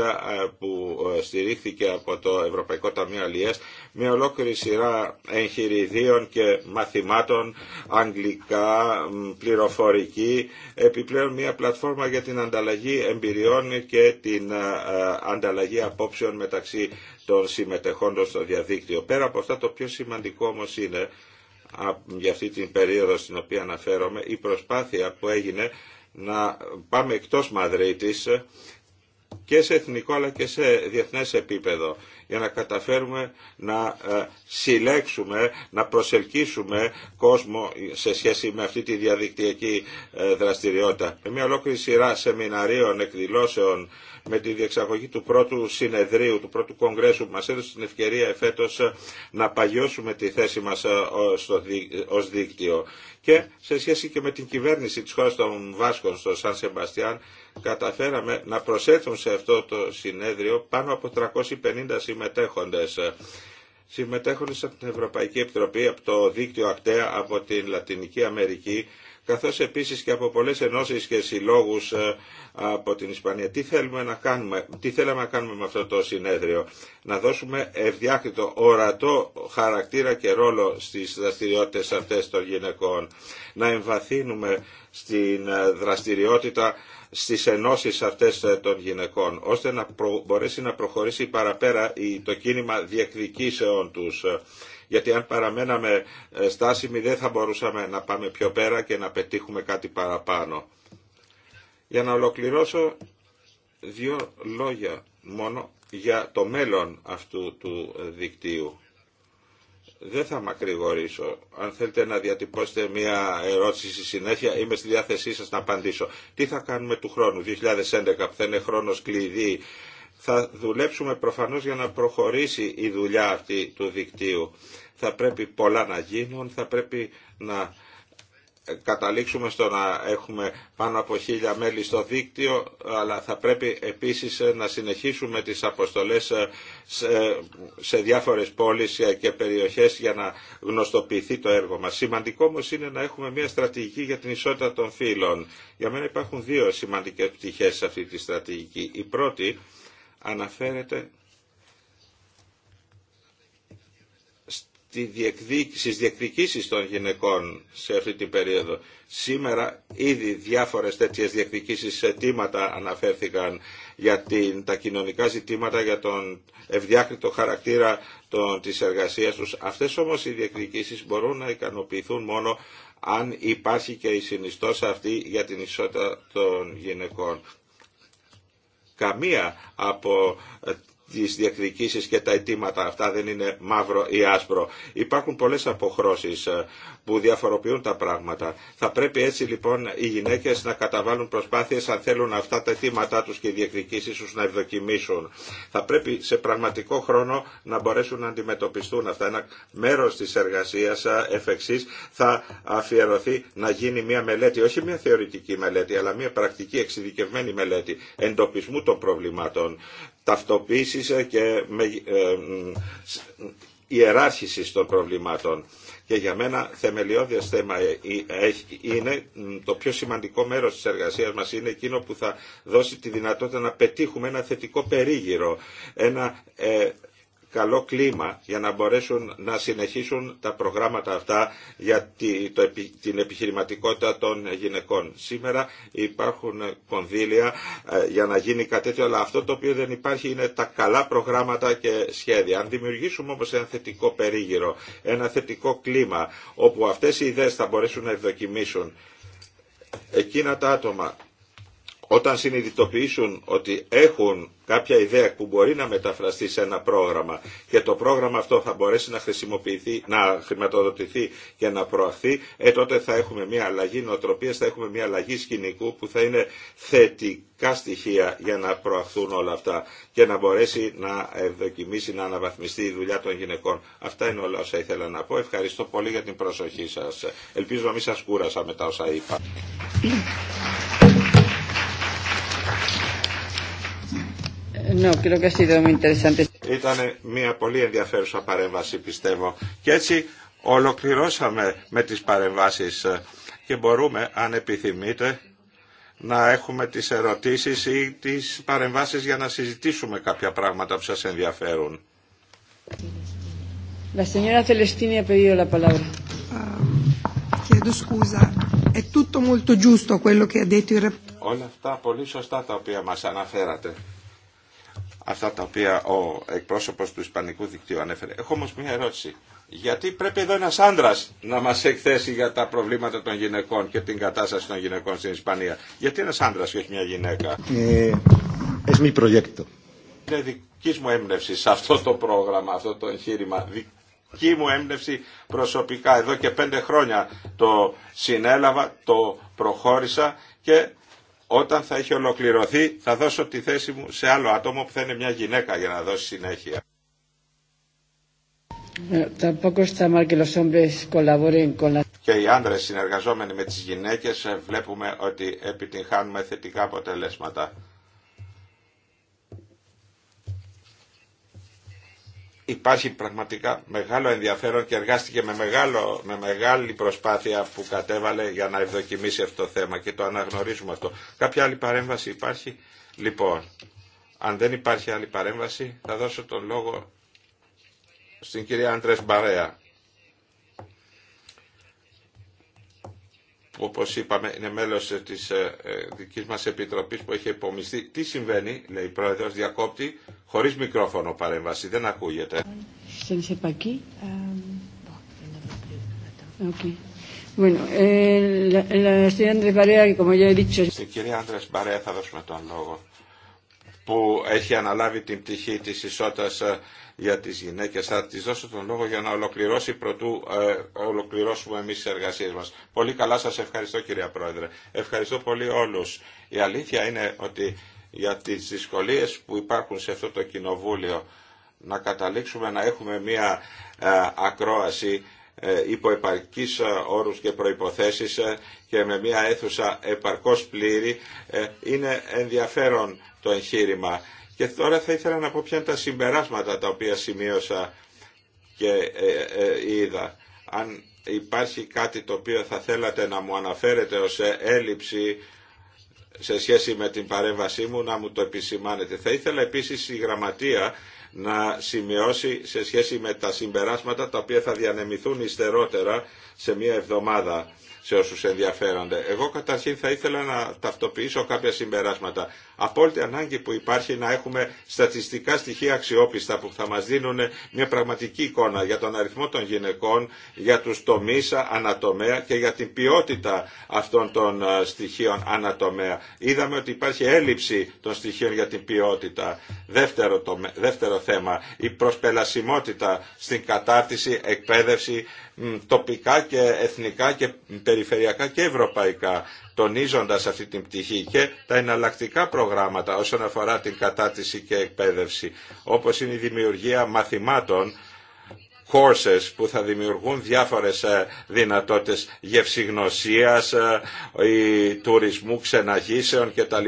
που στηρίχθηκε από το Ευρωπαϊκό Ταμείο Αλλιές μια ολόκληρη σειρά εγχειριδίων και μαθημάτων, αγγλικά, πληροφορική, επιπλέον μια πλατφόρμα για την ανταλλαγή εμπειριών και την ε, ανταλλαγή απόψεων μεταξύ των συμμετεχόντων στο διαδίκτυο. Πέρα από αυτά το πιο σημαντικό όμως είναι για αυτή την περίοδο στην οποία αναφέρομαι η προσπάθεια που έγινε να πάμε εκτός Μαδρίτης ε, και σε εθνικό αλλά και σε διεθνές επίπεδο για να καταφέρουμε να ε, συλλέξουμε, να προσελκύσουμε κόσμο σε σχέση με αυτή τη διαδικτυακή ε, δραστηριότητα. Με μια ολόκληρη σειρά σεμιναρίων, εκδηλώσεων, με τη διεξαγωγή του πρώτου συνεδρίου, του πρώτου κογκρέσου που μας έδωσε την ευκαιρία εφέτος ε, να παγιώσουμε τη θέση μας ως δίκτυο. Και σε σχέση και με την κυβέρνηση της χώρας των Βάσκων στο Σαν Σεμπαστιάν, καταφέραμε να προσέθουν σε αυτό το συνέδριο πάνω από 350 συμμετέχοντες. Συμμετέχοντες από την Ευρωπαϊκή Επιτροπή, από το δίκτυο ΑΚΤΕΑ, από την Λατινική Αμερική, καθώς επίσης και από πολλές ενώσεις και συλλόγους ε, από την Ισπανία. Τι, θέλουμε να κάνουμε, τι θέλαμε να κάνουμε με αυτό το συνέδριο. Να δώσουμε ευδιάκριτο, ορατό χαρακτήρα και ρόλο στις δραστηριότητες αυτές των γυναικών. Να εμβαθύνουμε στην ε, δραστηριότητα στις ενώσεις αυτές ε, των γυναικών, ώστε να μπορέσει να προχωρήσει παραπέρα το κίνημα διεκδικήσεων τους. Ε, γιατί αν παραμέναμε ε, στάσιμοι δεν θα μπορούσαμε να πάμε πιο πέρα και να πετύχουμε κάτι παραπάνω. Για να ολοκληρώσω δύο λόγια μόνο για το μέλλον αυτού του δικτύου δεν θα μακρηγορήσω. Αν θέλετε να διατυπώσετε μια ερώτηση στη συνέχεια, είμαι στη διάθεσή σας να απαντήσω. Τι θα κάνουμε του χρόνου, 2011, που θα είναι χρόνος κλειδί. Θα δουλέψουμε προφανώς για να προχωρήσει η δουλειά αυτή του δικτύου. Θα πρέπει πολλά να γίνουν, θα πρέπει να καταλήξουμε στο να έχουμε πάνω από χίλια μέλη στο δίκτυο, αλλά θα πρέπει επίσης ε, να συνεχίσουμε τις αποστολές ε, σε διάφορες πόλεις ε, και περιοχές για να γνωστοποιηθεί το έργο μας. Σημαντικό όμω είναι να έχουμε μια στρατηγική για την ισότητα των φύλων. Για μένα υπάρχουν δύο σημαντικές πτυχές σε αυτή τη στρατηγική. Η πρώτη αναφέρεται στις διεκδικήσεις των γυναικών σε αυτή την περίοδο. Σήμερα ήδη διάφορες τέτοιες διεκδικήσεις σε τίματα αναφέρθηκαν για την, τα κοινωνικά ζητήματα, για τον ευδιάκριτο χαρακτήρα των, της εργασίας τους. Αυτές όμως οι διεκδικήσεις μπορούν να ικανοποιηθούν μόνο αν υπάρχει και η συνιστόσα αυτή για την ισότητα των γυναικών. Καμία από τις διεκδικήσεις και τα αιτήματα αυτά δεν είναι μαύρο ή άσπρο. Υπάρχουν πολλές αποχρώσεις ε, που διαφοροποιούν τα πράγματα. Θα πρέπει έτσι λοιπόν οι γυναίκες να καταβάλουν προσπάθειες αν θέλουν αυτά τα αιτήματά τους και οι διεκδικήσεις τους να ευδοκιμήσουν. Θα πρέπει σε πραγματικό χρόνο να μπορέσουν να αντιμετωπιστούν αυτά. Ένα μέρος της εργασίας ε, εφ' θα αφιερωθεί να γίνει μια μελέτη, όχι μια θεωρητική μελέτη, αλλά μια πρακτική εξειδικευμένη μελέτη εντοπισμού των προβλημάτων ταυτοποίησης ε, και ε, ιεράρχησης των προβλημάτων. Και για μένα θεμελιώδες θέμα ε, είναι το πιο σημαντικό μέρος της εργασίας μας είναι εκείνο που θα δώσει τη δυνατότητα να πετύχουμε ένα θετικό περίγυρο, καλό κλίμα για να μπορέσουν να συνεχίσουν τα προγράμματα αυτά για την επιχειρηματικότητα των γυναικών. Σήμερα υπάρχουν κονδύλια ε, για να γίνει κάτι αλλά αυτό το οποίο δεν υπάρχει είναι τα καλά προγράμματα και σχέδια. Αν δημιουργήσουμε όμως ένα θετικό περίγυρο, ένα θετικό κλίμα, όπου αυτές οι ιδέες θα μπορέσουν να ευδοκιμήσουν εκείνα τα άτομα όταν συνειδητοποιήσουν ότι έχουν κάποια ιδέα που μπορεί να μεταφραστεί σε ένα πρόγραμμα και το πρόγραμμα αυτό θα μπορέσει να χρησιμοποιηθεί, να χρηματοδοτηθεί και να προαχθεί, ε, τότε θα έχουμε μια αλλαγή νοοτροπίας, θα έχουμε μια αλλαγή σκηνικού που θα είναι θετικά στοιχεία για να προαχθούν όλα αυτά και να μπορέσει να ευδοκιμήσει, να αναβαθμιστεί η δουλειά των γυναικών. Αυτά είναι όλα όσα ήθελα να πω. Ευχαριστώ πολύ για την προσοχή σας. Ελπίζω να μην σας κούρασα μετά όσα είπα. No, creo que ha sido muy interesante. Ήταν μια πολύ ενδιαφέρουσα παρέμβαση πιστεύω. Και έτσι ολοκληρώσαμε με τις παρεμβάσεις ε, και μπορούμε αν επιθυμείτε να έχουμε τις ερωτήσεις ή τις παρεμβάσεις για να συζητήσουμε κάποια πράγματα που σας ενδιαφέρουν. La señora Celestini ha pedido la palabra. Ehm, chiedo scusa, è tutto molto giusto quello che ha detto il Όλα αυτά πολύ σωστά τα οποία μας αναφέρατε αυτά τα οποία ο εκπρόσωπος του Ισπανικού Δικτύου ανέφερε. Έχω όμως μια ερώτηση. Γιατί πρέπει εδώ ένας άντρα να μας εκθέσει για τα προβλήματα των γυναικών και την κατάσταση των γυναικών στην Ισπανία. Γιατί ένας άντρα και όχι μια γυναίκα. Ε, Είναι δική μου έμπνευση σε αυτό το πρόγραμμα, αυτό το εγχείρημα. Δική μου έμπνευση προσωπικά. Εδώ και πέντε χρόνια το συνέλαβα, το προχώρησα και όταν θα έχει ολοκληρωθεί θα δώσω τη θέση μου σε άλλο άτομο που θα είναι μια γυναίκα για να δώσει συνέχεια. Ε, Και οι άντρες συνεργαζόμενοι με τις γυναίκες ε, βλέπουμε ότι επιτυγχάνουμε θετικά αποτελέσματα. υπάρχει πραγματικά μεγάλο ενδιαφέρον και εργάστηκε με, μεγάλο, με μεγάλη προσπάθεια που κατέβαλε για να ευδοκιμήσει αυτό το θέμα και το αναγνωρίζουμε αυτό. Κάποια άλλη παρέμβαση υπάρχει. Λοιπόν, αν δεν υπάρχει άλλη παρέμβαση θα δώσω τον λόγο στην κυρία Άντρες Μπαρέα που όπως είπαμε είναι μέλος της ε, ε, δικής μας επιτροπής που έχει υπομειστεί. Τι συμβαίνει, λέει η Πρόεδρος, διακόπτη, χωρίς μικρόφωνο παρέμβαση, δεν ακούγεται. Στην κυρία Άντρες Μπαρέα θα δώσουμε τον λόγο, που έχει αναλάβει την πτυχή της ισότητας ε, για τις γυναίκες. Θα της δώσω τον λόγο για να ολοκληρώσει πρωτού ε, ολοκληρώσουμε εμείς τις εργασίες μας. Πολύ καλά σας ευχαριστώ κυρία Πρόεδρε. Ευχαριστώ πολύ όλους. Η αλήθεια είναι ότι για τις δυσκολίες που υπάρχουν σε αυτό το κοινοβούλιο να καταλήξουμε να έχουμε μία ε, ακρόαση ε, υπό ε, όρους και προϋποθέσεις και με μια αίθουσα επαρκώς πλήρη είναι ενδιαφέρον το εγχείρημα και τώρα θα ήθελα να πω ποια είναι τα συμπεράσματα τα οποία σημείωσα και ε, ε, ε, είδα. Αν υπάρχει κάτι το οποίο θα θέλατε να μου αναφέρετε ως έλλειψη σε σχέση με την παρέμβασή μου να μου το επισημάνετε. Θα ήθελα επίσης η γραμματεία να σημειώσει σε σχέση με τα συμπεράσματα τα οποία θα διανεμηθούν υστερότερα σε μία εβδομάδα σε όσους ενδιαφέρονται. Εγώ καταρχήν θα ήθελα να ταυτοποιήσω κάποια συμπεράσματα. Απόλυτη ανάγκη που υπάρχει να έχουμε στατιστικά στοιχεία αξιόπιστα που θα μας δίνουν μια πραγματική εικόνα για τον αριθμό των γυναικών, για τους τομείς ανατομέα και για την ποιότητα αυτών των στοιχείων ανατομέα. Είδαμε ότι υπάρχει έλλειψη των στοιχείων για την ποιότητα. Δεύτερο, το, δεύτερο θέμα, η προσπελασιμότητα στην κατάρτιση, εκπαίδευση τοπικά και εθνικά και περιφερειακά και ευρωπαϊκά, τονίζοντας αυτή την πτυχή και τα εναλλακτικά προγράμματα όσον αφορά την κατάτηση και εκπαίδευση, όπως είναι η δημιουργία μαθημάτων, courses που θα δημιουργούν διάφορες ε, δυνατότητες γευσηγνωσίας, ε, τουρισμού, ξεναγήσεων κτλ.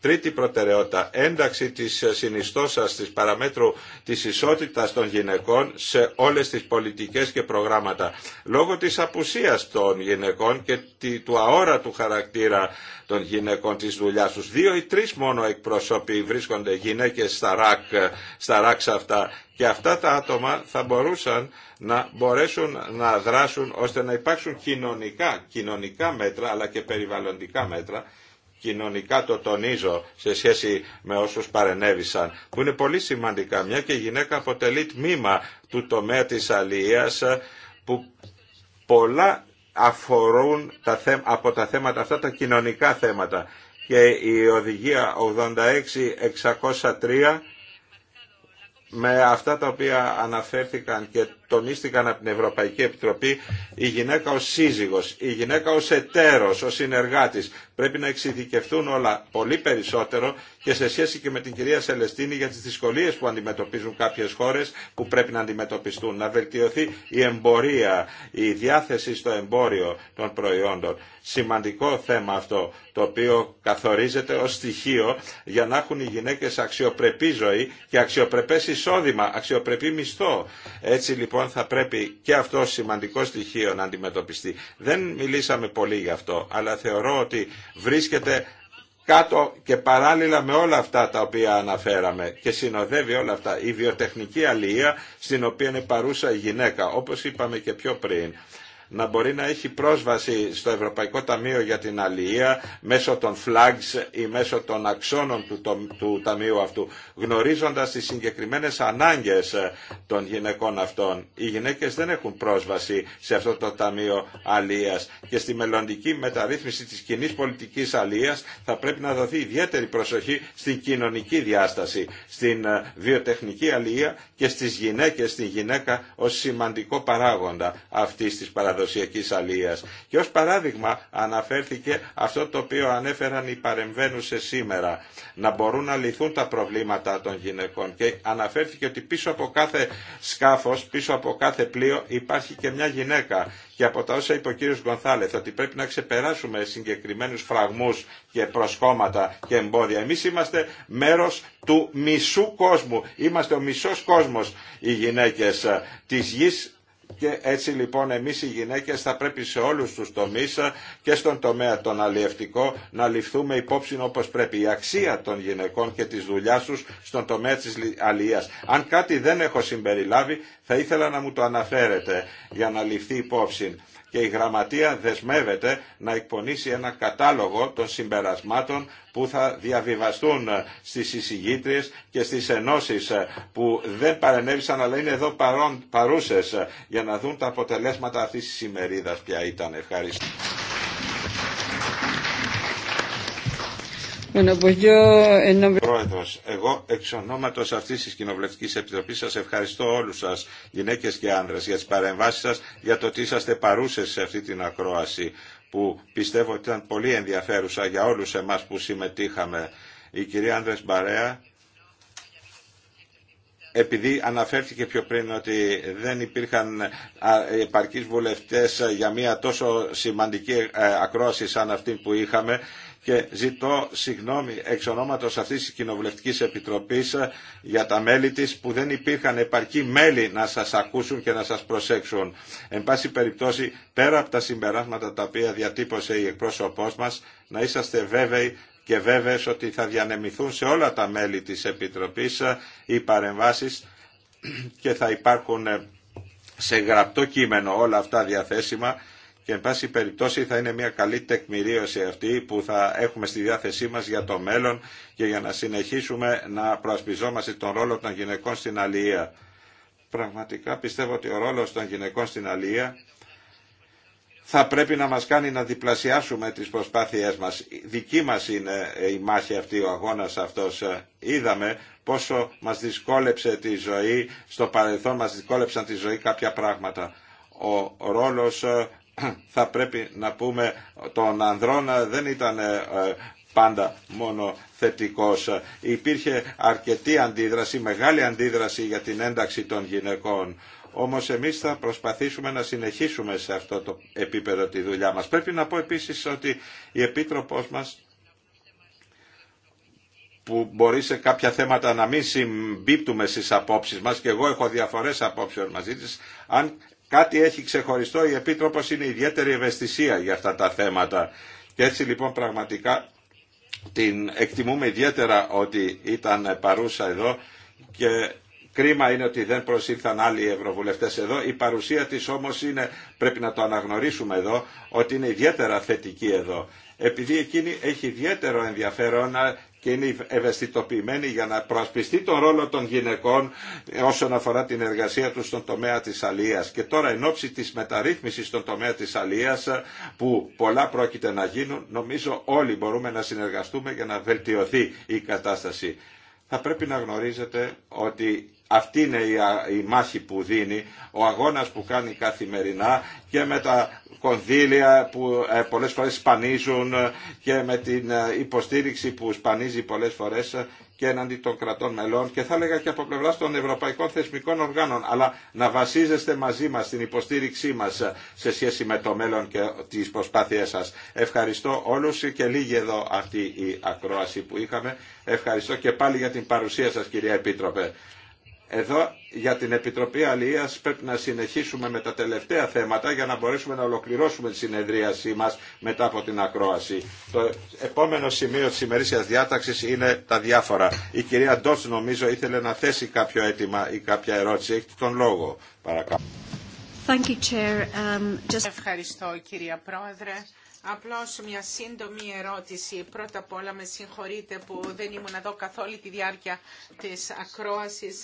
Τρίτη προτεραιότητα, ένταξη της συνιστώσας της παραμέτρου της ισότητας των γυναικών σε όλες τις πολιτικές και προγράμματα. Λόγω της απουσίας των γυναικών και του αόρατου χαρακτήρα των γυναικών της δουλειάς τους. Δύο ή τρεις μόνο εκπρόσωποι βρίσκονται γυναίκες στα ρακ, στα ρακ αυτά και αυτά τα άτομα θα μπορούσαν να μπορέσουν να δράσουν ώστε να υπάρξουν κοινωνικά, κοινωνικά μέτρα αλλά και περιβαλλοντικά μέτρα κοινωνικά το τονίζω σε σχέση με όσους παρενέβησαν, που είναι πολύ σημαντικά, μια και η γυναίκα αποτελεί τμήμα του τομέα της αλληλείας που πολλά αφορούν τα από τα θέματα αυτά τα κοινωνικά θέματα. Και η οδηγία 86 86-603 με αυτά τα οποία αναφέρθηκαν και τονίστηκαν από την Ευρωπαϊκή Επιτροπή η γυναίκα ως σύζυγος, η γυναίκα ως εταίρος, ως συνεργάτης. Πρέπει να εξειδικευτούν όλα πολύ περισσότερο και σε σχέση και με την κυρία Σελεστίνη για τις δυσκολίες που αντιμετωπίζουν κάποιες χώρες που πρέπει να αντιμετωπιστούν. Να βελτιωθεί η εμπορία, η διάθεση στο εμπόριο των προϊόντων. Σημαντικό θέμα αυτό το οποίο καθορίζεται ως στοιχείο για να έχουν οι γυναίκες αξιοπρεπή ζωή και αξιοπρεπές εισόδημα, αξιοπρεπή μισθό. Έτσι λοιπόν λοιπόν θα πρέπει και αυτό σημαντικό στοιχείο να αντιμετωπιστεί. Δεν μιλήσαμε πολύ γι' αυτό, αλλά θεωρώ ότι βρίσκεται κάτω και παράλληλα με όλα αυτά τα οποία αναφέραμε και συνοδεύει όλα αυτά η βιοτεχνική αλληλεία στην οποία είναι παρούσα η γυναίκα όπως είπαμε και πιο πριν να μπορεί να έχει πρόσβαση στο Ευρωπαϊκό Ταμείο για την Αλληλεία μέσω των flags ή μέσω των αξώνων του, Ταμείου αυτού, γνωρίζοντας τις συγκεκριμένες ανάγκες ε, των γυναικών αυτών. Οι γυναίκες δεν έχουν πρόσβαση σε αυτό το Ταμείο Αλληλείας και στη μελλοντική μεταρρύθμιση της κοινή πολιτικής Αλληλείας θα πρέπει να δοθεί ιδιαίτερη προσοχή στην κοινωνική διάσταση, στην ε, βιοτεχνική αλληλεία και στις γυναίκες, στην γυναίκα ως σημαντικό παράγοντα αυτής της παραδοσιακής αλίας. Και ως παράδειγμα αναφέρθηκε αυτό το οποίο ανέφεραν οι παρεμβαίνουσες σήμερα, να μπορούν να λυθούν τα προβλήματα των γυναικών. Και αναφέρθηκε ότι πίσω από κάθε σκάφος, πίσω από κάθε πλοίο υπάρχει και μια γυναίκα και από τα όσα είπε ο κύριος Γκονθάλεθ ότι πρέπει να ξεπεράσουμε συγκεκριμένους φραγμούς και προσκόμματα και εμπόδια. Εμείς είμαστε μέρος του μισού κόσμου, είμαστε ο μισός κόσμος οι γυναίκες ε, της γης και έτσι λοιπόν εμείς οι γυναίκες θα πρέπει σε όλους τους τομείς και στον τομέα τον αλλιευτικό να ληφθούμε υπόψη όπως πρέπει. Η αξία των γυναικών και της δουλειά τους στον τομέα της αλληλείας. Αν κάτι δεν έχω συμπεριλάβει θα ήθελα να μου το αναφέρετε για να ληφθεί υπόψη και η Γραμματεία δεσμεύεται να εκπονήσει ένα κατάλογο των συμπερασμάτων που θα διαβιβαστούν στις εισηγήτριες και στις ενώσεις που δεν παρενέβησαν αλλά είναι εδώ παρόν, παρούσες για να δουν τα αποτελέσματα αυτής της ημερίδας ποια ήταν. Ευχαριστώ. Πρόεδρος, εγώ εξ ονόματος αυτής της Κοινοβουλευτικής Επιτροπής σας ευχαριστώ όλους σας, γυναίκες και άνδρες, για τις παρεμβάσεις σας, για το ότι είσαστε παρούσες σε αυτή την ακρόαση που πιστεύω ότι ήταν πολύ ενδιαφέρουσα για όλους εμάς που συμμετείχαμε. Η κυρία Άνδρες Μπαρέα, επειδή αναφέρθηκε πιο πριν ότι δεν υπήρχαν επαρκείς βουλευτές για μια τόσο σημαντική ε, ακρόαση σαν αυτή που είχαμε, και ζητώ συγγνώμη εξ ονόματος αυτής της Κοινοβουλευτικής Επιτροπής για τα μέλη της που δεν υπήρχαν επαρκή μέλη να σας ακούσουν και να σας προσέξουν. Εν πάση περιπτώσει, πέρα από τα συμπεράσματα τα οποία διατύπωσε η εκπρόσωπός μας, να είσαστε βέβαιοι και βέβαιες ότι θα διανεμηθούν σε όλα τα μέλη της Επιτροπής ε, οι παρεμβάσεις και θα υπάρχουν ε, σε γραπτό κείμενο όλα αυτά διαθέσιμα και εν πάση περιπτώσει θα είναι μια καλή τεκμηρίωση αυτή που θα έχουμε στη διάθεσή μας για το μέλλον και για να συνεχίσουμε να προασπιζόμαστε τον ρόλο των γυναικών στην αλληλεία. Πραγματικά πιστεύω ότι ο ρόλος των γυναικών στην αλληλεία θα πρέπει να μας κάνει να διπλασιάσουμε τις προσπάθειές μας. Δική μας είναι η μάχη αυτή, ο αγώνας αυτός. Είδαμε πόσο μας δυσκόλεψε τη ζωή, στο παρελθόν μας δυσκόλεψαν τη ζωή κάποια πράγματα. Ο ρόλος θα πρέπει να πούμε τον ανδρόνα δεν ήταν ε, πάντα μόνο θετικός. Υπήρχε αρκετή αντίδραση, μεγάλη αντίδραση για την ένταξη των γυναικών. Όμως εμείς θα προσπαθήσουμε να συνεχίσουμε σε αυτό το επίπεδο τη δουλειά μας. Πρέπει να πω επίσης ότι η Επίτροπός μας που μπορεί σε κάποια θέματα να μην συμπίπτουμε στις απόψεις μας και εγώ έχω διαφορές απόψεων μαζί της, αν κάτι έχει ξεχωριστό, η Επίτροπος είναι ιδιαίτερη ευαισθησία για αυτά τα θέματα. Και έτσι λοιπόν πραγματικά την εκτιμούμε ιδιαίτερα ότι ήταν παρούσα εδώ και Κρίμα είναι ότι δεν προσήλθαν άλλοι ευρωβουλευτές εδώ. Η παρουσία της όμως είναι, πρέπει να το αναγνωρίσουμε εδώ, ότι είναι ιδιαίτερα θετική εδώ. Επειδή εκείνη έχει ιδιαίτερο ενδιαφέρον και είναι ευαισθητοποιημένη για να προασπιστεί τον ρόλο των γυναικών όσον αφορά την εργασία τους στον τομέα της αλίας. Και τώρα εν ώψη της μεταρρύθμισης στον τομέα της αλίας που πολλά πρόκειται να γίνουν, νομίζω όλοι μπορούμε να συνεργαστούμε για να βελτιωθεί η κατάσταση. Θα πρέπει να γνωρίζετε ότι αυτή είναι η μάχη που δίνει, ο αγώνας που κάνει καθημερινά και με τα κονδύλια που ε, πολλές φορές σπανίζουν και με την ε, υποστήριξη που σπανίζει πολλές φορές και έναντι των κρατών μελών και θα έλεγα και από πλευρά των ευρωπαϊκών θεσμικών οργάνων. Αλλά να βασίζεστε μαζί μας στην υποστήριξή μας σε σχέση με το μέλλον και τις προσπάθειές σας. Ευχαριστώ όλους και λίγη εδώ αυτή η ακρόαση που είχαμε. Ευχαριστώ και πάλι για την παρουσία σας κυρία Επίτροπε. Εδώ για την Επιτροπή Αλληλείας πρέπει να συνεχίσουμε με τα τελευταία θέματα για να μπορέσουμε να ολοκληρώσουμε τη συνεδρίασή μας μετά από την ακρόαση. Το επόμενο σημείο της ημερήσιας διάταξης είναι τα διάφορα. Η κυρία Ντότς νομίζω ήθελε να θέσει κάποιο αίτημα ή κάποια ερώτηση. Έχετε τον λόγο παρακαλώ. Thank you, Chair. Um, just... Ευχαριστώ κυρία Πρόεδρε. Απλώς μια σύντομη ερώτηση. Πρώτα απ' όλα με συγχωρείτε που δεν ήμουν εδώ καθ' όλη τη διάρκεια της ακρόασης,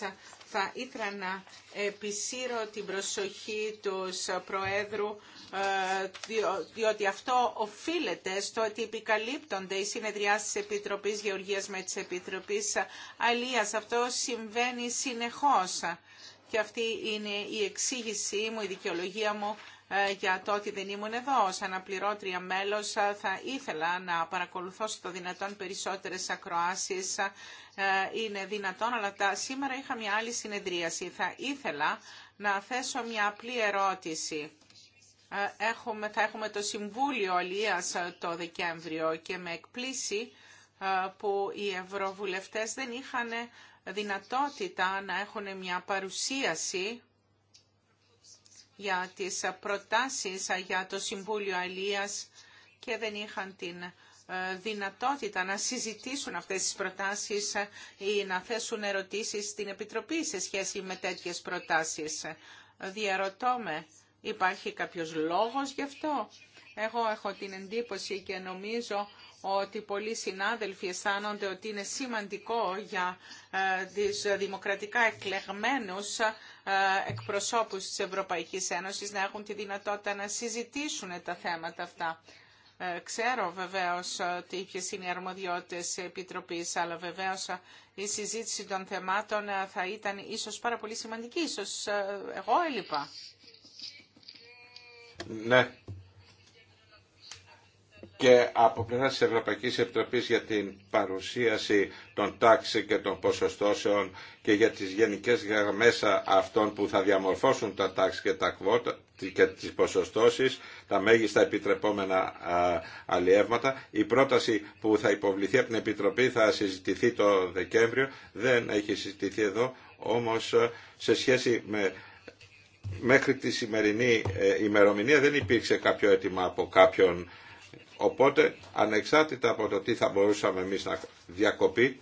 θα ήθελα να επισύρω την προσοχή του ε, Προέδρου ε, διότι αυτό οφείλεται στο ότι επικαλύπτονται οι συνεδριάσεις της Επιτροπής Γεωργίας με τις Επιτροπής Αλίας. Αυτό συμβαίνει συνεχώς και αυτή είναι η εξήγησή μου, η δικαιολογία μου ε, για το ότι δεν ήμουν εδώ. Ως αναπληρώτρια μέλος θα ήθελα να παρακολουθώ στο δυνατόν περισσότερες ακροάσεις ε, είναι δυνατόν, αλλά τα σήμερα είχα μια άλλη συνεδρίαση. Θα ήθελα να θέσω μια απλή ερώτηση. Ε, έχουμε, θα έχουμε το Συμβούλιο Αλίας ε, το Δεκέμβριο και με εκπλήσει που οι ευρωβουλευτές δεν είχαν δυνατότητα να έχουν μια παρουσίαση για τις προτάσεις για το Συμβούλιο Αλίας και δεν είχαν την ε, δυνατότητα να συζητήσουν αυτές τις προτάσεις ε, ή να θέσουν ερωτήσεις στην Επιτροπή σε σχέση με τέτοιες προτάσεις. Διαρωτώ με, υπάρχει κάποιος λόγος γι' αυτό. Εγώ έχω την εντύπωση και νομίζω ότι πολλοί συνάδελφοι αισθάνονται ότι είναι σημαντικό για ε, τις δημοκρατικά εκλεγμένους ε, εκπροσώπους της Ευρωπαϊκής Ένωσης να έχουν τη δυνατότητα να συζητήσουν τα θέματα αυτά. Ε, ξέρω βεβαίως ότι ε, ποιες είναι οι αρμοδιότητες της Επιτροπής, αλλά βεβαίως ε, η συζήτηση των θεμάτων θα ήταν ίσως πάρα πολύ σημαντική. Ίσως εγώ έλειπα. Ναι, και από πλευρά τη Ευρωπαϊκή Επιτροπή για την παρουσίαση των τάξη και των ποσοστώσεων και για τις γενικές γραμμές αυτών που θα διαμορφώσουν τα τάξη και τα κβότα και τις ποσοστώσεις, τα μέγιστα επιτρεπόμενα αλλιεύματα. Η πρόταση που θα υποβληθεί από την Επιτροπή θα συζητηθεί το Δεκέμβριο, δεν έχει συζητηθεί εδώ, όμως σε σχέση με μέχρι τη σημερινή ε, ημερομηνία δεν υπήρξε κάποιο αίτημα από κάποιον Οπότε, ανεξάρτητα από το τι θα μπορούσαμε εμείς να διακοπεί,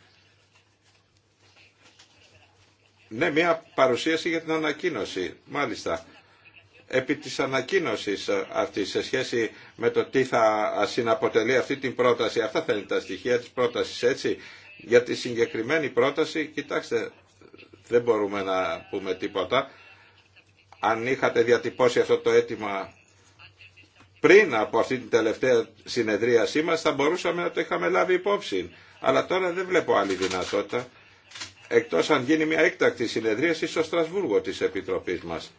ναι, μια παρουσίαση για την ανακοίνωση, μάλιστα. Επί της ανακοίνωσης ε, αυτής, σε σχέση με το τι θα συναποτελεί αυτή την πρόταση, αυτά θα είναι τα στοιχεία της πρότασης, έτσι. Για τη συγκεκριμένη πρόταση, κοιτάξτε, δεν μπορούμε να πούμε τίποτα. Αν είχατε διατυπώσει αυτό το αίτημα πριν από αυτήν την τελευταία συνεδρίασή μας θα μπορούσαμε να το είχαμε λάβει υπόψη. Αλλά τώρα δεν βλέπω άλλη δυνατότητα, εκτός αν γίνει μια έκτακτη συνεδρίαση στο Στρασβούργο της Επιτροπής μας.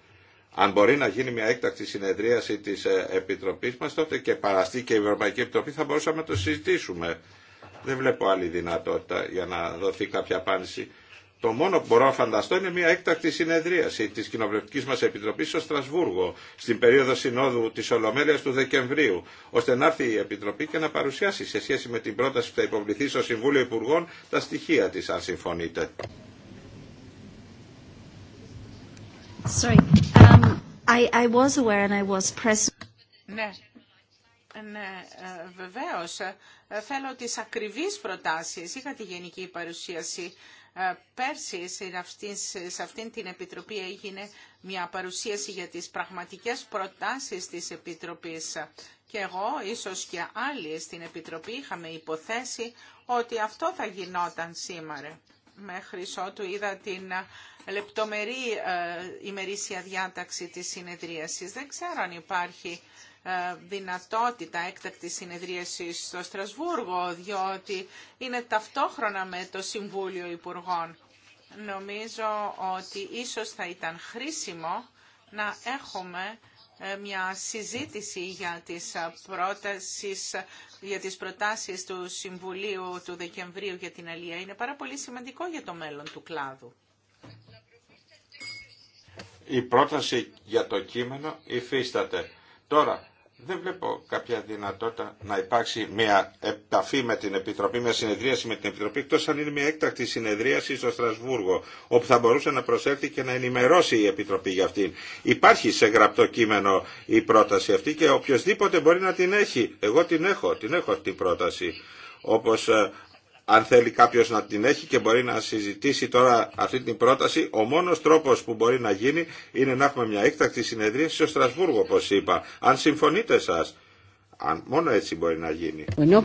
Αν μπορεί να γίνει μια έκτακτη συνεδρίαση της ε, Επιτροπής μας, τότε και παραστεί και η Ευρωπαϊκή Επιτροπή θα μπορούσαμε να το συζητήσουμε. Δεν βλέπω άλλη δυνατότητα για να δοθεί κάποια απάντηση. Το μόνο που μπορώ να φανταστώ είναι μια έκτακτη συνεδρίαση τη κοινοβουλευτική μα επιτροπή στο Στρασβούργο, στην περίοδο συνόδου τη Ολομέλεια του Δεκεμβρίου, ώστε να έρθει η Επιτροπή και να παρουσιάσει σε σχέση με την πρόταση που θα υποβληθεί στο Συμβούλιο Υπουργών τα στοιχεία τη, αν συμφωνείτε. Sorry. Um, I, I was aware and I was Ναι, ναι, ε, ε, Θέλω τι ακριβεί προτάσει Είχα τη γενική παρουσίαση ε, πέρσι σε αυτήν την Επιτροπή έγινε μια παρουσίαση για τις πραγματικές προτάσεις της Επιτροπής και εγώ, ίσως και άλλοι στην Επιτροπή, είχαμε υποθέσει ότι αυτό θα γινόταν σήμερα. Μέχρι ότου είδα την ε, λεπτομερή ε, ημερήσια διάταξη της συνεδρίασης. Δεν ξέρω αν υπάρχει ε, δυνατότητα έκτακτης συνεδρίασης στο Στρασβούργο, διότι είναι ταυτόχρονα με το Συμβούλιο Υπουργών. Νομίζω ότι ίσως θα ήταν χρήσιμο να έχουμε ε, μια συζήτηση για τις, ε, πρότασεις, για τις προτάσεις του Συμβουλίου του Δεκεμβρίου για την Αλία. Είναι πάρα πολύ σημαντικό για το μέλλον του κλάδου. Η πρόταση για το κείμενο υφίσταται. Τώρα, δεν βλέπω κάποια δυνατότητα να υπάρξει μια επαφή με την Επιτροπή, μια συνεδρίαση με την Επιτροπή, εκτό αν είναι μια έκτακτη συνεδρίαση στο Στρασβούργο, όπου θα μπορούσε να προσέλθει και να ενημερώσει η Επιτροπή για αυτήν. Υπάρχει σε γραπτό κείμενο η πρόταση αυτή και οποιοδήποτε μπορεί να την έχει. Εγώ την έχω, την έχω αυτή την πρόταση όπως ε, αν θέλει κάποιος να την έχει και μπορεί να συζητήσει τώρα αυτή την πρόταση, ο μόνος τρόπος που μπορεί να γίνει είναι να έχουμε μια έκτακτη συνεδρία στο Στρασβούργο, όπως είπα. Αν συμφωνείτε σας. Αν, μόνο έτσι μπορεί να γίνει. Bueno,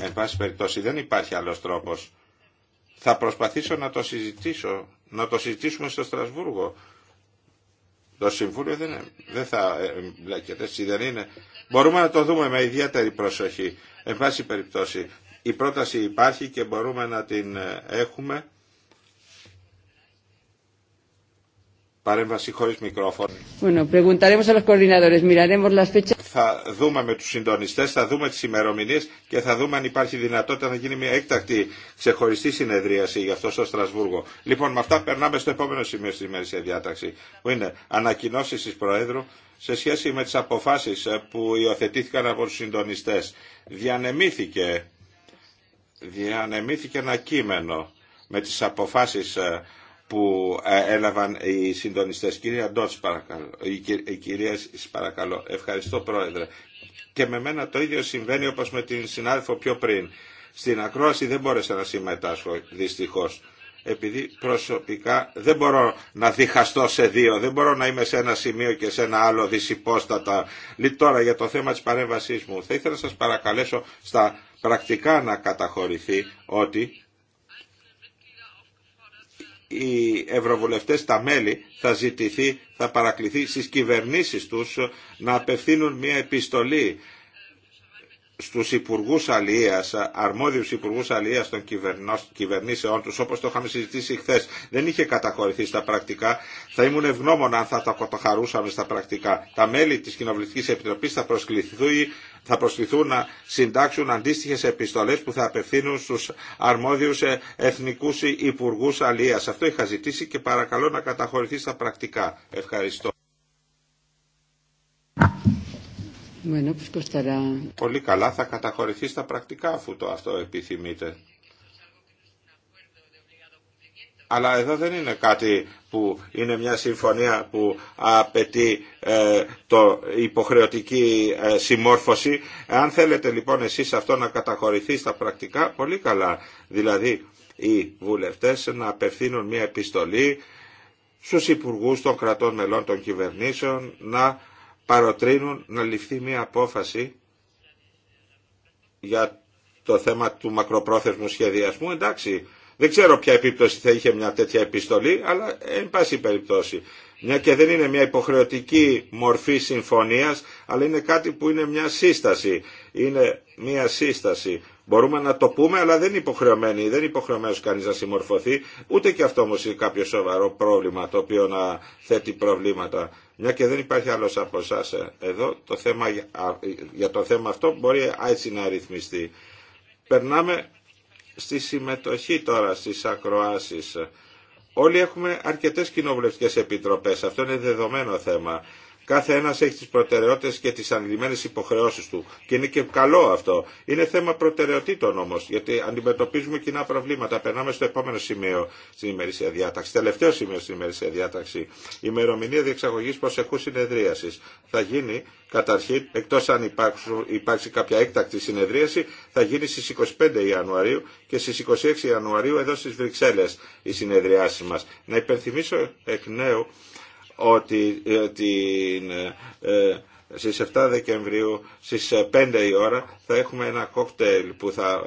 Εν πάση περιπτώσει δεν υπάρχει άλλος τρόπος. Θα προσπαθήσω να το συζητήσω, να το συζητήσουμε στο Στρασβούργο. Το Συμβούλιο δεν, δεν θα ε, εμπλέκεται, έτσι δεν είναι. Μπορούμε να το δούμε με ιδιαίτερη προσοχή. Εν πάση περιπτώσει, η πρόταση υπάρχει και μπορούμε να την ε, έχουμε. Παρέμβαση χωρίς μικρόφωνο. Θα δούμε με τους συντονιστές, θα δούμε τις ημερομηνίες και θα δούμε αν υπάρχει δυνατότητα να γίνει μια έκτακτη ξεχωριστή συνεδρίαση γι' αυτό στο Στρασβούργο. Λοιπόν, με αυτά περνάμε στο επόμενο σημείο στη μέση διάταξη, που είναι ανακοινώσει της Προέδρου σε σχέση με τις αποφάσεις ε, που υιοθετήθηκαν από τους συντονιστές. Διανεμήθηκε διανεμήθηκε ένα κείμενο με τις αποφάσεις ε, που ε, έλαβαν οι συντονιστές. Κυρία Ντότς, παρακαλώ. οι κυρίες παρακαλώ. Ευχαριστώ, Πρόεδρε. Και με μένα το ίδιο συμβαίνει όπως με την συνάδελφο πιο πριν. Στην ακρόαση δεν μπόρεσα να συμμετάσχω, δυστυχώς επειδή προσωπικά δεν μπορώ να διχαστώ σε δύο, δεν μπορώ να είμαι σε ένα σημείο και σε ένα άλλο δυσυπόστατα. Λοιπόν, τώρα για το θέμα της παρέμβασής μου, θα ήθελα να σας παρακαλέσω στα πρακτικά να καταχωρηθεί ότι οι ευρωβουλευτές, τα μέλη, θα ζητηθεί, θα παρακληθεί στις κυβερνήσεις τους να απευθύνουν μια επιστολή στους υπουργούς αλίας, αρμόδιους υπουργούς αλίας των κυβερνήσεών τους, όπως το είχαμε συζητήσει χθε, δεν είχε καταχωρηθεί στα πρακτικά. Θα ήμουν ευγνώμων αν θα τα κοτοχαρούσαμε στα πρακτικά. Τα μέλη της Κοινοβουλευτικής Επιτροπής θα προσκληθούν θα προσκληθούν να συντάξουν αντίστοιχε επιστολέ που θα απευθύνουν στου αρμόδιου ε, εθνικού υπουργού αλεία. Αυτό είχα ζητήσει και παρακαλώ να καταχωρηθεί στα πρακτικά. Ευχαριστώ. Πολύ καλά θα καταχωρηθεί στα πρακτικά αφού το αυτό επιθυμείτε. Αλλά εδώ δεν είναι κάτι που είναι μια συμφωνία που απαιτεί ε, το υποχρεωτική ε, συμμόρφωση. Αν θέλετε λοιπόν εσείς αυτό να καταχωρηθεί στα πρακτικά, πολύ καλά. Δηλαδή οι βουλευτές να απευθύνουν μια επιστολή στους υπουργούς των κρατών μελών των κυβερνήσεων να παροτρύνουν να ληφθεί μια απόφαση για το θέμα του μακροπρόθεσμου σχεδιασμού. Εντάξει, δεν ξέρω ποια επίπτωση θα είχε μια τέτοια επιστολή, αλλά εν πάση περιπτώσει. Μια και δεν είναι μια υποχρεωτική μορφή συμφωνίας, αλλά είναι κάτι που είναι μια σύσταση. Είναι μια σύσταση. Μπορούμε να το πούμε, αλλά δεν είναι υποχρεωμένοι, δεν υποχρεωμένος κανείς να συμμορφωθεί. Ούτε και αυτό όμως είναι κάποιο σοβαρό πρόβλημα, το οποίο να θέτει προβλήματα. Μια και δεν υπάρχει άλλος από εσά ε, εδώ, το θέμα, για το θέμα αυτό μπορεί έτσι να ρυθμιστεί. Περνάμε στη συμμετοχή τώρα στις ακροάσεις. Όλοι έχουμε αρκετές κοινοβουλευτικές επιτροπές, αυτό είναι δεδομένο θέμα. Κάθε ένας έχει τις προτεραιότητες και τις αντιλημμένες υποχρεώσεις του. Και είναι και καλό αυτό. Είναι θέμα προτεραιοτήτων όμως, γιατί αντιμετωπίζουμε κοινά προβλήματα. Περνάμε στο επόμενο σημείο στην ημερήσια διάταξη. Τελευταίο σημείο στην ημερήσια διάταξη. Η ημερομηνία διεξαγωγής προσεχού συνεδρίασης θα γίνει καταρχήν, εκτός αν υπάρξουν, υπάρξει κάποια έκτακτη συνεδρίαση, θα γίνει στις 25 Ιανουαρίου και στις 26 Ιανουαρίου εδώ στις Βρυξέλλες οι συνεδριάσεις μας. Να υπενθυμίσω εκ νέου ότι ε, την, ε, ε, στις 7 Δεκεμβρίου στις 5 η ώρα θα έχουμε ένα κόκτελ που θα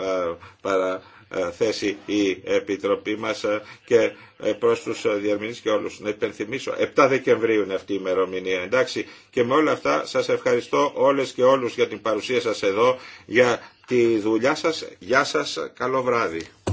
παραθέσει η Επιτροπή μας και προς τους διερμηνείς και όλους. Να υπενθυμίσω, 7 Δεκεμβρίου είναι αυτή η ημερομηνία, εντάξει. Και με όλα αυτά σας ευχαριστώ όλες και όλους για την παρουσία σας εδώ, για τη δουλειά σας. Γεια σας, καλό βράδυ.